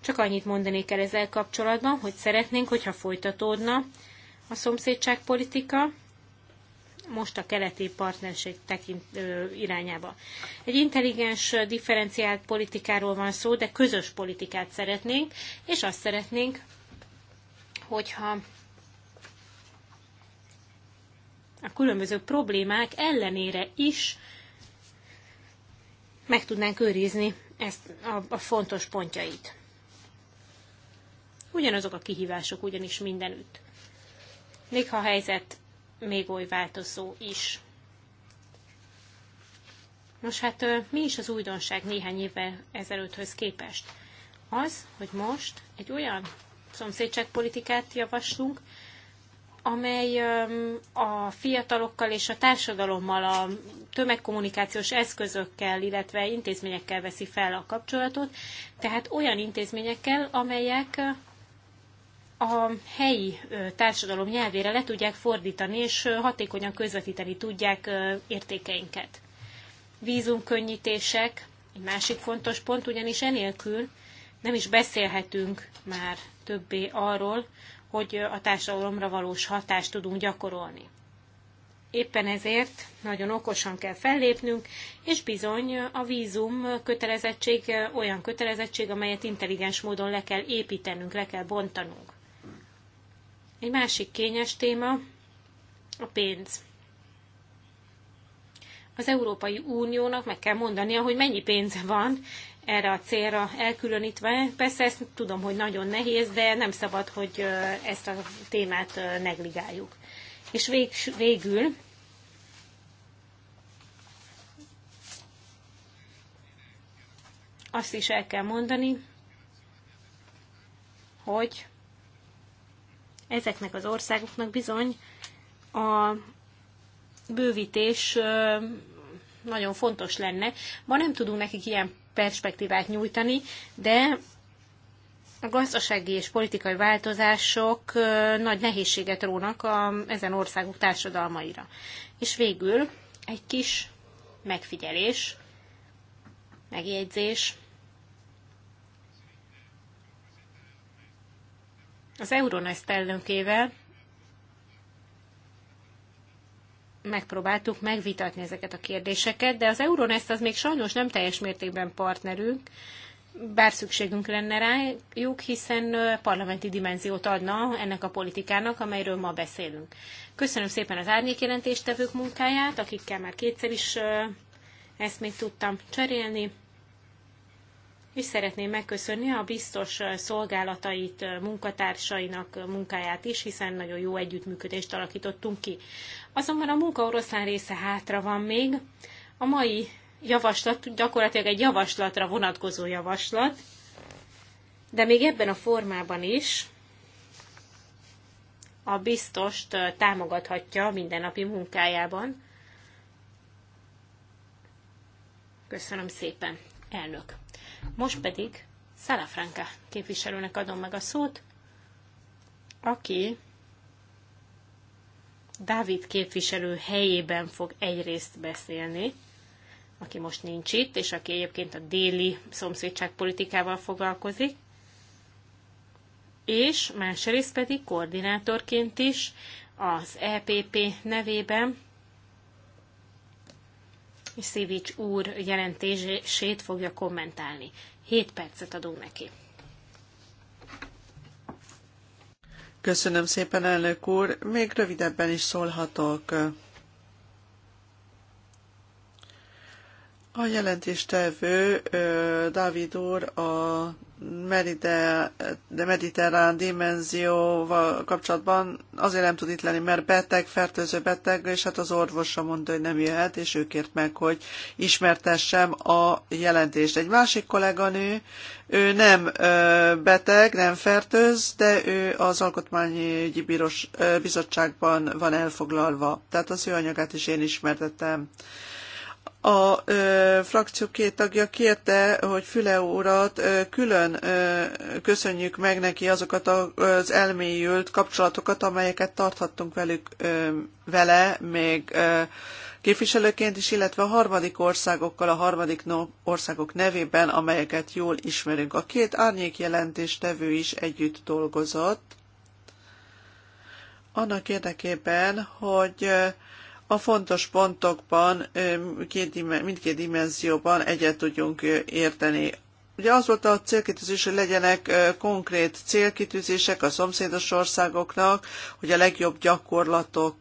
Csak annyit mondanék el ezzel kapcsolatban, hogy szeretnénk, hogyha folytatódna a szomszédságpolitika, most a keleti partnerség tekint, ö, irányába. Egy intelligens, differenciált politikáról van szó, de közös politikát szeretnénk, és azt szeretnénk, hogyha a különböző problémák ellenére is meg tudnánk őrizni ezt a, a fontos pontjait. Ugyanazok a kihívások ugyanis mindenütt. Még ha a helyzet még oly változó is. Nos hát mi is az újdonság néhány évvel ezelőtthöz képest? Az, hogy most egy olyan szomszédságpolitikát javaslunk, amely a fiatalokkal és a társadalommal, a tömegkommunikációs eszközökkel, illetve intézményekkel veszi fel a kapcsolatot, tehát olyan intézményekkel, amelyek a helyi társadalom nyelvére le tudják fordítani, és hatékonyan közvetíteni tudják értékeinket. Vízumkönnyítések, egy másik fontos pont, ugyanis enélkül nem is beszélhetünk már többé arról, hogy a társadalomra valós hatást tudunk gyakorolni. Éppen ezért nagyon okosan kell fellépnünk, és bizony a vízum kötelezettség olyan kötelezettség, amelyet intelligens módon le kell építenünk, le kell bontanunk. Egy másik kényes téma a pénz. Az Európai Uniónak meg kell mondania, hogy mennyi pénze van, erre a célra elkülönítve. Persze ezt tudom, hogy nagyon nehéz, de nem szabad, hogy ezt a témát negligáljuk. És vég, végül azt is el kell mondani, hogy ezeknek az országoknak bizony a bővítés nagyon fontos lenne. Ma nem tudunk nekik ilyen perspektívát nyújtani, de a gazdasági és politikai változások nagy nehézséget rónak a, ezen országok társadalmaira. És végül egy kis megfigyelés, megjegyzés. Az Euronest ellenkével megpróbáltuk megvitatni ezeket a kérdéseket, de az Euronest az még sajnos nem teljes mértékben partnerünk, bár szükségünk lenne rájuk, hiszen parlamenti dimenziót adna ennek a politikának, amelyről ma beszélünk. Köszönöm szépen az árnyékjelentéstevők munkáját, akikkel már kétszer is eszmét tudtam cserélni és szeretném megköszönni a biztos szolgálatait, munkatársainak munkáját is, hiszen nagyon jó együttműködést alakítottunk ki. Azonban a munka oroszlán része hátra van még. A mai javaslat gyakorlatilag egy javaslatra vonatkozó javaslat, de még ebben a formában is a biztost támogathatja a mindennapi munkájában. Köszönöm szépen, elnök! Most pedig Salafranca képviselőnek adom meg a szót, aki Dávid képviselő helyében fog egyrészt beszélni, aki most nincs itt, és aki egyébként a déli szomszédság politikával foglalkozik, és másrészt pedig koordinátorként is az EPP nevében Szivics úr jelentését fogja kommentálni. 7 percet adunk neki. Köszönöm szépen, elnök úr. Még rövidebben is szólhatok. A jelentéstevő Dávid úr a Merida, de mediterrán dimenzióval kapcsolatban azért nem tud itt lenni, mert beteg, fertőző beteg, és hát az orvosa mondta, hogy nem jöhet, és ő kért meg, hogy ismertessem a jelentést. Egy másik kolléganő, ő nem beteg, nem fertőz, de ő az Alkotmányügyi Bíros, Bizottságban van elfoglalva. Tehát az ő anyagát is én ismertettem. A ö, frakció két tagja kérte, hogy Füle urat ö, külön ö, köszönjük meg neki azokat az elmélyült kapcsolatokat, amelyeket tarthattunk velük, ö, vele még ö, képviselőként is, illetve a harmadik országokkal, a harmadik no, országok nevében, amelyeket jól ismerünk. A két árnyék jelentéstevő is együtt dolgozott. Annak érdekében, hogy ö, a fontos pontokban, mindkét dimenzióban egyet tudjunk érteni. Ugye az volt a célkitűzés, hogy legyenek konkrét célkitűzések a szomszédos országoknak, hogy a legjobb gyakorlatok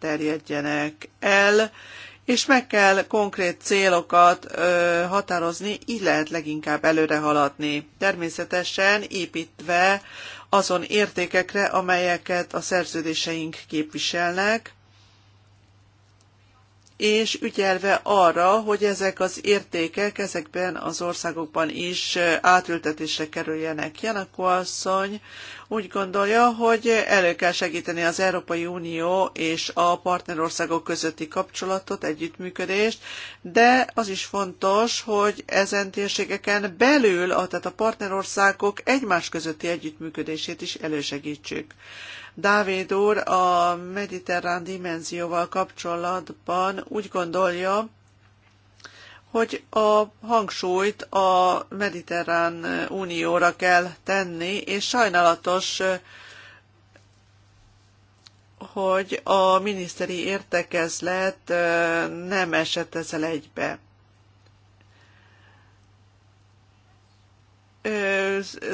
terjedjenek el, és meg kell konkrét célokat ö, határozni, így lehet leginkább előre haladni. Természetesen építve azon értékekre, amelyeket a szerződéseink képviselnek, és ügyelve arra, hogy ezek az értékek ezekben az országokban is átültetésre kerüljenek. Janakó asszony úgy gondolja, hogy elő kell segíteni az Európai Unió és a partnerországok közötti kapcsolatot, együttműködést, de az is fontos, hogy ezen térségeken belül, tehát a partnerországok egymás közötti együttműködését is elősegítsük. Dávid úr a mediterrán dimenzióval kapcsolatban úgy gondolja, hogy a hangsúlyt a mediterrán unióra kell tenni, és sajnálatos, hogy a miniszteri értekezlet nem esett ezzel egybe.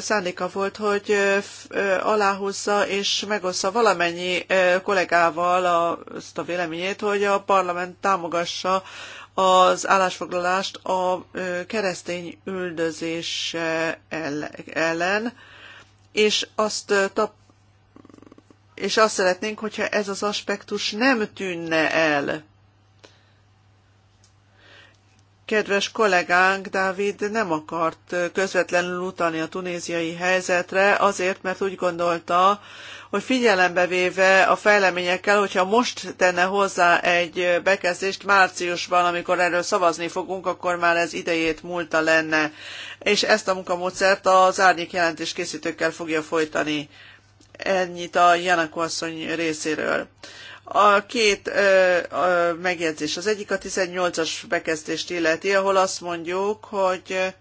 szándéka volt, hogy aláhúzza és megoszza valamennyi kollégával azt a véleményét, hogy a parlament támogassa az állásfoglalást a keresztény üldözés ellen, és azt tap és azt szeretnénk, hogyha ez az aspektus nem tűnne el kedves kollégánk Dávid nem akart közvetlenül utalni a tunéziai helyzetre, azért, mert úgy gondolta, hogy figyelembe véve a fejleményekkel, hogyha most tenne hozzá egy bekezdést márciusban, amikor erről szavazni fogunk, akkor már ez idejét múlta lenne. És ezt a munkamódszert az árnyék jelentés készítőkkel fogja folytani. Ennyit a Janakó asszony részéről. A két ö, ö, megjegyzés. Az egyik a 18-as bekezdést illeti, ahol azt mondjuk, hogy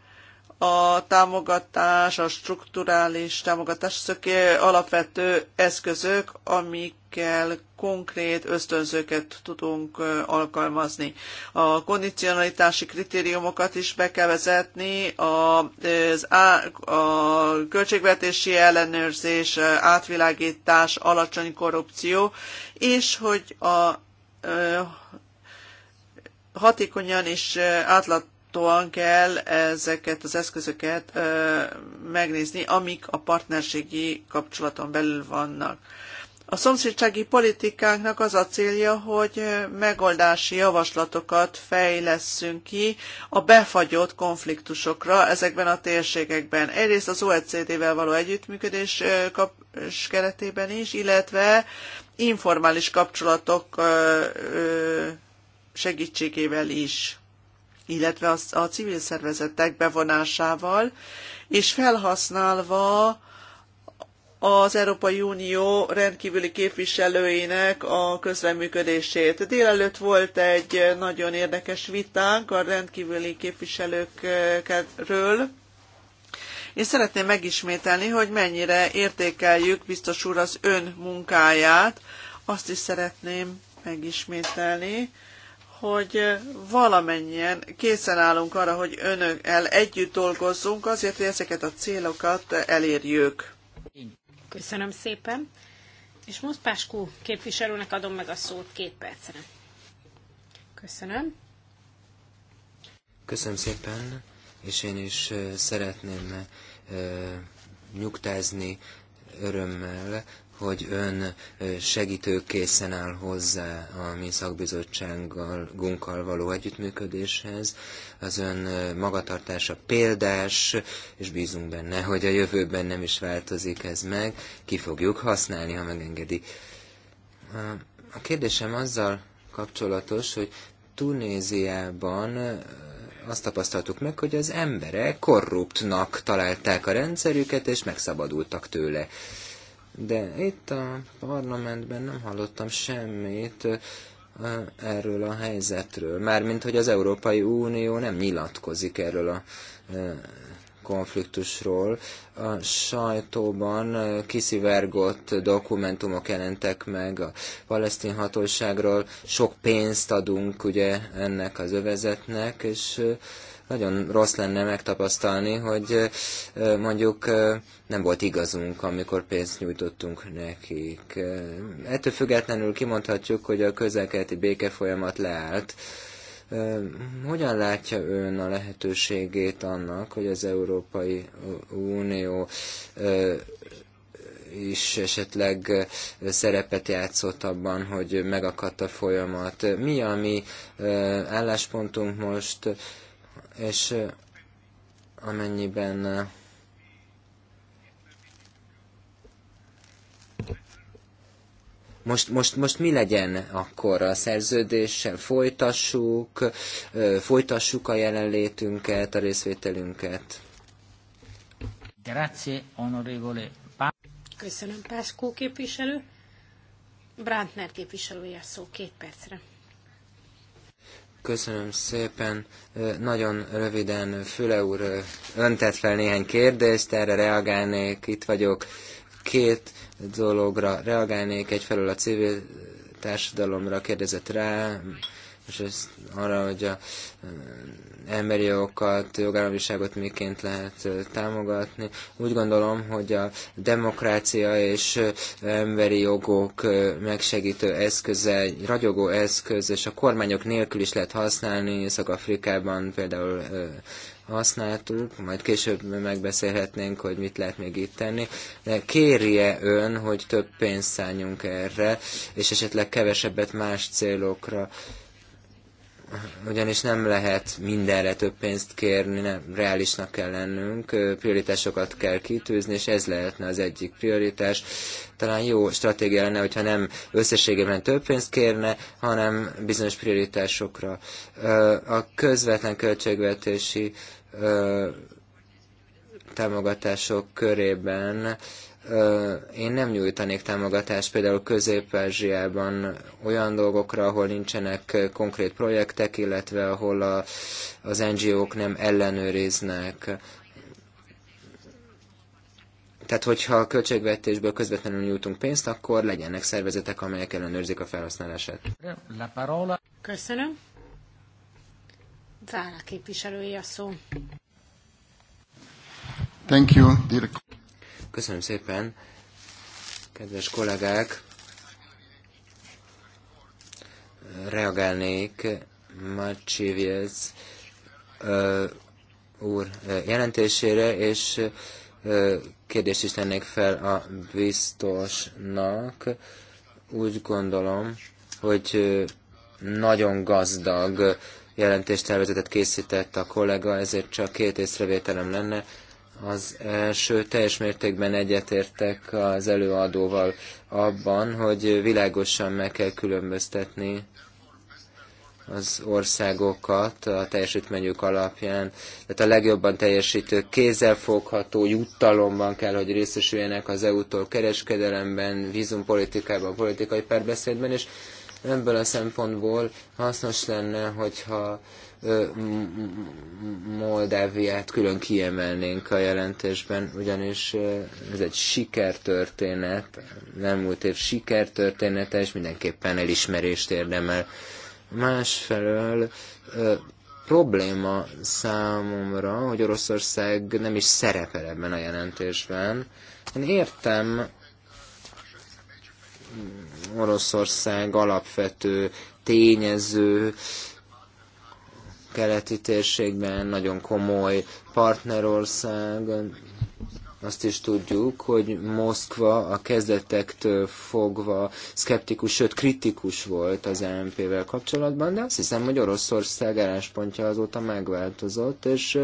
a támogatás, a strukturális támogatás, ezek alapvető eszközök, amik amikkel konkrét ösztönzőket tudunk alkalmazni. A kondicionalitási kritériumokat is be kell vezetni, az á, a költségvetési ellenőrzés, átvilágítás, alacsony korrupció, és hogy a hatékonyan és átlátóan kell ezeket az eszközöket megnézni, amik a partnerségi kapcsolaton belül vannak. A szomszédsági politikánknak az a célja, hogy megoldási javaslatokat fejlesszünk ki a befagyott konfliktusokra ezekben a térségekben. Egyrészt az OECD-vel való együttműködés kap keretében is, illetve informális kapcsolatok segítségével is illetve a, a civil szervezetek bevonásával, és felhasználva az Európai Unió rendkívüli képviselőinek a közreműködését. Délelőtt volt egy nagyon érdekes vitánk a rendkívüli képviselőkről, én szeretném megismételni, hogy mennyire értékeljük biztos úr az ön munkáját. Azt is szeretném megismételni, hogy valamennyien készen állunk arra, hogy el együtt dolgozzunk azért, hogy ezeket a célokat elérjük. Köszönöm szépen. És most Páskó képviselőnek adom meg a szót két percre. Köszönöm. Köszönöm szépen, és én is szeretném nyugtázni örömmel hogy ön segítőkészen áll hozzá a mi szakbizottsággal, való együttműködéshez. Az ön magatartása példás, és bízunk benne, hogy a jövőben nem is változik ez meg. Ki fogjuk használni, ha megengedi. A kérdésem azzal kapcsolatos, hogy Tunéziában azt tapasztaltuk meg, hogy az emberek korruptnak találták a rendszerüket, és megszabadultak tőle de itt a parlamentben nem hallottam semmit erről a helyzetről. Mármint, hogy az Európai Unió nem nyilatkozik erről a konfliktusról. A sajtóban kiszivergott dokumentumok jelentek meg a palesztin hatóságról, sok pénzt adunk ugye ennek az övezetnek, és nagyon rossz lenne megtapasztalni, hogy mondjuk nem volt igazunk, amikor pénzt nyújtottunk nekik. Ettől függetlenül kimondhatjuk, hogy a közelkeleti békefolyamat leállt. Hogyan látja ön a lehetőségét annak, hogy az Európai Unió is esetleg szerepet játszott abban, hogy megakadt a folyamat. Mi a mi álláspontunk most? és amennyiben Most, most, most mi legyen akkor a szerződéssel? Folytassuk, folytassuk a jelenlétünket, a részvételünket. Grazie, onorevole. Köszönöm, Pászkó képviselő. Brandner képviselője szó két percre. Köszönöm szépen. Nagyon röviden, Füle úr öntett fel néhány kérdést, erre reagálnék, itt vagyok. Két dologra reagálnék, egyfelől a civil társadalomra kérdezett rá, és arra, hogy a emberi jogokat, jogállamiságot miként lehet támogatni. Úgy gondolom, hogy a demokrácia és emberi jogok megsegítő eszköze, egy ragyogó eszköz, és a kormányok nélkül is lehet használni, Észak-Afrikában például használtuk, majd később megbeszélhetnénk, hogy mit lehet még itt tenni, de kérje ön, hogy több pénzt szálljunk erre, és esetleg kevesebbet más célokra ugyanis nem lehet mindenre több pénzt kérni, nem, reálisnak kell lennünk, prioritásokat kell kitűzni, és ez lehetne az egyik prioritás. Talán jó stratégia lenne, hogyha nem összességében több pénzt kérne, hanem bizonyos prioritásokra. A közvetlen költségvetési támogatások körében én nem nyújtanék támogatást például Közép-Ázsiában olyan dolgokra, ahol nincsenek konkrét projektek, illetve ahol a, az NGO-k nem ellenőriznek. Tehát, hogyha a költségvetésből közvetlenül nyújtunk pénzt, akkor legyenek szervezetek, amelyek ellenőrzik a felhasználását. Köszönöm. Vála képviselője a szó. Thank you, dear. Köszönöm szépen, kedves kollégák! Reagálnék Marcsiviez úr jelentésére, és kérdést is tennék fel a biztosnak. Úgy gondolom, hogy nagyon gazdag jelentéstervezetet készített a kollega, ezért csak két észrevételem lenne. Az első teljes mértékben egyetértek az előadóval abban, hogy világosan meg kell különböztetni az országokat a teljesítményük alapján. Tehát a legjobban teljesítő kézzelfogható juttalomban kell, hogy részesüljenek az EU-tól kereskedelemben, vízumpolitikában, politikai párbeszédben, és ebből a szempontból hasznos lenne, hogyha Moldáviát külön kiemelnénk a jelentésben, ugyanis ez egy sikertörténet, nem múlt év sikertörténete, és mindenképpen elismerést érdemel. Másfelől probléma számomra, hogy Oroszország nem is szerepel ebben a jelentésben. Én értem Oroszország alapvető tényező, keleti térségben, nagyon komoly partnerország. Azt is tudjuk, hogy Moszkva a kezdetektől fogva szkeptikus, sőt kritikus volt az LMP-vel kapcsolatban, de azt hiszem, hogy Oroszország álláspontja azóta megváltozott, és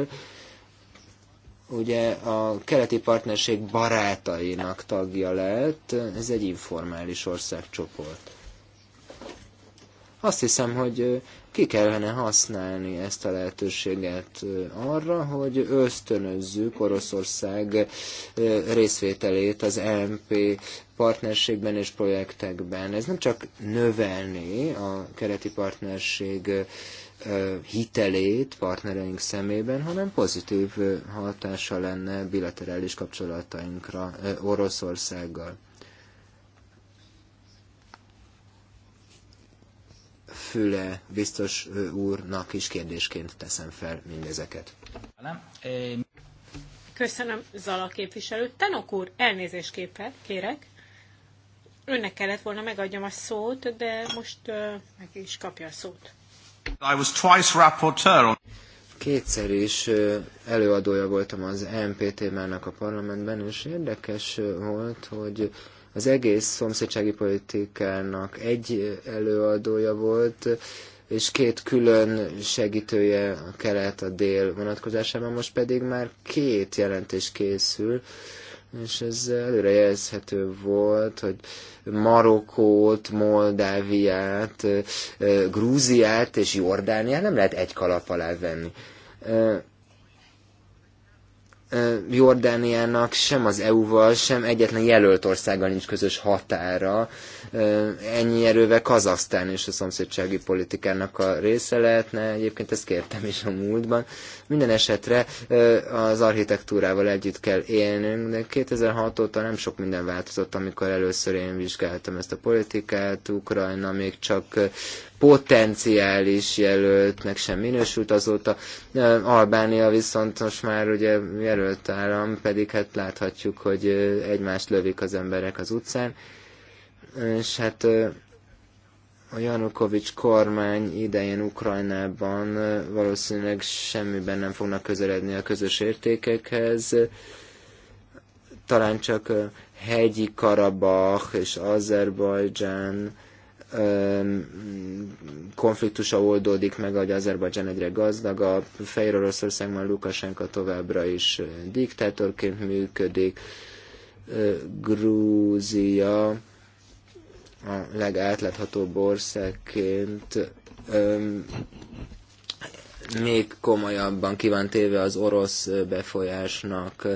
ugye a keleti partnerség barátainak tagja lett, ez egy informális országcsoport. Azt hiszem, hogy ki kellene használni ezt a lehetőséget arra, hogy ösztönözzük Oroszország részvételét az LMP e partnerségben és projektekben. Ez nem csak növelni a kereti partnerség hitelét partnereink szemében, hanem pozitív hatása lenne bilaterális kapcsolatainkra Oroszországgal. Füle biztos úrnak is kérdésként teszem fel mindezeket. Köszönöm, Zala képviselő. Tanok úr, elnézést képet, kérek. Önnek kellett volna megadjam a szót, de most uh, meg is kapja a szót. I was twice rapporteur on kétszer is előadója voltam az MPT-mának a parlamentben, és érdekes volt, hogy az egész szomszédsági politikának egy előadója volt, és két külön segítője a kelet, a dél vonatkozásában, most pedig már két jelentés készül, és ez előrejelzhető volt, hogy Marokkót, Moldáviát, Grúziát és Jordániát nem lehet egy kalap alá venni. Jordániának sem az EU-val, sem egyetlen jelölt országgal nincs közös határa, ennyi erővel Kazasztán és a szomszédsági politikának a része lehetne. Egyébként ezt kértem is a múltban. Minden esetre az architektúrával együtt kell élnünk, de 2006 óta nem sok minden változott, amikor először én vizsgáltam ezt a politikát. Ukrajna még csak potenciális jelöltnek sem minősült azóta. Albánia viszont most már ugye jelölt állam, pedig hát láthatjuk, hogy egymást lövik az emberek az utcán és hát a Janukovics kormány idején Ukrajnában valószínűleg semmiben nem fognak közeledni a közös értékekhez, talán csak hegyi Karabach és Azerbajdzsán konfliktusa oldódik meg, hogy Azerbajdzsán egyre gazdagabb, Fejr Oroszországban Lukasenka továbbra is diktátorként működik, Grúzia a legátláthatóbb országként öm, még komolyabban kíván téve az orosz befolyásnak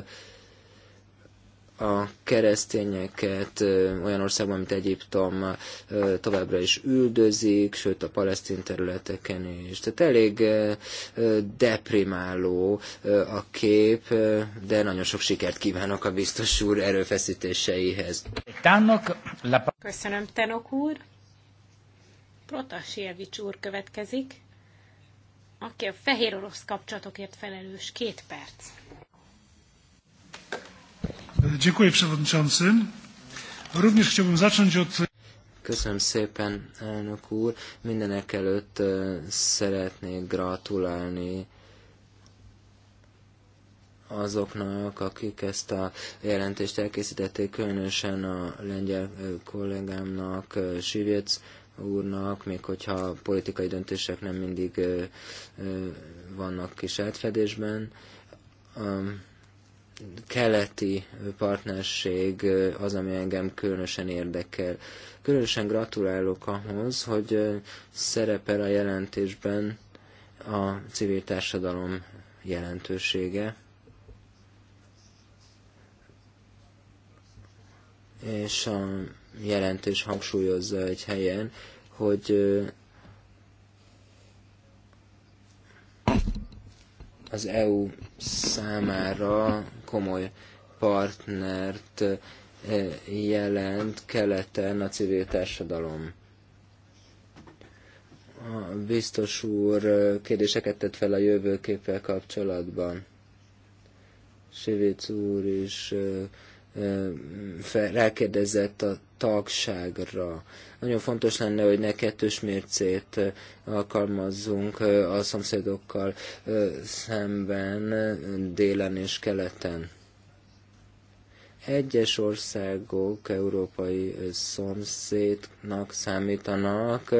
a keresztényeket olyan országban, mint Egyiptom továbbra is üldözik, sőt a palesztin területeken is. Tehát elég deprimáló a kép, de nagyon sok sikert kívánok a biztos úr erőfeszítéseihez. Köszönöm, Tenok úr. Protasievics úr következik, aki a fehér orosz kapcsolatokért felelős két perc. Dziękuję przewodniczący. Również chciałbym zacząć od... Köszönöm szépen, elnök úr. Mindenek előtt szeretnék gratulálni azoknak, akik ezt a jelentést elkészítették, különösen a lengyel kollégámnak, Sivjec úrnak, még hogyha politikai döntések nem mindig vannak kis átfedésben keleti partnerség az, ami engem különösen érdekel. Különösen gratulálok ahhoz, hogy szerepel a jelentésben a civil társadalom jelentősége, és a jelentés hangsúlyozza egy helyen, hogy az EU számára komoly partnert eh, jelent keleten a civil társadalom. A biztos úr eh, kérdéseket tett fel a jövőképpel kapcsolatban. Sivic úr is eh, rákérdezett a tagságra. Nagyon fontos lenne, hogy ne kettős mércét alkalmazzunk a szomszédokkal szemben, délen és keleten. Egyes országok európai szomszédnak számítanak,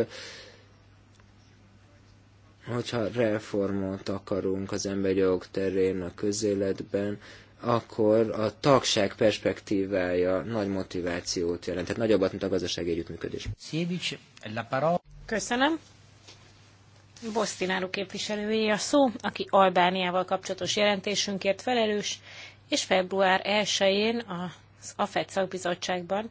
hogyha reformot akarunk az emberi jogok terén, a közéletben, akkor a tagság perspektívája nagy motivációt jelent, tehát nagyobbat, mint a gazdasági együttműködés. Köszönöm. Bosztináru képviselője a szó, aki Albániával kapcsolatos jelentésünkért felelős, és február 1-én az AFED szakbizottságban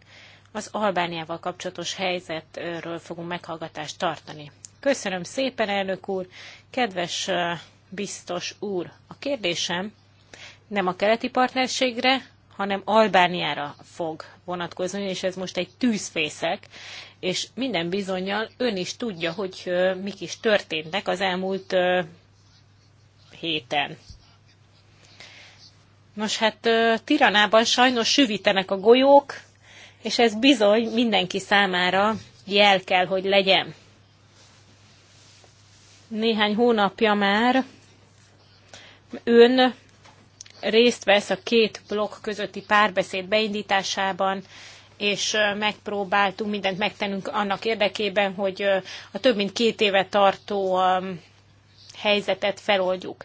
az Albániával kapcsolatos helyzetről fogunk meghallgatást tartani. Köszönöm szépen, elnök úr! Kedves biztos úr, a kérdésem nem a keleti partnerségre, hanem Albániára fog vonatkozni, és ez most egy tűzfészek, és minden bizonyal ön is tudja, hogy mik is történtek az elmúlt héten. Nos hát Tiranában sajnos süvítenek a golyók, és ez bizony mindenki számára jel kell, hogy legyen. Néhány hónapja már ön részt vesz a két blokk közötti párbeszéd beindításában, és megpróbáltunk mindent megtennünk annak érdekében, hogy a több mint két éve tartó helyzetet feloldjuk.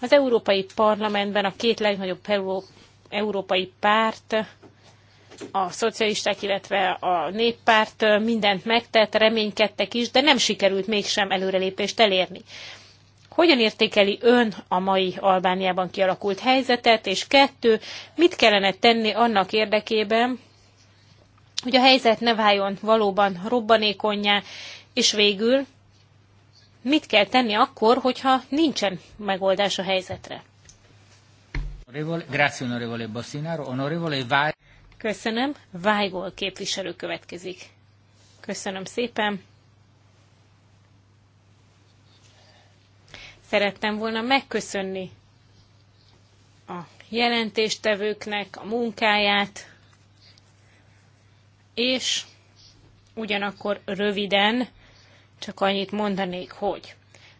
Az Európai Parlamentben a két legnagyobb európai párt, a szocialisták, illetve a néppárt mindent megtett, reménykedtek is, de nem sikerült mégsem előrelépést elérni. Hogyan értékeli ön a mai Albániában kialakult helyzetet? És kettő, mit kellene tenni annak érdekében, hogy a helyzet ne váljon valóban robbanékonyá, és végül mit kell tenni akkor, hogyha nincsen megoldás a helyzetre? Köszönöm. Vájgol képviselő következik. Köszönöm szépen. szerettem volna megköszönni a jelentéstevőknek a munkáját, és ugyanakkor röviden csak annyit mondanék, hogy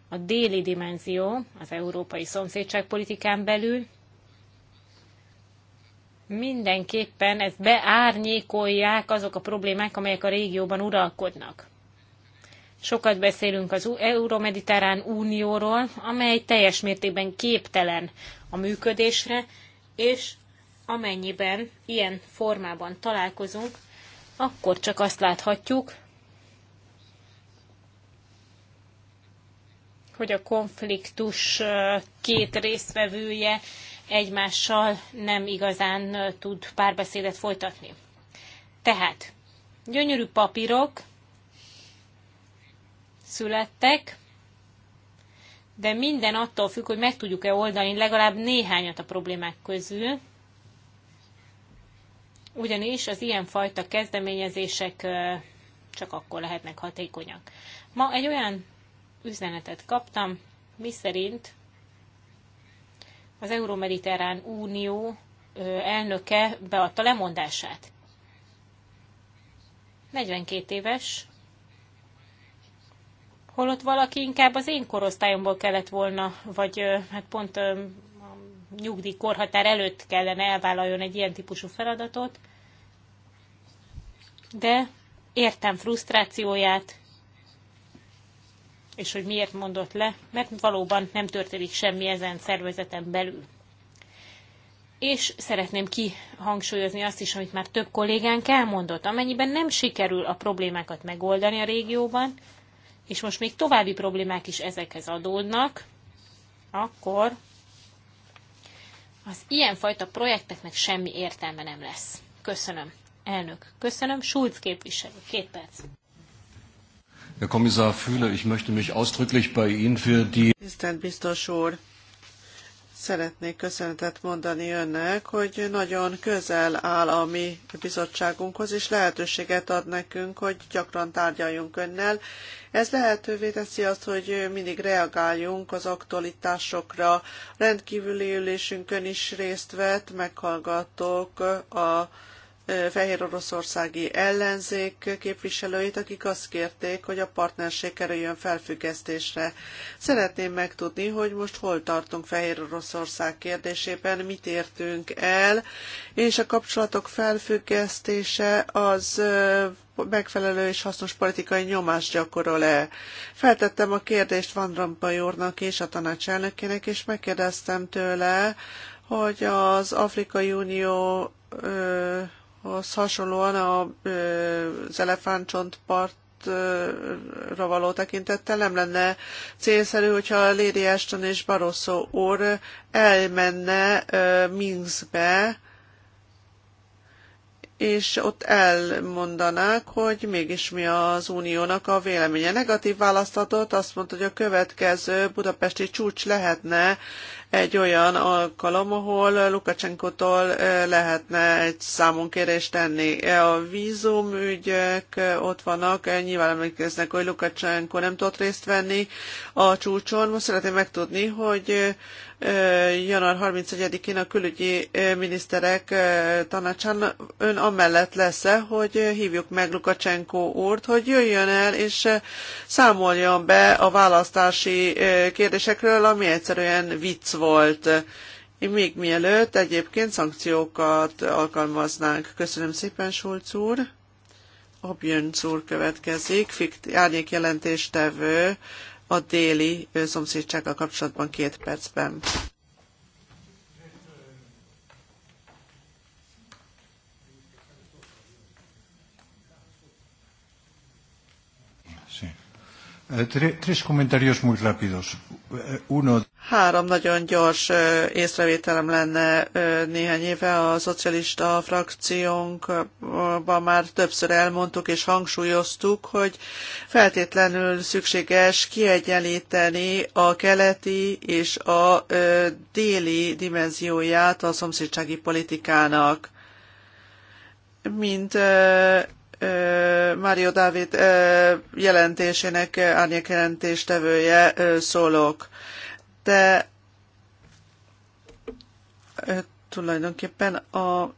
a déli dimenzió az európai szomszédságpolitikán belül mindenképpen ezt beárnyékolják azok a problémák, amelyek a régióban uralkodnak. Sokat beszélünk az Euromediterrán Unióról, amely teljes mértékben képtelen a működésre, és amennyiben ilyen formában találkozunk, akkor csak azt láthatjuk, hogy a konfliktus két résztvevője egymással nem igazán tud párbeszédet folytatni. Tehát, gyönyörű papírok, születtek, de minden attól függ, hogy meg tudjuk-e oldani legalább néhányat a problémák közül, ugyanis az ilyenfajta kezdeményezések csak akkor lehetnek hatékonyak. Ma egy olyan üzenetet kaptam, miszerint az Euromediterrán Unió elnöke beadta lemondását. 42 éves, holott valaki inkább az én korosztályomból kellett volna, vagy hát pont korhatár előtt kellene elvállaljon egy ilyen típusú feladatot, de értem frusztrációját, és hogy miért mondott le, mert valóban nem történik semmi ezen szervezeten belül. És szeretném kihangsúlyozni azt is, amit már több kollégánk elmondott. Amennyiben nem sikerül a problémákat megoldani a régióban, és most még további problémák is ezekhez adódnak, akkor az ilyenfajta projekteknek semmi értelme nem lesz. Köszönöm. Elnök, köszönöm. Schulz képviselő, két perc. Herr Kommissar Fühle, ich möchte mich ausdrücklich bei Ihnen für die... Tisztelt biztos úr, Szeretnék köszönetet mondani önnek, hogy nagyon közel áll a mi bizottságunkhoz, és lehetőséget ad nekünk, hogy gyakran tárgyaljunk önnel. Ez lehetővé teszi azt, hogy mindig reagáljunk az aktualitásokra. Rendkívüli ülésünkön is részt vett, meghallgattok a fehér oroszországi ellenzék képviselőit, akik azt kérték, hogy a partnerség kerüljön felfüggesztésre. Szeretném megtudni, hogy most hol tartunk fehér oroszország kérdésében, mit értünk el, és a kapcsolatok felfüggesztése az megfelelő és hasznos politikai nyomást gyakorol-e. Feltettem a kérdést Van Rompuy úrnak és a tanácselnökének, és megkérdeztem tőle, hogy az Afrikai Unió az hasonlóan a, az elefántcsontpartra való tekintettel nem lenne célszerű, hogyha Lady Ashton és Barroso úr elmenne Minskbe, és ott elmondanák, hogy mégis mi az uniónak a véleménye. Negatív választatot azt mondta, hogy a következő budapesti csúcs lehetne egy olyan alkalom, ahol Lukacsenkotól lehetne egy számonkérést tenni. E, a vízumügyek ott vannak, e, nyilván emlékeznek, hogy Lukacsenko nem tudott részt venni a csúcson. Most szeretném megtudni, hogy január 31-én a külügyi miniszterek tanácsán ön amellett lesz-e, hogy hívjuk meg Lukacsenko úrt, hogy jöjjön el és számoljon be a választási kérdésekről, ami egyszerűen vicc volt volt. Még mielőtt egyébként szankciókat alkalmaznánk. Köszönöm szépen, Sulc úr. Abjönc úr következik, fikt, árnyék jelentéstevő a déli szomszédsággal kapcsolatban két percben. Eh, tres comentarios muy rápidos uno... Három nagyon gyors észrevételem lenne néhány éve. A szocialista frakciónkban már többször elmondtuk és hangsúlyoztuk, hogy feltétlenül szükséges kiegyenlíteni a keleti és a déli dimenzióját a szomszédsági politikának mint Mário Dávid jelentésének árnyék jelentéstevője szólok. De tulajdonképpen a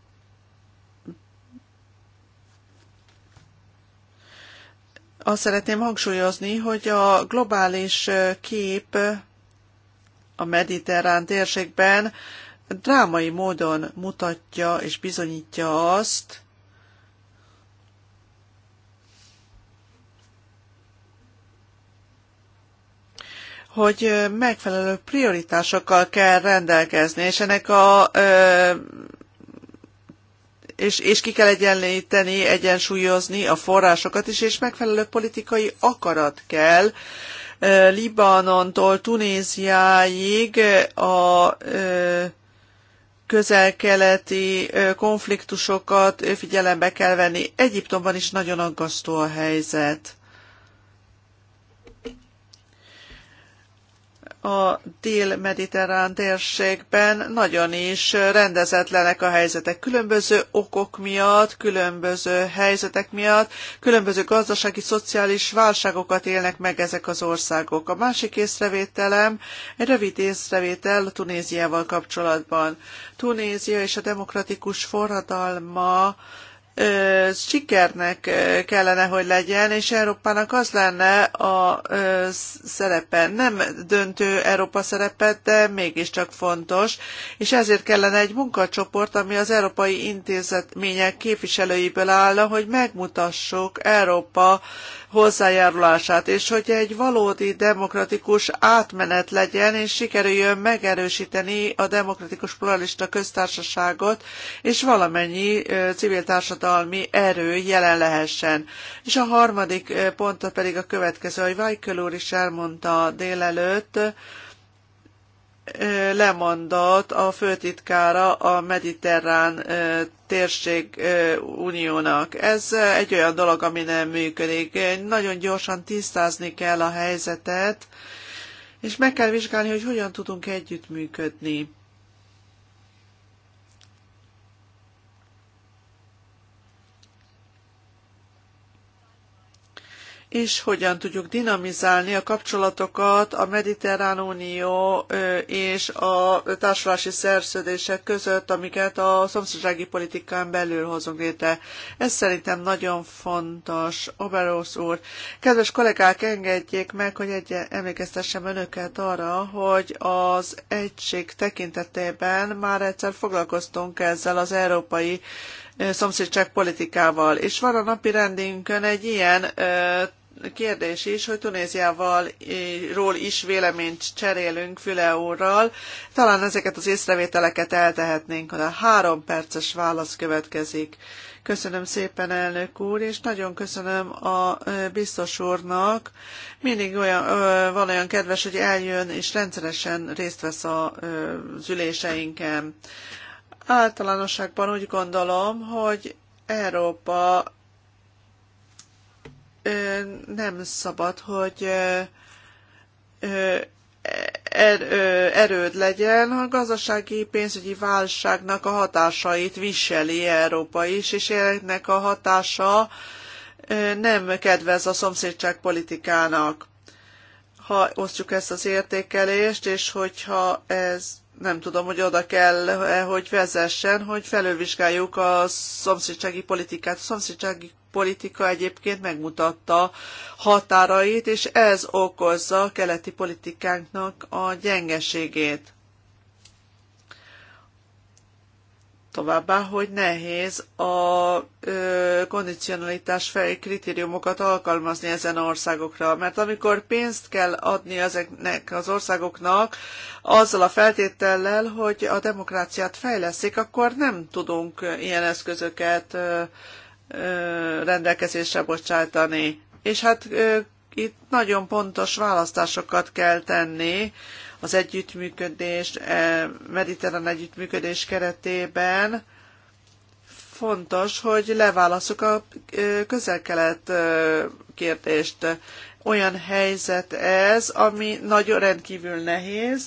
azt szeretném hangsúlyozni, hogy a globális kép a mediterrán térségben drámai módon mutatja és bizonyítja azt, hogy megfelelő prioritásokkal kell rendelkezni, és ennek a és, és ki kell egyenlíteni, egyensúlyozni a forrásokat is, és megfelelő politikai akarat kell. Libanontól Tunéziáig a közel-keleti konfliktusokat figyelembe kell venni. Egyiptomban is nagyon aggasztó a helyzet. a dél-mediterrán térségben nagyon is rendezetlenek a helyzetek. Különböző okok miatt, különböző helyzetek miatt, különböző gazdasági, szociális válságokat élnek meg ezek az országok. A másik észrevételem egy rövid észrevétel Tunéziával kapcsolatban. Tunézia és a demokratikus forradalma sikernek kellene, hogy legyen, és Európának az lenne a szerepe. Nem döntő Európa szerepe, de mégiscsak fontos, és ezért kellene egy munkacsoport, ami az európai intézmények képviselőiből áll, hogy megmutassuk Európa hozzájárulását, és hogy egy valódi demokratikus átmenet legyen, és sikerüljön megerősíteni a demokratikus pluralista köztársaságot, és valamennyi civil társadalmi erő jelen lehessen. És a harmadik ponta pedig a következő, hogy Vajköl úr is elmondta délelőtt, lemondat a főtitkára a mediterrán térség uniónak. Ez egy olyan dolog, ami nem működik. Nagyon gyorsan tisztázni kell a helyzetet, és meg kell vizsgálni, hogy hogyan tudunk együttműködni. és hogyan tudjuk dinamizálni a kapcsolatokat a Mediterrán Unió és a társulási szerződések között, amiket a szomszédsági politikán belül hozunk létre. Ez szerintem nagyon fontos, Oberos úr. Kedves kollégák, engedjék meg, hogy egy emlékeztessem önöket arra, hogy az egység tekintetében már egyszer foglalkoztunk ezzel az európai szomszédság politikával. És van a napi rendünkön egy ilyen ö, kérdés is, hogy Tunéziával ról is véleményt cserélünk Füle úrral. Talán ezeket az észrevételeket eltehetnénk, de három perces válasz következik. Köszönöm szépen, elnök úr, és nagyon köszönöm a biztos úrnak. Mindig olyan, van olyan kedves, hogy eljön és rendszeresen részt vesz az üléseinken. Általánosságban úgy gondolom, hogy Európa nem szabad, hogy er-, erőd legyen, a gazdasági pénzügyi válságnak a hatásait viseli Európa is, és ennek a hatása nem kedvez a szomszédság politikának. Ha osztjuk ezt az értékelést, és hogyha ez nem tudom, hogy oda kell, eh, hogy vezessen, hogy felülvizsgáljuk a szomszédsági politikát. A szomszédsági politika egyébként megmutatta határait, és ez okozza a keleti politikánknak a gyengeségét. Továbbá, hogy nehéz a ö, kondicionalitás fel kritériumokat alkalmazni ezen országokra, mert amikor pénzt kell adni ezeknek az országoknak, azzal a feltétellel, hogy a demokráciát fejleszik, akkor nem tudunk ilyen eszközöket ö, rendelkezésre bocsátani. És hát itt nagyon pontos választásokat kell tenni az együttműködés, e, mediterrán együttműködés keretében. Fontos, hogy leválaszok a közel-kelet kérdést. Olyan helyzet ez, ami nagyon rendkívül nehéz,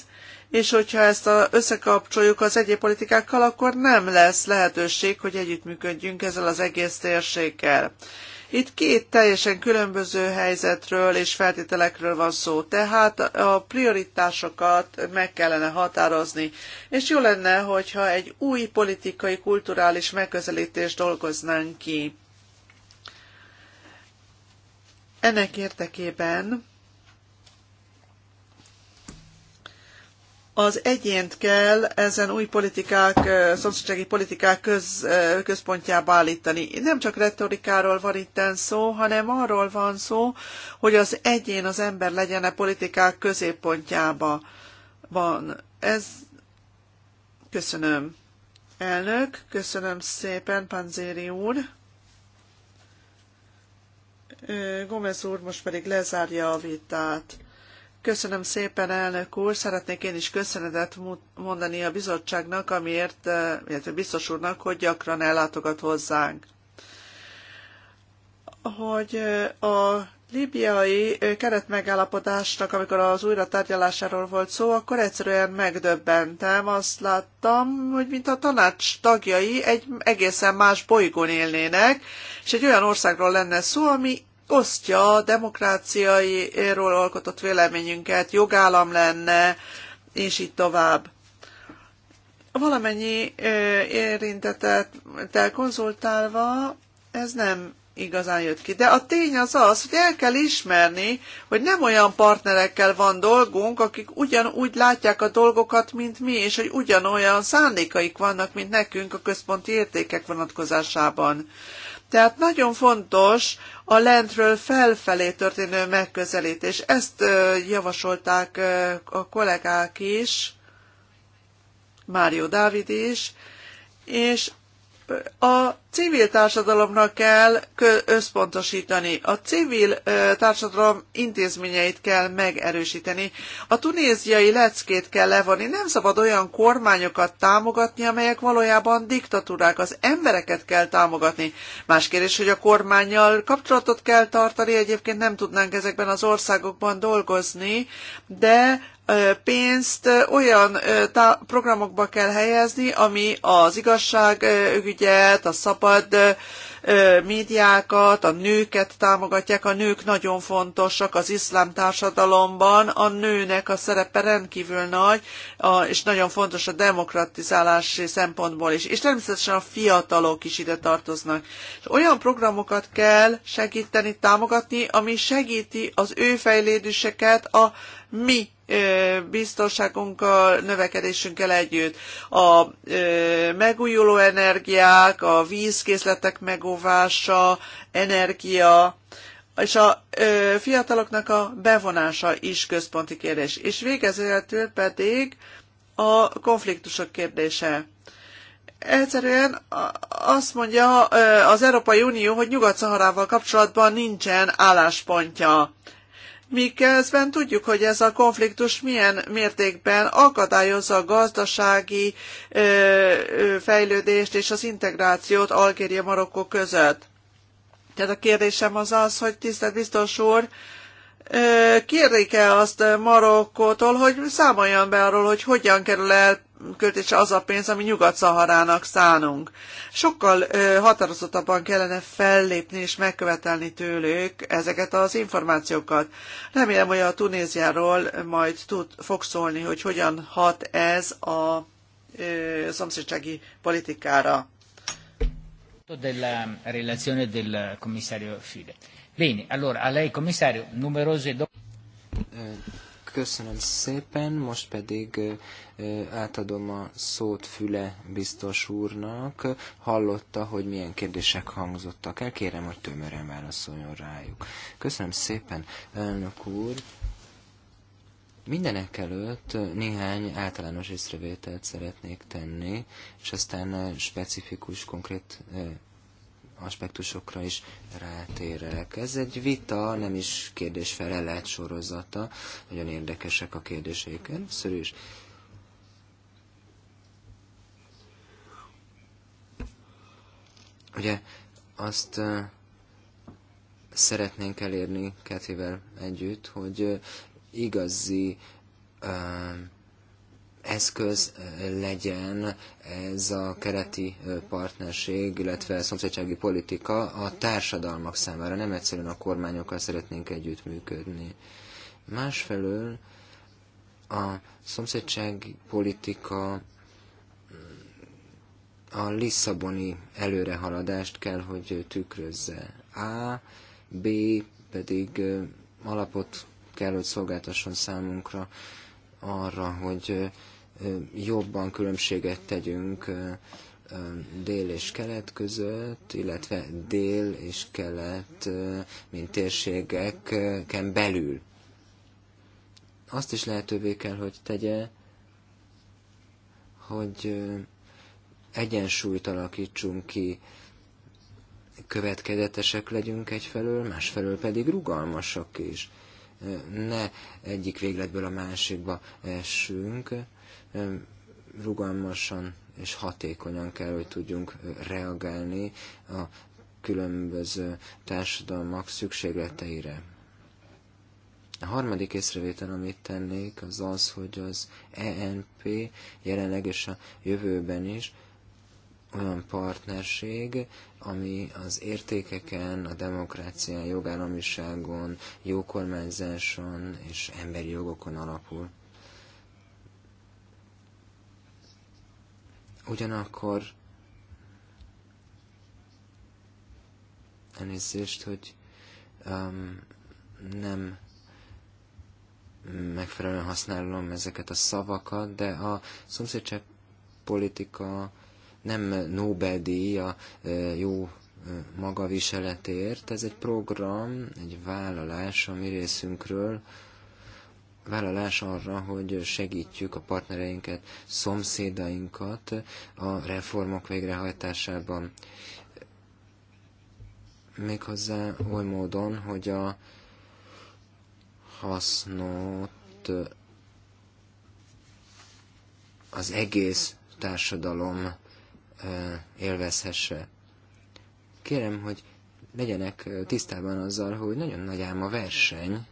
és hogyha ezt a, összekapcsoljuk az egyéb politikákkal, akkor nem lesz lehetőség, hogy együttműködjünk ezzel az egész térséggel. Itt két teljesen különböző helyzetről és feltételekről van szó, tehát a prioritásokat meg kellene határozni, és jó lenne, hogyha egy új politikai, kulturális megközelítést dolgoznánk ki. Ennek érdekében az egyént kell ezen új politikák, szomszédsági politikák köz, központjába állítani. Nem csak retorikáról van itt szó, hanem arról van szó, hogy az egyén, az ember legyen a politikák középpontjába. Van. Ez... Köszönöm. Elnök, köszönöm szépen, Panzéri úr. Gomez úr most pedig lezárja a vitát. Köszönöm szépen, elnök úr. Szeretnék én is köszönetet mondani a bizottságnak, amiért, eh, illetve biztos úrnak, hogy gyakran ellátogat hozzánk. Hogy eh, a libiai eh, keretmegállapodásnak, amikor az újra tárgyalásáról volt szó, akkor egyszerűen megdöbbentem. Azt láttam, hogy mint a tanács tagjai egy egészen más bolygón élnének, és egy olyan országról lenne szó, ami osztja a demokráciairól alkotott véleményünket, jogállam lenne, és így tovább. Valamennyi érintetet konzultálva ez nem igazán jött ki. De a tény az az, hogy el kell ismerni, hogy nem olyan partnerekkel van dolgunk, akik ugyanúgy látják a dolgokat, mint mi, és hogy ugyanolyan szándékaik vannak, mint nekünk a központi értékek vonatkozásában. Tehát nagyon fontos a lentről felfelé történő megközelítés. Ezt javasolták a kollégák is, Mário Dávid is, és a civil társadalomnak kell összpontosítani, a civil társadalom intézményeit kell megerősíteni, a tunéziai leckét kell levonni, nem szabad olyan kormányokat támogatni, amelyek valójában diktatúrák, az embereket kell támogatni. Más kérdés, hogy a kormányjal kapcsolatot kell tartani, egyébként nem tudnánk ezekben az országokban dolgozni, de pénzt olyan programokba kell helyezni, ami az igazságügyet, a szabad médiákat, a nőket támogatják. A nők nagyon fontosak az iszlám társadalomban. A nőnek a szerepe rendkívül nagy, és nagyon fontos a demokratizálási szempontból is. És természetesen a fiatalok is ide tartoznak. És olyan programokat kell segíteni, támogatni, ami segíti az ő fejlődéseket a mi biztonságunkkal, növekedésünkkel együtt. A megújuló energiák, a vízkészletek megóvása, energia, és a fiataloknak a bevonása is központi kérdés. És végezetül pedig a konfliktusok kérdése. Egyszerűen azt mondja az Európai Unió, hogy Nyugat-Szaharával kapcsolatban nincsen álláspontja miközben tudjuk, hogy ez a konfliktus milyen mértékben akadályozza a gazdasági fejlődést és az integrációt Algéria-Marokkó között. Tehát a kérdésem az az, hogy tisztelt biztos úr, kérdik e azt Marokkótól, hogy számoljon be arról, hogy hogyan kerül el költése az a pénz, ami Nyugat-Szaharának szánunk. Sokkal határozottabban kellene fellépni és megkövetelni tőlük ezeket az információkat. Remélem, hogy a Tunéziáról majd tud, fog szólni, hogy hogyan hat ez a ö, szomszédsági politikára. relazione del commissario Fide. Bene, allora a lei commissario numerose domande eh, Köszönöm szépen, most pedig átadom a szót Füle biztos úrnak. Hallotta, hogy milyen kérdések hangzottak el. Kérem, hogy tömören válaszoljon rájuk. Köszönöm szépen, elnök úr. Mindenek előtt néhány általános észrevételt szeretnék tenni, és aztán specifikus, konkrét aspektusokra is rátérek. Ez egy vita, nem is kérdés-felelet sorozata, nagyon érdekesek a kérdéseik. Először is ugye azt szeretnénk elérni Ketivel együtt, hogy igazi eszköz legyen ez a kereti partnerség, illetve a szomszédsági politika a társadalmak számára. Nem egyszerűen a kormányokkal szeretnénk együttműködni. Másfelől a szomszédsági politika a Lisszaboni előrehaladást kell, hogy tükrözze. A, B pedig alapot kell, hogy szolgáltasson számunkra arra, hogy jobban különbséget tegyünk dél és kelet között, illetve dél és kelet, mint térségeken belül. Azt is lehetővé kell, hogy tegye, hogy egyensúlyt alakítsunk ki, következetesek legyünk egyfelől, másfelől pedig rugalmasak is. Ne egyik végletből a másikba essünk, rugalmasan és hatékonyan kell, hogy tudjunk reagálni a különböző társadalmak szükségleteire. A harmadik észrevétel, amit tennék, az az, hogy az ENP jelenleg és a jövőben is olyan partnerség, ami az értékeken, a demokrácián, jogállamiságon, jókormányzáson és emberi jogokon alapul. Ugyanakkor elnézést, hogy um, nem megfelelően használom ezeket a szavakat, de a szomszédság politika nem Nobel-díj a jó magaviseletért, ez egy program, egy vállalás a mi részünkről, vállalás arra, hogy segítjük a partnereinket, szomszédainkat a reformok végrehajtásában. Méghozzá oly módon, hogy a hasznot az egész társadalom élvezhesse. Kérem, hogy legyenek tisztában azzal, hogy nagyon nagy ám a verseny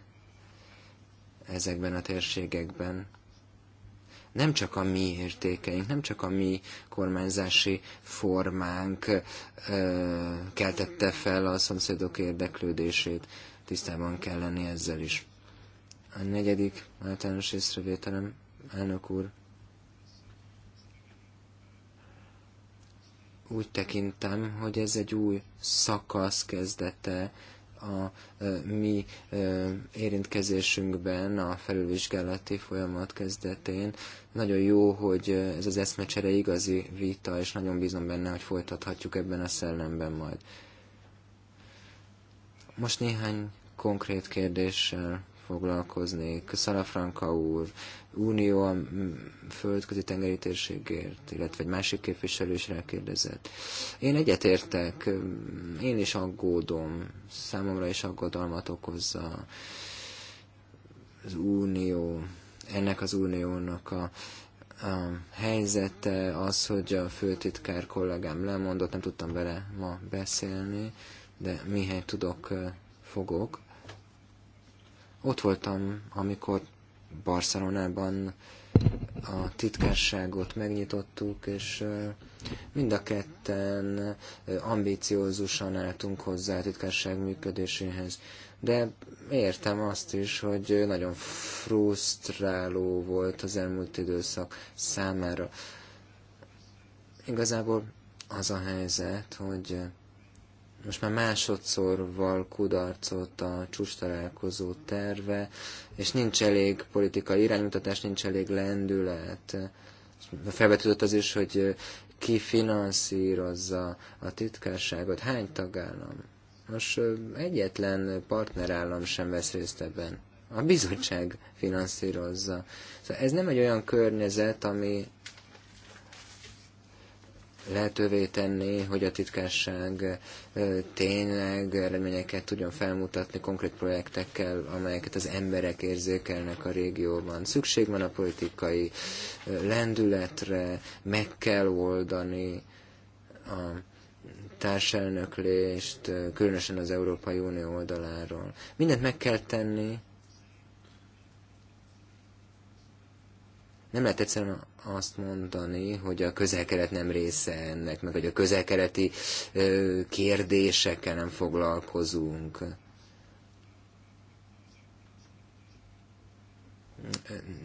ezekben a térségekben. Nem csak a mi értékeink, nem csak a mi kormányzási formánk ö, keltette fel a szomszédok érdeklődését, tisztában kell lenni ezzel is. A negyedik általános észrevételem, elnök úr, úgy tekintem, hogy ez egy új szakasz kezdete a mi érintkezésünkben a felülvizsgálati folyamat kezdetén. Nagyon jó, hogy ez az eszmecsere igazi vita, és nagyon bízom benne, hogy folytathatjuk ebben a szellemben majd. Most néhány konkrét kérdéssel foglalkoznék. Szalafranka úr Unió a földközi tengeri térségért, illetve egy másik képviselő is rákérdezett. Én egyetértek, én is aggódom, számomra is aggodalmat okozza az Unió, ennek az Uniónak a a helyzete az, hogy a főtitkár kollégám lemondott, nem tudtam vele ma beszélni, de mihely tudok, fogok. Ott voltam, amikor Barcelonában a titkárságot megnyitottuk, és mind a ketten ambíciózusan álltunk hozzá a titkárság működéséhez. De értem azt is, hogy nagyon frusztráló volt az elmúlt időszak számára. Igazából az a helyzet, hogy most már másodszor val kudarcot a csúcs találkozó terve, és nincs elég politikai iránymutatás, nincs elég lendület. Felvetődött az is, hogy ki finanszírozza a titkárságot, hány tagállam. Most egyetlen partnerállam sem vesz részt ebben. A bizottság finanszírozza. Szóval ez nem egy olyan környezet, ami lehetővé tenni, hogy a titkárság tényleg eredményeket tudjon felmutatni konkrét projektekkel, amelyeket az emberek érzékelnek a régióban. Szükség van a politikai lendületre, meg kell oldani a társelnöklést, különösen az Európai Unió oldaláról. Mindent meg kell tenni. Nem lehet egyszerűen azt mondani, hogy a közelkelet nem része ennek, meg hogy a közelkeleti kérdésekkel nem foglalkozunk.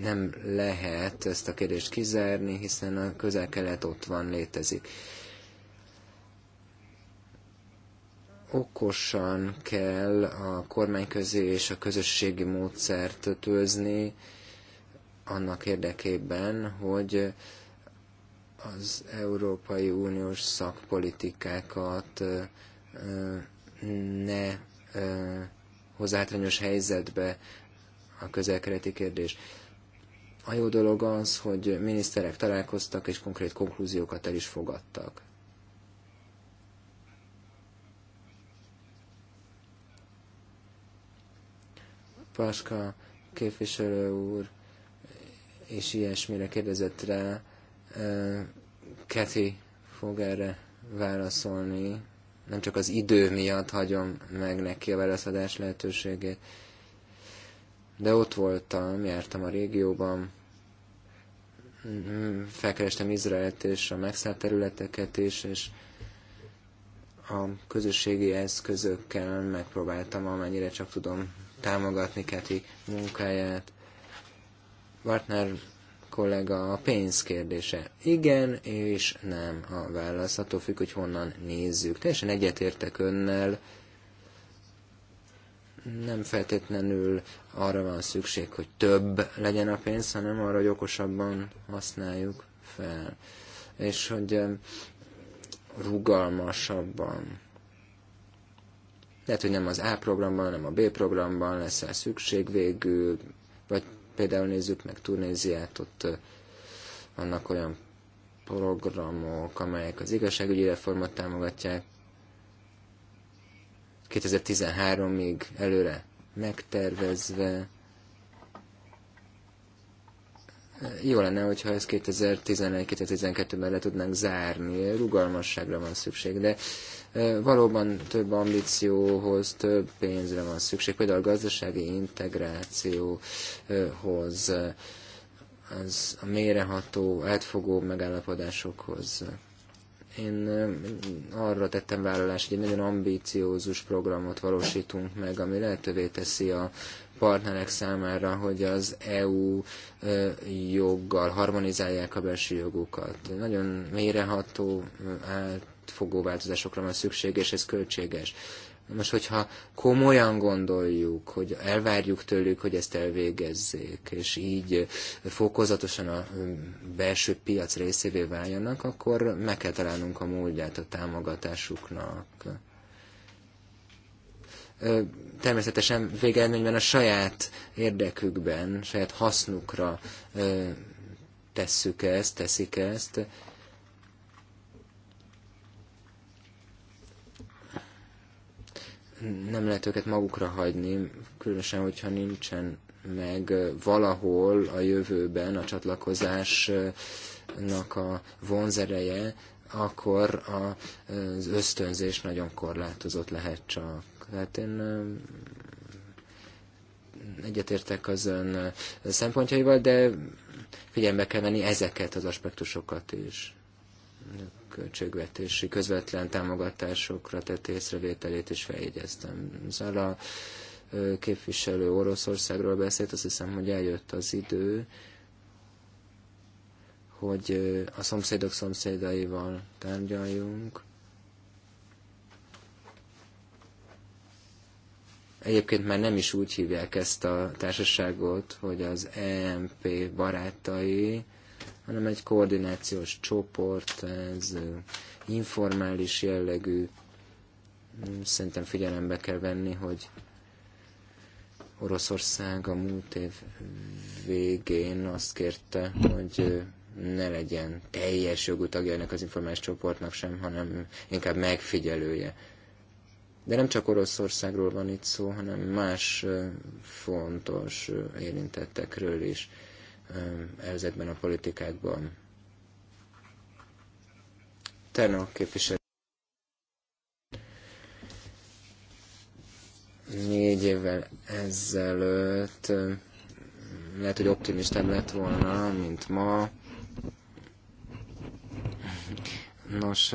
Nem lehet ezt a kérdést kizárni, hiszen a közelkelet ott van, létezik. Okosan kell a kormányközi és a közösségi módszert tötőzni, annak érdekében, hogy az Európai Uniós szakpolitikákat ne hozzátrányos helyzetbe a közelkereti kérdés. A jó dolog az, hogy miniszterek találkoztak és konkrét konklúziókat el is fogadtak. Paska képviselő úr és ilyesmire kérdezett rá. Kathy fog erre válaszolni. Nem csak az idő miatt hagyom meg neki a válaszadás lehetőségét. De ott voltam, jártam a régióban, felkerestem Izraelt és a megszállt területeket is, és a közösségi eszközökkel megpróbáltam amennyire csak tudom támogatni Keti munkáját. Wartner kollega a pénz kérdése. Igen és nem a válasz, attól függ, hogy honnan nézzük. Teljesen egyetértek önnel, nem feltétlenül arra van szükség, hogy több legyen a pénz, hanem arra, hogy okosabban használjuk fel. És hogy eh, rugalmasabban. Lehet, hogy nem az A programban, hanem a B programban lesz el szükség végül, Például nézzük meg Tunéziát, ott vannak olyan programok, amelyek az igazságügyi reformot támogatják 2013-ig előre megtervezve. Jó lenne, hogyha ezt 2011-2012-ben le tudnánk zárni, rugalmasságra van szükség, de Valóban több ambícióhoz, több pénzre van szükség, például a gazdasági integrációhoz, az a méreható, átfogó megállapodásokhoz. Én arra tettem vállalást, hogy egy nagyon ambíciózus programot valósítunk meg, ami lehetővé teszi a partnerek számára, hogy az EU joggal harmonizálják a belső jogukat. Nagyon méreható, át, átfogó változásokra van szükség, és ez költséges. Most, hogyha komolyan gondoljuk, hogy elvárjuk tőlük, hogy ezt elvégezzék, és így fokozatosan a belső piac részévé váljanak, akkor meg kell találnunk a módját a támogatásuknak. Természetesen végelményben a saját érdekükben, saját hasznukra tesszük ezt, teszik ezt, nem lehet őket magukra hagyni, különösen, hogyha nincsen meg valahol a jövőben a csatlakozásnak a vonzereje, akkor az ösztönzés nagyon korlátozott lehet csak. Tehát én egyetértek az ön szempontjaival, de figyelme kell venni ezeket az aspektusokat is költségvetési közvetlen támogatásokra tett észrevételét is feljegyeztem. Zala képviselő Oroszországról beszélt, azt hiszem, hogy eljött az idő, hogy a szomszédok szomszédaival tárgyaljunk. Egyébként már nem is úgy hívják ezt a társaságot, hogy az EMP barátai, hanem egy koordinációs csoport, ez informális jellegű. Szerintem figyelembe kell venni, hogy Oroszország a múlt év végén azt kérte, hogy ne legyen teljes jogú tagja ennek az informális csoportnak sem, hanem inkább megfigyelője. De nem csak Oroszországról van itt szó, hanem más fontos érintettekről is ezekben a politikákban. Terna képviselő. Négy évvel ezelőtt lehet, hogy optimistább lett volna, mint ma. Nos,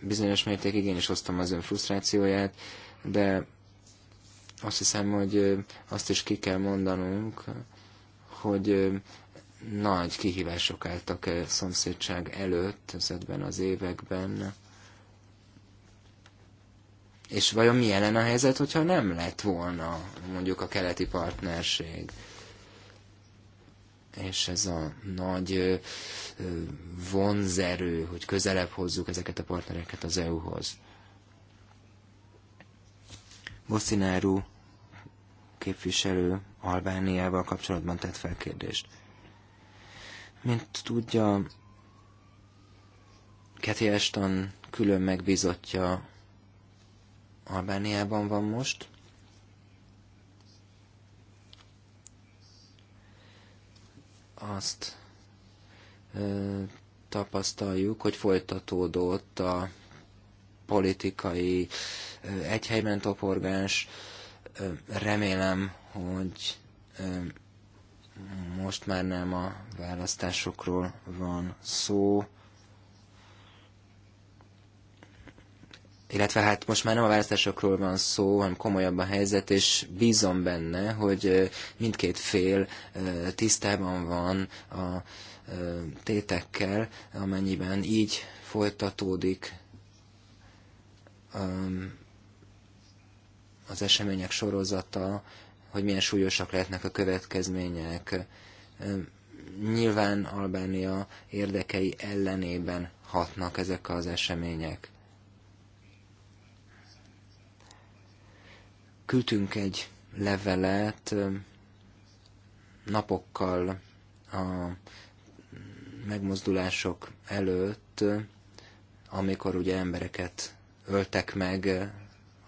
bizonyos mértékig én is hoztam az ön frusztrációját, de azt hiszem, hogy azt is ki kell mondanunk, hogy nagy kihívások álltak a szomszédság előtt ezekben az években. És vajon mi lenne a helyzet, hogyha nem lett volna mondjuk a keleti partnerség? És ez a nagy vonzerő, hogy közelebb hozzuk ezeket a partnereket az EU-hoz. Bosszináru képviselő Albániával kapcsolatban tett fel kérdést. Mint tudja, Kathy Ashton külön megbízottja Albániában van most. Azt ö, tapasztaljuk, hogy folytatódott a politikai egyhelyben toporgás, ö, remélem, hogy most már nem a választásokról van szó, illetve hát most már nem a választásokról van szó, hanem komolyabb a helyzet, és bízom benne, hogy mindkét fél tisztában van a tétekkel, amennyiben így folytatódik az események sorozata, hogy milyen súlyosak lehetnek a következmények. Nyilván Albánia érdekei ellenében hatnak ezek az események. Küldtünk egy levelet napokkal a megmozdulások előtt, amikor ugye embereket öltek meg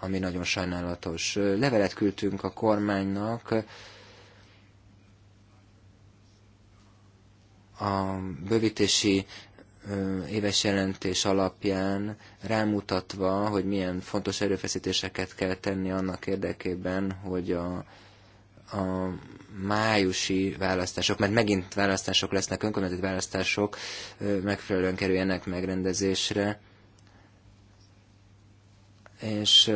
ami nagyon sajnálatos. Levelet küldtünk a kormánynak, a bővítési éves jelentés alapján rámutatva, hogy milyen fontos erőfeszítéseket kell tenni annak érdekében, hogy a, a májusi választások, mert megint választások lesznek, önkormányzati választások megfelelően kerüljenek megrendezésre és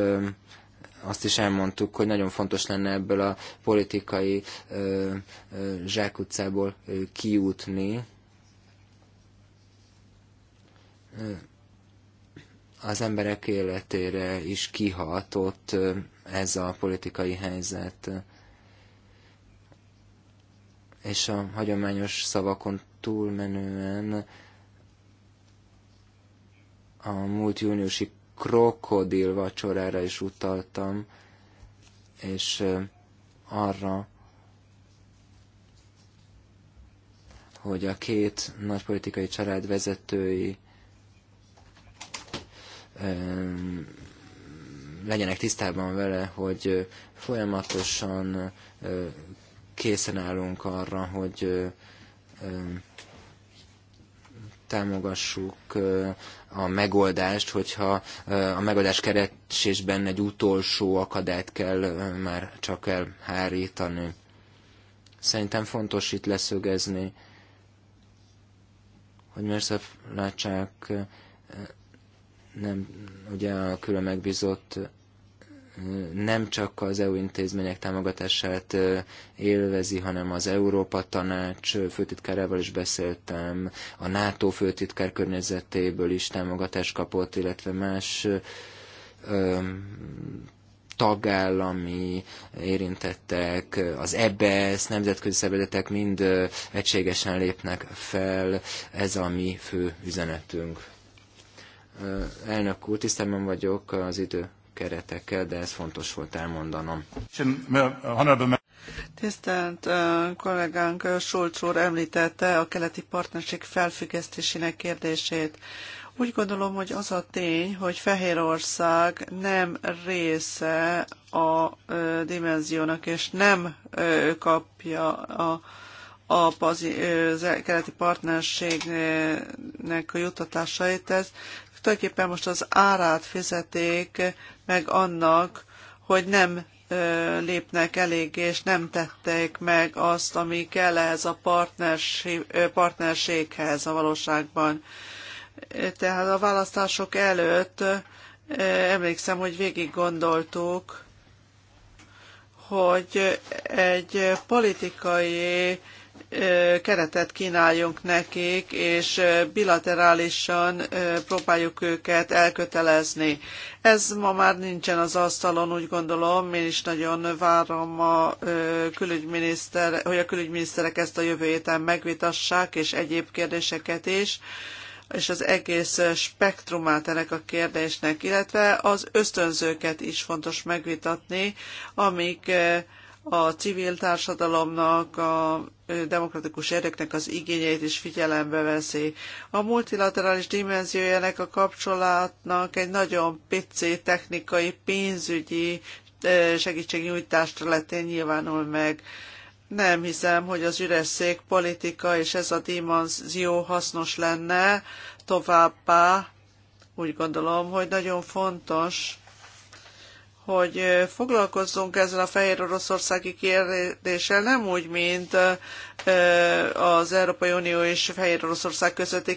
azt is elmondtuk, hogy nagyon fontos lenne ebből a politikai zsákutcából kiútni, Az emberek életére is kihatott ez a politikai helyzet, és a hagyományos szavakon túlmenően a múlt júniusi krokodil vacsorára is utaltam, és arra, hogy a két nagy politikai család vezetői legyenek tisztában vele, hogy folyamatosan készen állunk arra, hogy támogassuk a megoldást, hogyha a megoldás keresésben egy utolsó akadályt kell már csak elhárítani. Szerintem fontos itt leszögezni, hogy Merszef látsák nem ugye a külön megbízott nem csak az EU intézmények támogatását élvezi, hanem az Európa Tanács főtitkárával is beszéltem, a NATO főtitkár környezetéből is támogatást kapott, illetve más tagállami érintettek, az EBS, e nemzetközi szervezetek mind egységesen lépnek fel, ez a mi fő üzenetünk. Elnök úr, tisztában vagyok az idő keretekkel, de ez fontos volt elmondanom. Tisztelt kollégánk Solcs úr említette a keleti partnerség felfüggesztésének kérdését. Úgy gondolom, hogy az a tény, hogy Fehérország nem része a dimenziónak, és nem kapja a, a pazi, ö, keleti partnerségnek a juttatásait, ez tulajdonképpen most az árát fizeték meg annak, hogy nem lépnek elég, és nem tették meg azt, ami kell ehhez a partnerséghez a valóságban. Tehát a választások előtt emlékszem, hogy végig gondoltuk, hogy egy politikai keretet kínáljunk nekik, és bilaterálisan próbáljuk őket elkötelezni. Ez ma már nincsen az asztalon, úgy gondolom, én is nagyon várom a külügyminiszter, hogy a külügyminiszterek ezt a jövő héten megvitassák, és egyéb kérdéseket is és az egész spektrumát ennek a kérdésnek, illetve az ösztönzőket is fontos megvitatni, amik a civil társadalomnak, a demokratikus érdeknek az igényeit is figyelembe veszi. A multilaterális dimenziójának a kapcsolatnak egy nagyon pici technikai, pénzügyi segítségnyújtást lettén nyilvánul meg. Nem hiszem, hogy az üres szék politika és ez a dimenzió hasznos lenne továbbá. Úgy gondolom, hogy nagyon fontos hogy foglalkozzunk ezzel a fehér oroszországi kérdéssel, nem úgy, mint az Európai Unió és Fehér Oroszország közötti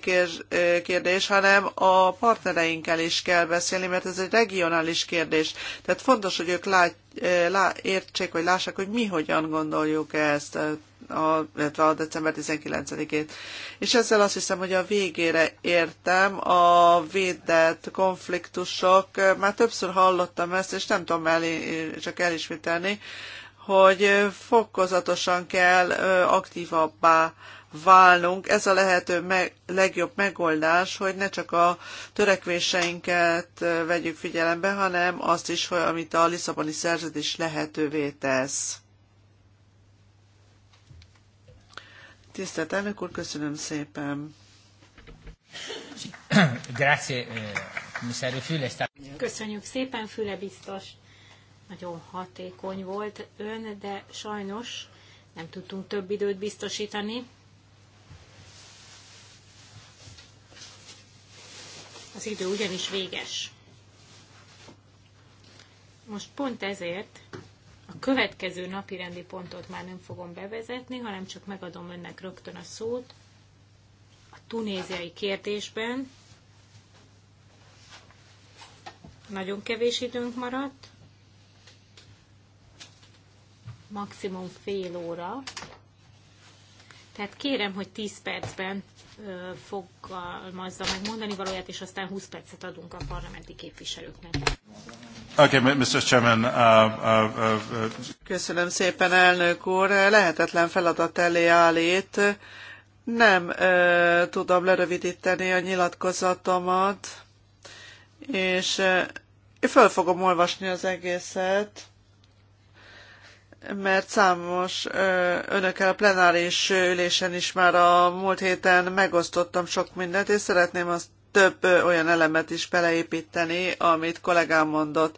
kérdés, hanem a partnereinkkel is kell beszélni, mert ez egy regionális kérdés. Tehát fontos, hogy ők lát, értsék, vagy lássák, hogy mi hogyan gondoljuk ezt a, illetve a december 19-ét. És ezzel azt hiszem, hogy a végére értem a védett konfliktusok. Már többször hallottam ezt, és nem tudom el, csak elismételni, hogy fokozatosan kell aktívabbá válnunk. Ez a lehető meg, legjobb megoldás, hogy ne csak a törekvéseinket vegyük figyelembe, hanem azt is, hogy amit a Lisszaboni szerződés lehetővé tesz. Tisztelt elnök úr, köszönöm szépen. Grazie, eh, Füle. Köszönjük szépen, Füle biztos. Nagyon hatékony volt ön, de sajnos nem tudtunk több időt biztosítani. Az idő ugyanis véges. Most pont ezért a következő napi rendi pontot már nem fogom bevezetni, hanem csak megadom önnek rögtön a szót a tunéziai kérdésben. Nagyon kevés időnk maradt, maximum fél óra. Tehát kérem, hogy 10 percben fogalmazza meg mondani valóját, és aztán 20 percet adunk a parlamenti képviselőknek. Okay, Mr. Chairman, uh, uh, uh, Köszönöm szépen, elnök úr. Lehetetlen feladat elé állít. Nem uh, tudom lerövidíteni a nyilatkozatomat, és uh, én föl fogom olvasni az egészet mert számos önökkel a plenáris ülésen is már a múlt héten megosztottam sok mindent, és szeretném azt több olyan elemet is beleépíteni, amit kollégám mondott.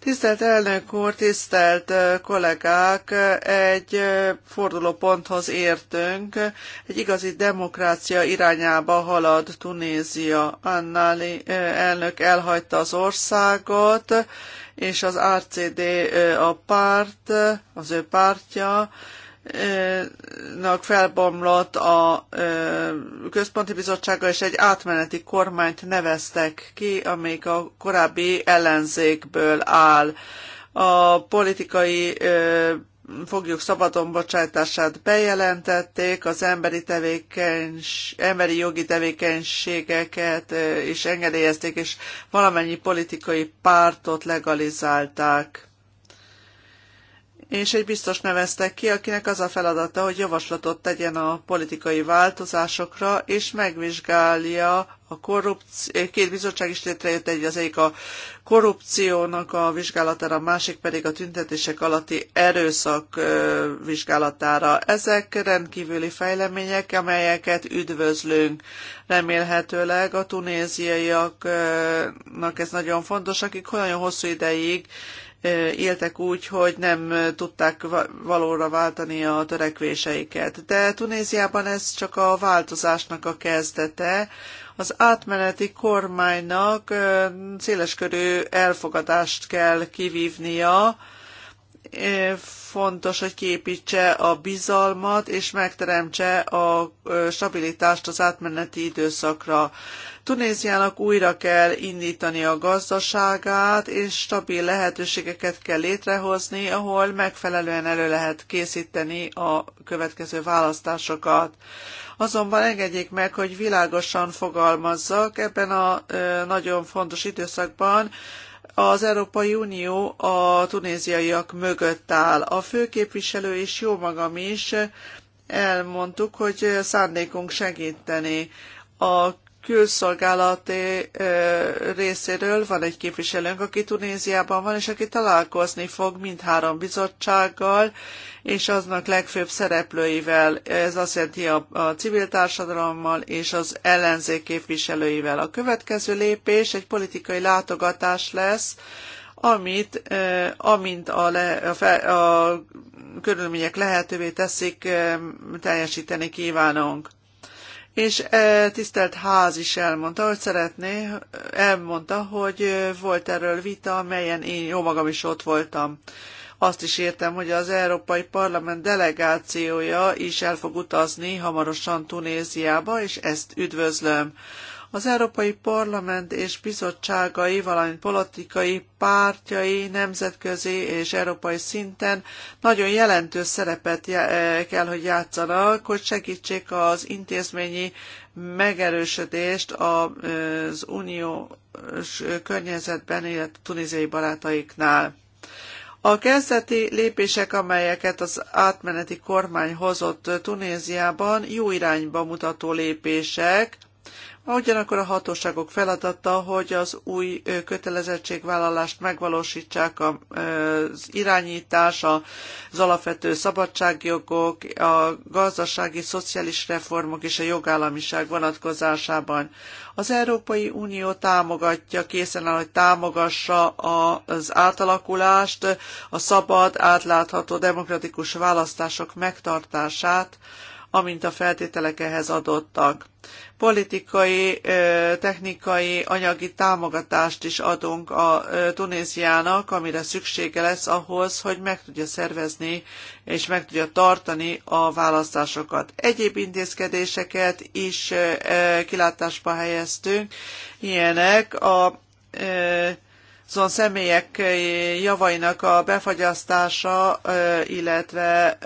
Tisztelt elnök úr, tisztelt kollégák, egy fordulóponthoz értünk, egy igazi demokrácia irányába halad Tunézia. Annali elnök elhagyta az országot, és az RCD a párt, az ő pártja, felbomlott a központi bizottsága, és egy átmeneti kormányt neveztek ki, amelyik a korábbi ellenzékből áll. A politikai foglyok szabadon bocsátását bejelentették, az emberi, emberi jogi tevékenységeket is engedélyezték, és valamennyi politikai pártot legalizálták. És egy biztos neveztek ki, akinek az a feladata, hogy javaslatot tegyen a politikai változásokra, és megvizsgálja a korrupció, két bizottság is létrejött, egy az egyik a korrupciónak a vizsgálatára, a másik pedig a tüntetések alatti erőszak vizsgálatára. Ezek rendkívüli fejlemények, amelyeket üdvözlünk. Remélhetőleg a tunéziaiaknak ez nagyon fontos, akik nagyon hosszú ideig éltek úgy, hogy nem tudták valóra váltani a törekvéseiket. De Tunéziában ez csak a változásnak a kezdete. Az átmeneti kormánynak széleskörű elfogadást kell kivívnia, fontos, hogy kiépítse a bizalmat és megteremtse a stabilitást az átmeneti időszakra. Tunéziának újra kell indítani a gazdaságát, és stabil lehetőségeket kell létrehozni, ahol megfelelően elő lehet készíteni a következő választásokat. Azonban engedjék meg, hogy világosan fogalmazzak ebben a nagyon fontos időszakban, az Európai Unió a tunéziaiak mögött áll. A főképviselő és jó magam is elmondtuk, hogy szándékunk segíteni a külszolgálati részéről van egy képviselőnk, aki Tunéziában van, és aki találkozni fog mindhárom bizottsággal, és aznak legfőbb szereplőivel, ez azt jelenti a, a civil társadalommal és az ellenzék képviselőivel. A következő lépés egy politikai látogatás lesz, amit amint a, le, a, fe, a körülmények lehetővé teszik, teljesíteni kívánunk és tisztelt ház is elmondta, hogy szeretné, elmondta, hogy volt erről vita, melyen én jó magam is ott voltam. Azt is értem, hogy az Európai Parlament delegációja is el fog utazni hamarosan Tunéziába, és ezt üdvözlöm. Az Európai Parlament és bizottságai, valamint politikai pártjai nemzetközi és európai szinten nagyon jelentős szerepet eh, kell, hogy játszanak, hogy segítsék az intézményi megerősödést az uniós környezetben, illetve tunéziai barátaiknál. A kezdeti lépések, amelyeket az átmeneti kormány hozott Tunéziában, jó irányba mutató lépések, Ugyanakkor a hatóságok feladata, hogy az új kötelezettségvállalást megvalósítsák az irányítás, az alapvető szabadságjogok, a gazdasági, szociális reformok és a jogállamiság vonatkozásában. Az Európai Unió támogatja, készen áll, hogy támogassa az átalakulást, a szabad, átlátható demokratikus választások megtartását, amint a feltételek ehhez adottak politikai, technikai, anyagi támogatást is adunk a Tunéziának, amire szüksége lesz ahhoz, hogy meg tudja szervezni és meg tudja tartani a választásokat. Egyéb intézkedéseket is kilátásba helyeztünk, ilyenek a azon szóval személyek javainak a befagyasztása, illetve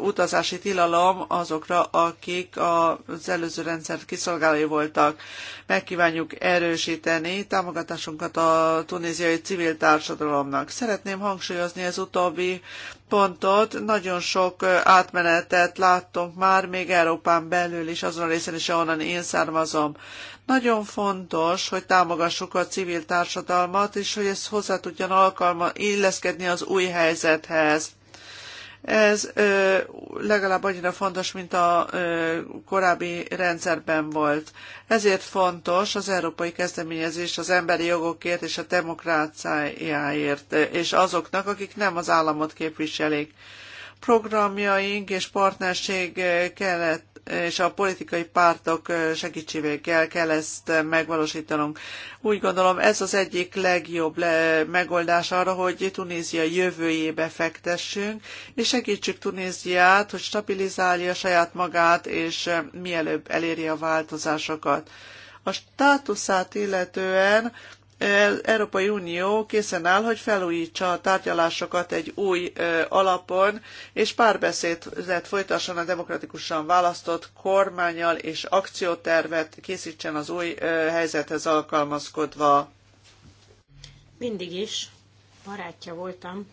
utazási tilalom azokra, akik az előző rendszer kiszolgálói voltak. Megkívánjuk erősíteni támogatásunkat a tunéziai civil társadalomnak. Szeretném hangsúlyozni az utóbbi pontot. Nagyon sok átmenetet láttunk már, még Európán belül is, azon a részen is, ahonnan én származom. Nagyon fontos, hogy támogassuk a civil társadalmat, és hogy ez hozzá tudjon alkalma, illeszkedni az új helyzethez. Ez ö, legalább annyira fontos, mint a ö, korábbi rendszerben volt. Ezért fontos az európai kezdeményezés az emberi jogokért és a demokráciáért, és azoknak, akik nem az államot képviselik programjaink és partnerség eh, kellett és a politikai pártok eh, segítségével kell, kell ezt eh, megvalósítanunk. Úgy gondolom ez az egyik legjobb le- megoldás arra, hogy Tunézia jövőjébe fektessünk, és segítsük Tunéziát, hogy stabilizálja saját magát, és mielőbb elérje a változásokat. A státuszát illetően E, Európai Unió készen áll, hogy felújítsa a tárgyalásokat egy új e, alapon, és párbeszédet folytasson a demokratikusan választott kormányal, és akciótervet készítsen az új e, helyzethez alkalmazkodva. Mindig is barátja voltam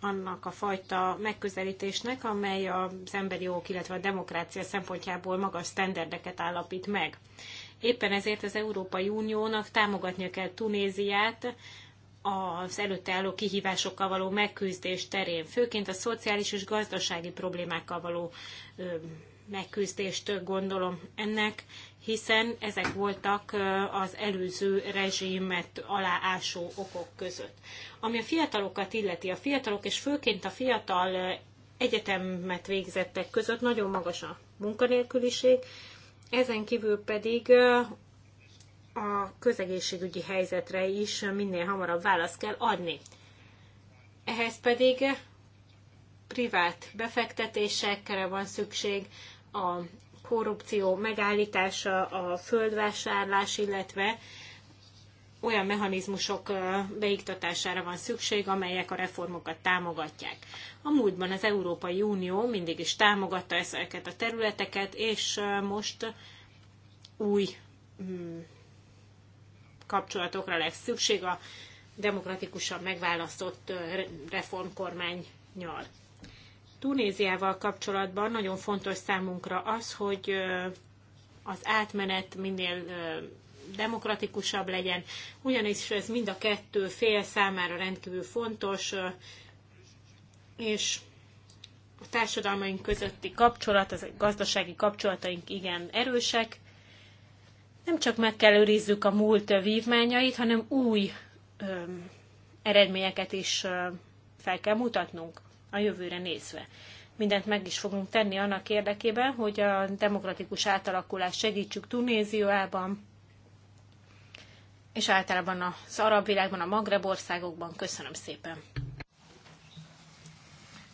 annak a fajta megközelítésnek, amely az emberi jogok, illetve a demokrácia szempontjából magas sztenderdeket állapít meg. Éppen ezért az Európai Uniónak támogatnia kell Tunéziát az előtte álló kihívásokkal való megküzdés terén, főként a szociális és gazdasági problémákkal való megküzdést gondolom ennek, hiszen ezek voltak az előző rezsimet aláásó okok között. Ami a fiatalokat illeti, a fiatalok és főként a fiatal egyetemet végzettek között nagyon magas a munkanélküliség, ezen kívül pedig a közegészségügyi helyzetre is minél hamarabb választ kell adni. Ehhez pedig privát befektetésekre van szükség, a korrupció megállítása, a földvásárlás, illetve olyan mechanizmusok beiktatására van szükség, amelyek a reformokat támogatják. A múltban az Európai Unió mindig is támogatta ezeket a területeket, és most új mm, kapcsolatokra lesz szükség a demokratikusan megválasztott reformkormánynyal. Tunéziával kapcsolatban nagyon fontos számunkra az, hogy az átmenet minél demokratikusabb legyen, ugyanis ez mind a kettő fél számára rendkívül fontos, és a társadalmaink közötti kapcsolat, az gazdasági kapcsolataink igen erősek. Nem csak meg kell őrizzük a múlt vívmányait, hanem új ö, eredményeket is ö, fel kell mutatnunk a jövőre nézve. Mindent meg is fogunk tenni annak érdekében, hogy a demokratikus átalakulást segítsük Tunéziában, és általában az arab világban, a Magreb országokban. Köszönöm szépen.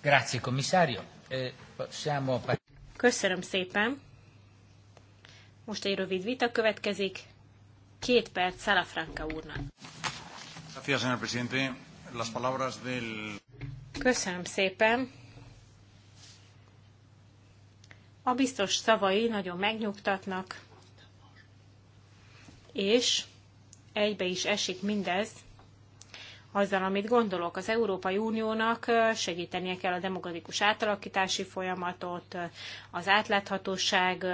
Grazie, commissario. Eh, Köszönöm szépen. Most egy rövid vita következik. Két perc Salafranca úrnak. Köszönöm szépen. A biztos szavai nagyon megnyugtatnak, és egybe is esik mindez azzal, amit gondolok. Az Európai Uniónak segítenie kell a demokratikus átalakítási folyamatot, az átláthatóság,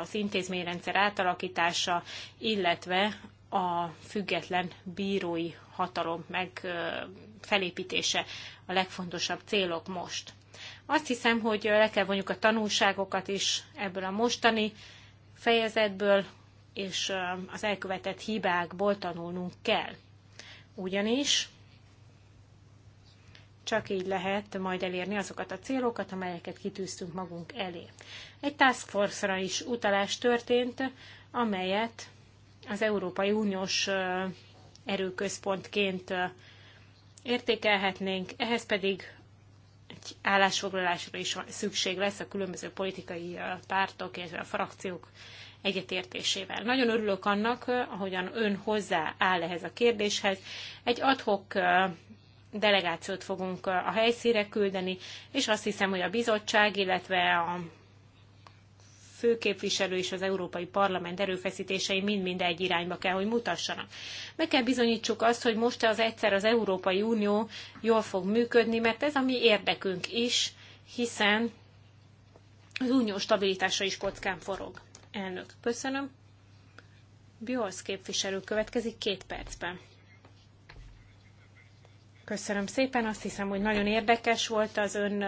az intézményrendszer átalakítása, illetve a független bírói hatalom meg felépítése a legfontosabb célok most. Azt hiszem, hogy le kell vonjuk a tanulságokat is ebből a mostani fejezetből, és az elkövetett hibákból tanulnunk kell. Ugyanis csak így lehet majd elérni azokat a célokat, amelyeket kitűztünk magunk elé. Egy task force-ra is utalás történt, amelyet az Európai Uniós erőközpontként értékelhetnénk, ehhez pedig egy állásfoglalásra is szükség lesz a különböző politikai pártok, illetve a frakciók egyetértésével. Nagyon örülök annak, ahogyan ön hozzááll ehhez a kérdéshez. Egy adhok delegációt fogunk a helyszíre küldeni, és azt hiszem, hogy a bizottság, illetve a főképviselő és az Európai Parlament erőfeszítései mind-mind egy irányba kell, hogy mutassanak. Meg kell bizonyítsuk azt, hogy most az egyszer az Európai Unió jól fog működni, mert ez a mi érdekünk is, hiszen az unió stabilitása is kockán forog. Elnök, köszönöm. Biolsz képviselő következik két percben. Köszönöm szépen, azt hiszem, hogy nagyon érdekes volt az ön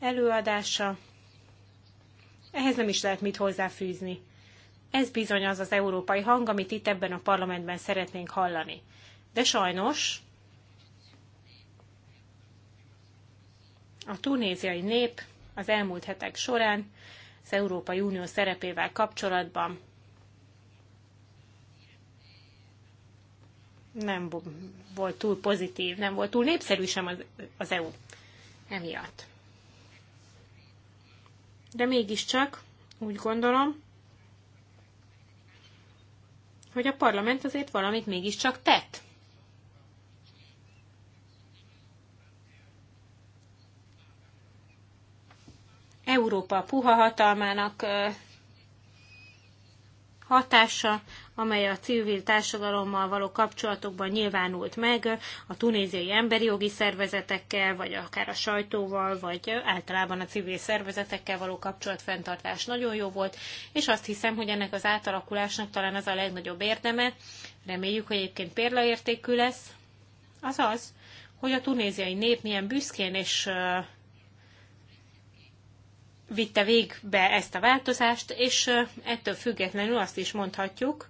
előadása. Ehhez nem is lehet mit hozzáfűzni. Ez bizony az az európai hang, amit itt ebben a parlamentben szeretnénk hallani. De sajnos a tunéziai nép az elmúlt hetek során az Európai Unió szerepével kapcsolatban nem volt túl pozitív, nem volt túl népszerű sem az, az EU emiatt. De mégiscsak úgy gondolom, hogy a parlament azért valamit mégiscsak tett. Európa puha hatalmának hatása, amely a civil társadalommal való kapcsolatokban nyilvánult meg a tunéziai emberi jogi szervezetekkel, vagy akár a sajtóval, vagy általában a civil szervezetekkel való kapcsolatfenntartás nagyon jó volt, és azt hiszem, hogy ennek az átalakulásnak talán az a legnagyobb érdeme, reméljük, hogy egyébként pérlaértékű lesz, az az, hogy a tunéziai nép milyen büszkén és vitte végbe ezt a változást, és ettől függetlenül azt is mondhatjuk,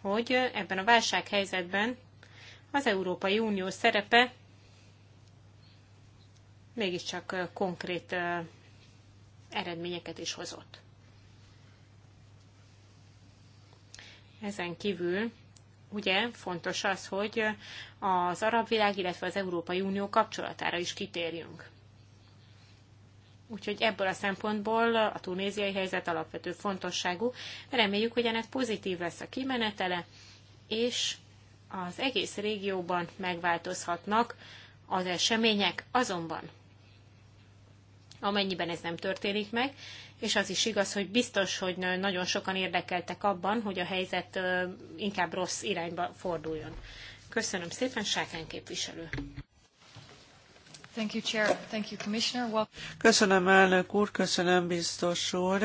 hogy ebben a válsághelyzetben az Európai Unió szerepe mégiscsak konkrét eredményeket is hozott. Ezen kívül ugye fontos az, hogy az arab világ, illetve az Európai Unió kapcsolatára is kitérjünk. Úgyhogy ebből a szempontból a tunéziai helyzet alapvető fontosságú. Reméljük, hogy ennek pozitív lesz a kimenetele, és az egész régióban megváltozhatnak az események, azonban amennyiben ez nem történik meg, és az is igaz, hogy biztos, hogy nagyon sokan érdekeltek abban, hogy a helyzet inkább rossz irányba forduljon. Köszönöm szépen, Sákán képviselő. Thank you, Chair. Thank you, Commissioner. Well... Köszönöm, elnök úr, köszönöm, biztos úr.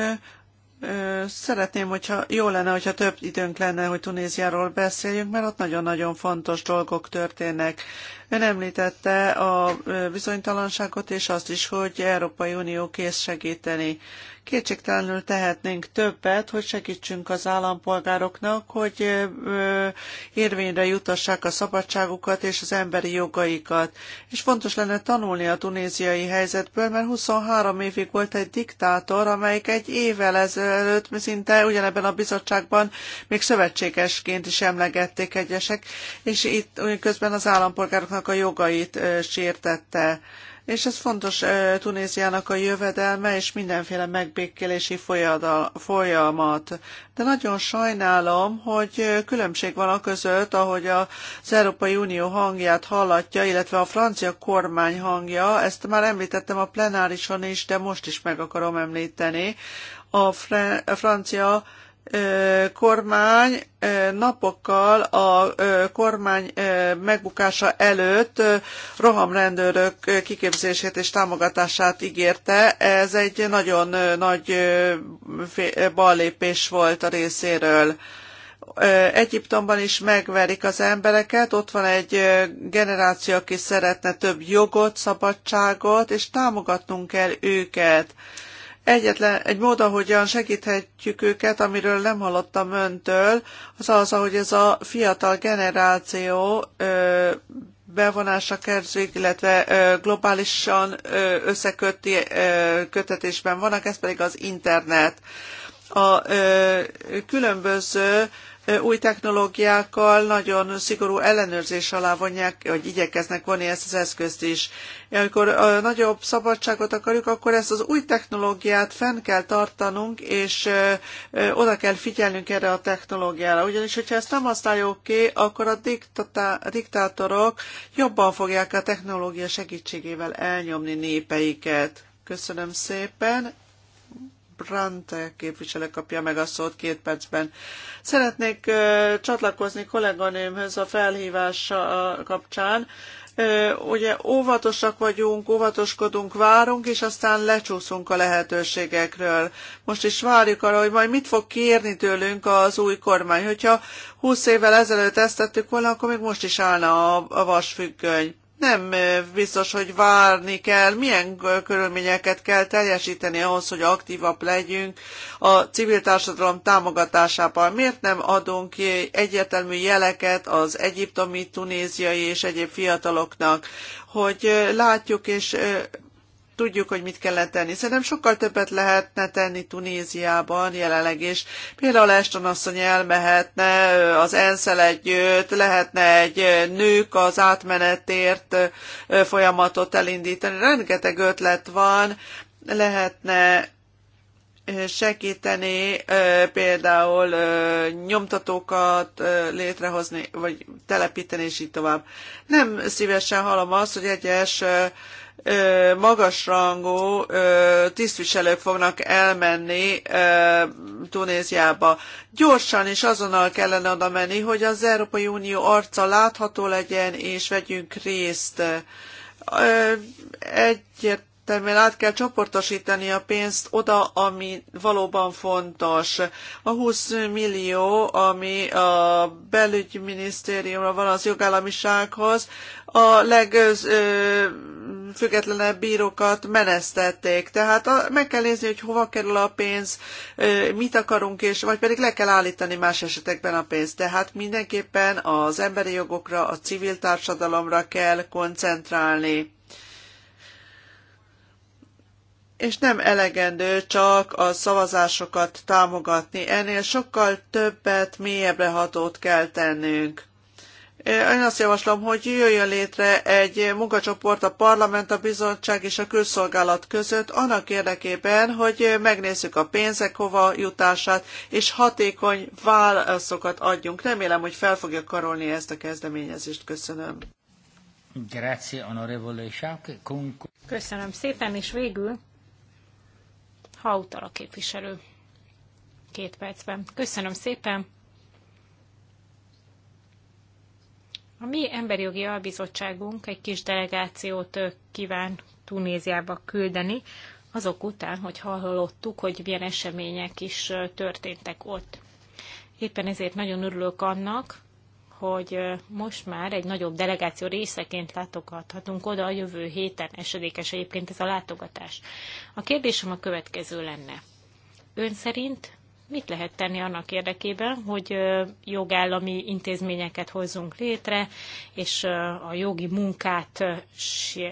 Szeretném, hogyha jó lenne, hogyha több időnk lenne, hogy Tunéziáról beszéljünk, mert ott nagyon-nagyon fontos dolgok történnek. Ön említette a bizonytalanságot, és azt is, hogy Európai Unió kész segíteni. Kétségtelenül tehetnénk többet, hogy segítsünk az állampolgároknak, hogy érvényre jutassák a szabadságukat és az emberi jogaikat. És fontos lenne tanulni a tunéziai helyzetből, mert 23 évig volt egy diktátor, amelyik egy évvel ezelőtt szinte ugyanebben a bizottságban még szövetségesként is emlegették egyesek, és itt közben az állampolgárok polgároknak a jogait sértette. És ez fontos Tunéziának a jövedelme és mindenféle megbékélési folyamat. De nagyon sajnálom, hogy különbség van a között, ahogy az Európai Unió hangját hallatja, illetve a francia kormány hangja, ezt már említettem a plenárison is, de most is meg akarom említeni, a, a francia kormány napokkal a kormány megbukása előtt rohamrendőrök kiképzését és támogatását ígérte. Ez egy nagyon nagy ballépés volt a részéről. Egyiptomban is megverik az embereket, ott van egy generáció, aki szeretne több jogot, szabadságot, és támogatnunk kell őket Egyetlen egy mód, ahogyan segíthetjük őket, amiről nem hallottam öntől, az az, hogy ez a fiatal generáció ö, bevonása kerzik, illetve ö, globálisan ö, összeköti ö, kötetésben vannak, ez pedig az internet. A ö, különböző ö, új technológiákkal nagyon szigorú ellenőrzés alá vonják, vagy igyekeznek vonni ezt az eszközt is. Amikor nagyobb szabadságot akarjuk, akkor ezt az új technológiát fenn kell tartanunk, és oda kell figyelnünk erre a technológiára. Ugyanis, hogyha ezt nem használjuk ki, akkor a diktátorok jobban fogják a technológia segítségével elnyomni népeiket. Köszönöm szépen. Brante képviselő kapja meg a szót két percben. Szeretnék csatlakozni kolléganőmhöz a felhívása kapcsán. Ugye óvatosak vagyunk, óvatoskodunk, várunk, és aztán lecsúszunk a lehetőségekről. Most is várjuk arra, hogy majd mit fog kérni tőlünk az új kormány. Hogyha 20 évvel ezelőtt ezt tettük volna, akkor még most is állna a vasfüggöny nem biztos, hogy várni kell, milyen körülményeket kell teljesíteni ahhoz, hogy aktívabb legyünk a civil társadalom támogatásában. Miért nem adunk ki egyértelmű jeleket az egyiptomi, tunéziai és egyéb fiataloknak, hogy látjuk és tudjuk, hogy mit kellene tenni. Szerintem sokkal többet lehetne tenni Tunéziában jelenleg is. Például Eston asszony elmehetne az Enszel együtt, lehetne egy nők az átmenetért folyamatot elindítani. Rengeteg ötlet van, lehetne segíteni, például nyomtatókat létrehozni, vagy telepíteni, és így tovább. Nem szívesen hallom azt, hogy egyes magasrangú tisztviselők fognak elmenni Tunéziába. Gyorsan és azonnal kellene oda menni, hogy az Európai Unió arca látható legyen, és vegyünk részt. egyet. Termél át kell csoportosítani a pénzt oda, ami valóban fontos. A 20 millió, ami a belügyminisztériumra van az jogállamisághoz, a legfüggetlenebb bírókat menesztették. Tehát meg kell nézni, hogy hova kerül a pénz, mit akarunk, és vagy pedig le kell állítani más esetekben a pénzt. Tehát mindenképpen az emberi jogokra, a civil társadalomra kell koncentrálni és nem elegendő csak a szavazásokat támogatni, ennél sokkal többet, mélyebbre hatót kell tennünk. Én azt javaslom, hogy jöjjön létre egy munkacsoport a parlament, a bizottság és a külszolgálat között annak érdekében, hogy megnézzük a pénzek hova jutását, és hatékony válaszokat adjunk. Remélem, hogy fel fogja karolni ezt a kezdeményezést. Köszönöm. Grazie, onorevole Köszönöm szépen, és végül Hautala képviselő. Két percben. Köszönöm szépen. A mi emberi jogi albizottságunk egy kis delegációt kíván Tunéziába küldeni, azok után, hogy hallottuk, hogy milyen események is történtek ott. Éppen ezért nagyon örülök annak, hogy most már egy nagyobb delegáció részeként látogathatunk oda a jövő héten, esedékes egyébként ez a látogatás. A kérdésem a következő lenne. Ön szerint mit lehet tenni annak érdekében, hogy jogállami intézményeket hozzunk létre, és a jogi munkát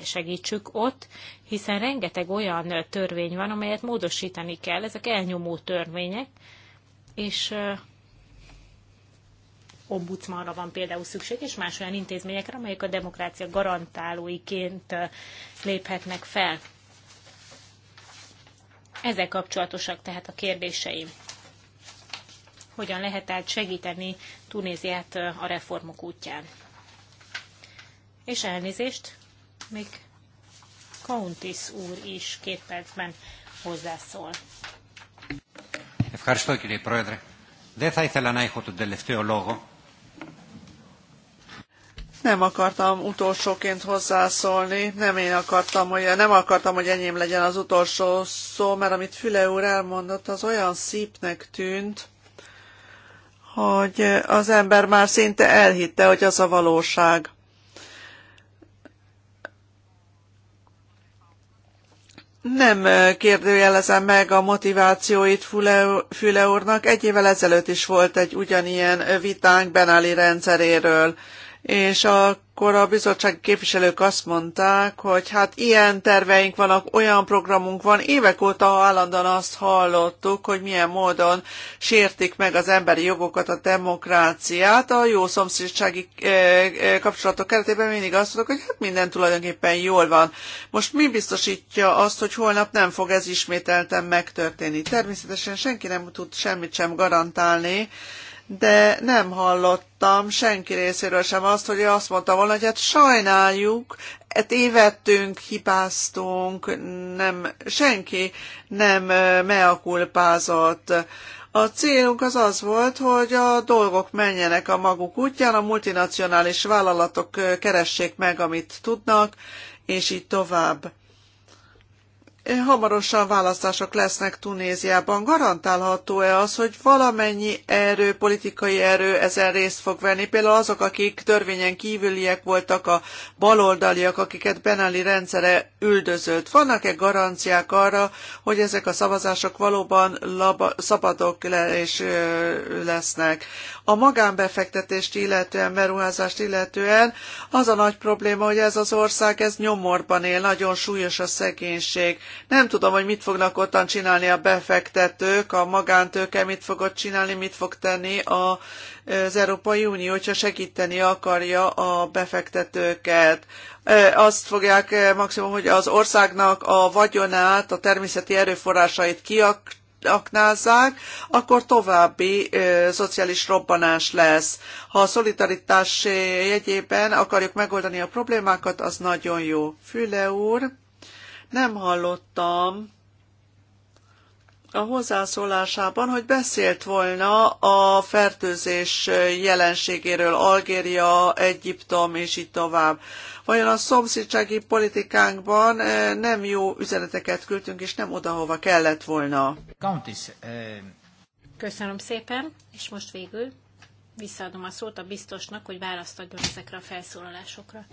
segítsük ott, hiszen rengeteg olyan törvény van, amelyet módosítani kell, ezek elnyomó törvények, és ombudsmanra van például szükség, és más olyan intézményekre, amelyek a demokrácia garantálóiként léphetnek fel. Ezzel kapcsolatosak tehát a kérdéseim. Hogyan lehet át segíteni Tunéziát a reformok útján? És elnézést, még Kauntis úr is két percben hozzászól. Köszönöm, κύριε Πρόεδρε. Δεν θα ήθελα a έχω nem akartam utolsóként hozzászólni, nem én akartam, hogy, nem akartam, hogy enyém legyen az utolsó szó, mert amit Füle úr elmondott, az olyan szípnek tűnt, hogy az ember már szinte elhitte, hogy az a valóság. Nem kérdőjelezem meg a motivációit Füle, Füle úrnak. Egy évvel ezelőtt is volt egy ugyanilyen vitánk Benali rendszeréről és akkor a bizottsági képviselők azt mondták, hogy hát ilyen terveink vannak, olyan programunk van, évek óta állandóan azt hallottuk, hogy milyen módon sértik meg az emberi jogokat, a demokráciát, a jó szomszédsági eh, eh, kapcsolatok keretében mindig azt mondok, hogy hát minden tulajdonképpen jól van. Most mi biztosítja azt, hogy holnap nem fog ez ismételten megtörténni? Természetesen senki nem tud semmit sem garantálni, de nem hallottam senki részéről sem azt, hogy azt mondta volna, hogy hát sajnáljuk, hát évettünk, hipáztunk, nem, senki nem meakulpázott. A célunk az az volt, hogy a dolgok menjenek a maguk útján, a multinacionális vállalatok keressék meg, amit tudnak, és így tovább. Hamarosan választások lesznek Tunéziában. Garantálható-e az, hogy valamennyi erő, politikai erő ezen részt fog venni? Például azok, akik törvényen kívüliek voltak, a baloldaliak, akiket Benali rendszere üldözött. Vannak-e garanciák arra, hogy ezek a szavazások valóban laba, szabadok le és lesznek? A magánbefektetést illetően, beruházást illetően az a nagy probléma, hogy ez az ország, ez nyomorban él, nagyon súlyos a szegénység. Nem tudom, hogy mit fognak ottan csinálni a befektetők, a magántőke mit fogott csinálni, mit fog tenni a, az Európai Unió, hogyha segíteni akarja a befektetőket. Azt fogják maximum, hogy az országnak a vagyonát, a természeti erőforrásait kiak aknázzák, akkor további ö, szociális robbanás lesz. Ha a szolidaritás jegyében akarjuk megoldani a problémákat, az nagyon jó. Füle úr, nem hallottam a hozzászólásában, hogy beszélt volna a fertőzés jelenségéről Algéria, Egyiptom és így tovább vajon a szomszédsági politikánkban eh, nem jó üzeneteket küldtünk, és nem oda, hova kellett volna. Eh, Köszönöm szépen, és most végül visszaadom a szót a biztosnak, hogy választ adjon ezekre a felszólalásokra.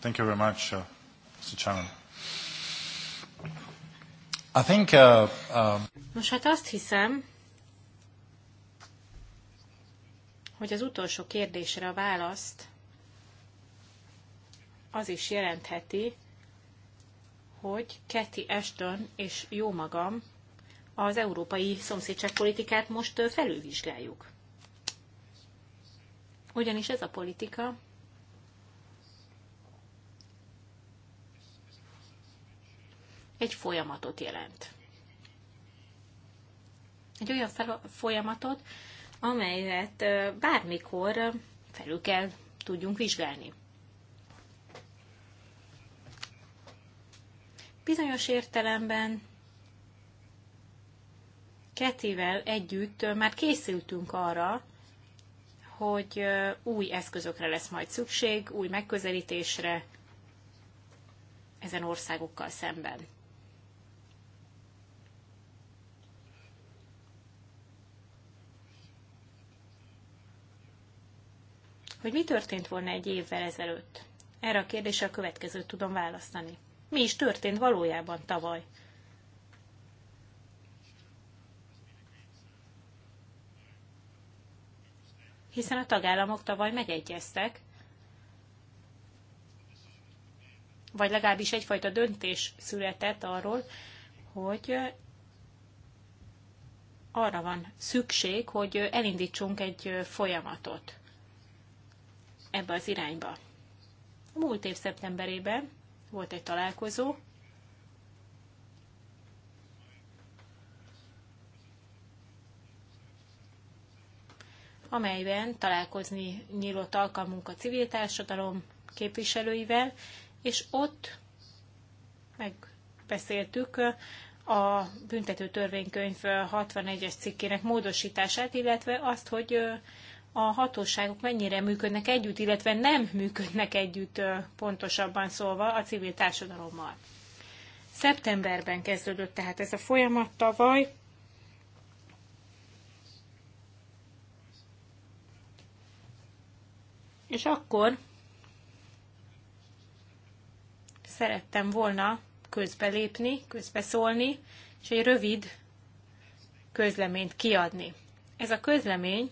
Thank you very much, uh, Mr. Chairman. I think, uh, uh... Nos, hát azt hiszem, hogy az utolsó kérdésre a választ az is jelentheti, hogy Keti Ashton és jó magam az európai szomszédságpolitikát most felülvizsgáljuk. Ugyanis ez a politika egy folyamatot jelent. Egy olyan folyamatot, amelyet bármikor felül kell tudjunk vizsgálni. Bizonyos értelemben Ketivel együtt már készültünk arra, hogy új eszközökre lesz majd szükség, új megközelítésre ezen országokkal szemben. hogy mi történt volna egy évvel ezelőtt. Erre a kérdésre a következőt tudom választani. Mi is történt valójában tavaly? Hiszen a tagállamok tavaly megegyeztek, vagy legalábbis egyfajta döntés született arról, hogy arra van szükség, hogy elindítsunk egy folyamatot ebbe az irányba. Múlt év szeptemberében volt egy találkozó, amelyben találkozni nyílott alkalmunk a civil társadalom képviselőivel, és ott megbeszéltük a büntető törvénykönyv 61-es cikkének módosítását, illetve azt, hogy a hatóságok mennyire működnek együtt, illetve nem működnek együtt pontosabban szólva a civil társadalommal. Szeptemberben kezdődött tehát ez a folyamat tavaly. És akkor szerettem volna közbelépni, közbeszólni, és egy rövid közleményt kiadni. Ez a közlemény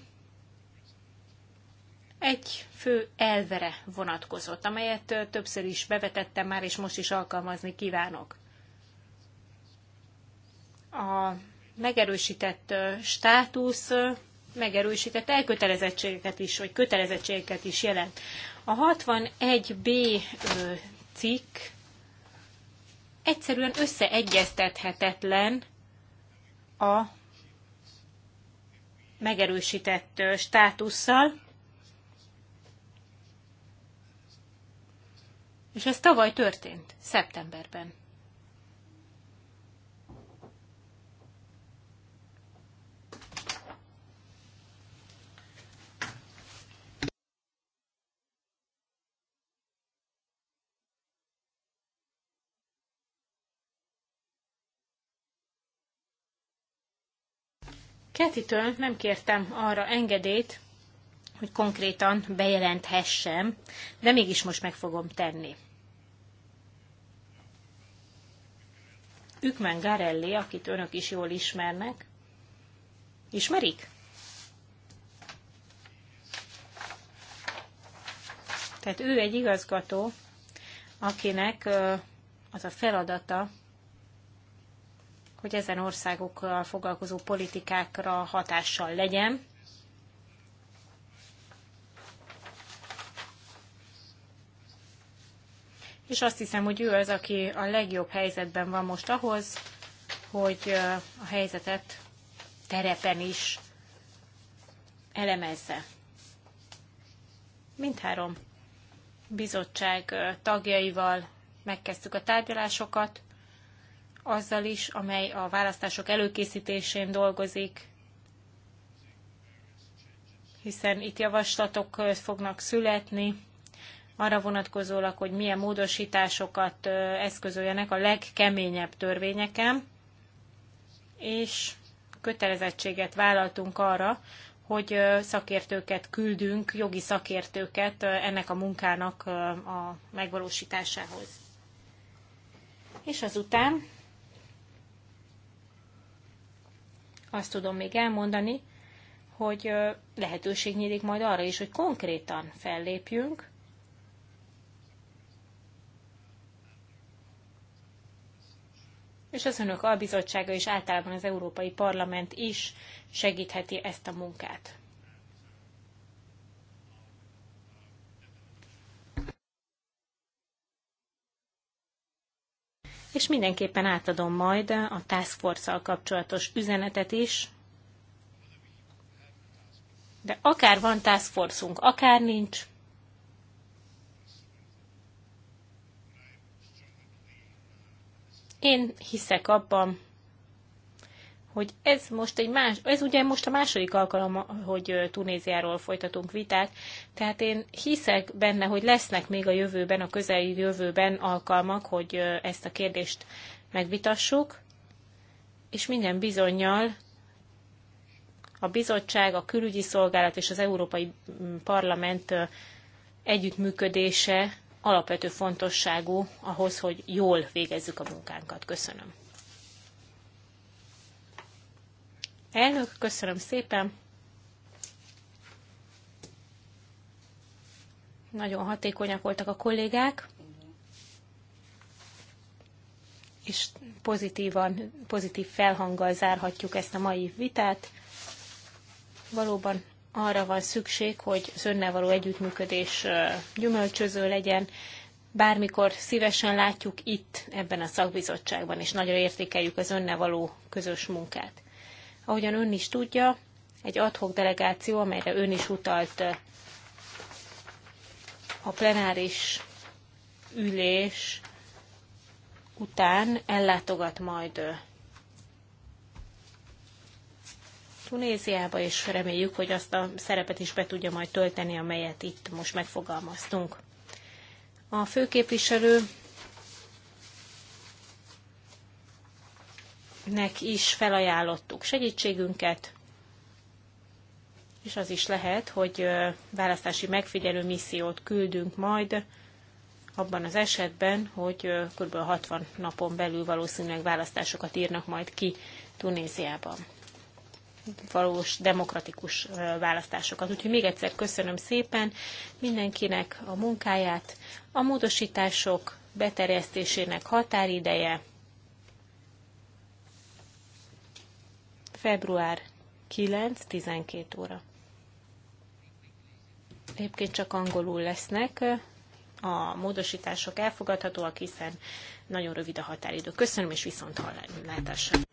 egy fő elvere vonatkozott, amelyet többször is bevetettem már, és most is alkalmazni kívánok. A megerősített státusz megerősített elkötelezettségeket is, vagy kötelezettségeket is jelent. A 61b cikk egyszerűen összeegyeztethetetlen a megerősített státusszal, És ez tavaly történt, szeptemberben. Ketitől nem kértem arra engedélyt, hogy konkrétan bejelenthessem, de mégis most meg fogom tenni. Ükmen Garelli, akit önök is jól ismernek. Ismerik? Tehát ő egy igazgató, akinek az a feladata, hogy ezen országokkal foglalkozó politikákra hatással legyen, és azt hiszem, hogy ő az, aki a legjobb helyzetben van most ahhoz, hogy a helyzetet terepen is elemezze. Mindhárom bizottság tagjaival megkezdtük a tárgyalásokat, azzal is, amely a választások előkészítésén dolgozik, hiszen itt javaslatok fognak születni, arra vonatkozólag, hogy milyen módosításokat eszközöljenek a legkeményebb törvényeken, és kötelezettséget vállaltunk arra, hogy szakértőket küldünk, jogi szakértőket ennek a munkának a megvalósításához. És azután azt tudom még elmondani, hogy lehetőség nyílik majd arra is, hogy konkrétan fellépjünk, és az önök albizottsága és általában az Európai Parlament is segítheti ezt a munkát. És mindenképpen átadom majd a Task Force-szal kapcsolatos üzenetet is. De akár van Task Force-unk, akár nincs, Én hiszek abban, hogy ez most egy más, ez ugye most a második alkalom, hogy Tunéziáról folytatunk vitát, tehát én hiszek benne, hogy lesznek még a jövőben, a közeli jövőben alkalmak, hogy ezt a kérdést megvitassuk, és minden bizonyal a bizottság, a külügyi szolgálat és az Európai Parlament együttműködése alapvető fontosságú ahhoz, hogy jól végezzük a munkánkat. Köszönöm. Elnök, köszönöm szépen. Nagyon hatékonyak voltak a kollégák, és pozitívan, pozitív felhanggal zárhatjuk ezt a mai vitát. Valóban arra van szükség, hogy az önnel való együttműködés gyümölcsöző legyen. Bármikor szívesen látjuk itt, ebben a szakbizottságban, és nagyon értékeljük az önnel való közös munkát. Ahogyan ön is tudja, egy adhok delegáció, amelyre ön is utalt a plenáris ülés után ellátogat majd Tunéziába, és reméljük, hogy azt a szerepet is be tudja majd tölteni, amelyet itt most megfogalmaztunk. A főképviselő nek is felajánlottuk segítségünket, és az is lehet, hogy választási megfigyelő missziót küldünk majd, abban az esetben, hogy kb. 60 napon belül valószínűleg választásokat írnak majd ki Tunéziában valós demokratikus választásokat. Úgyhogy még egyszer köszönöm szépen mindenkinek a munkáját. A módosítások beterjesztésének határideje február 9-12 óra. Egyébként csak angolul lesznek a módosítások elfogadhatóak, hiszen nagyon rövid a határidő. Köszönöm, és viszont hallásra.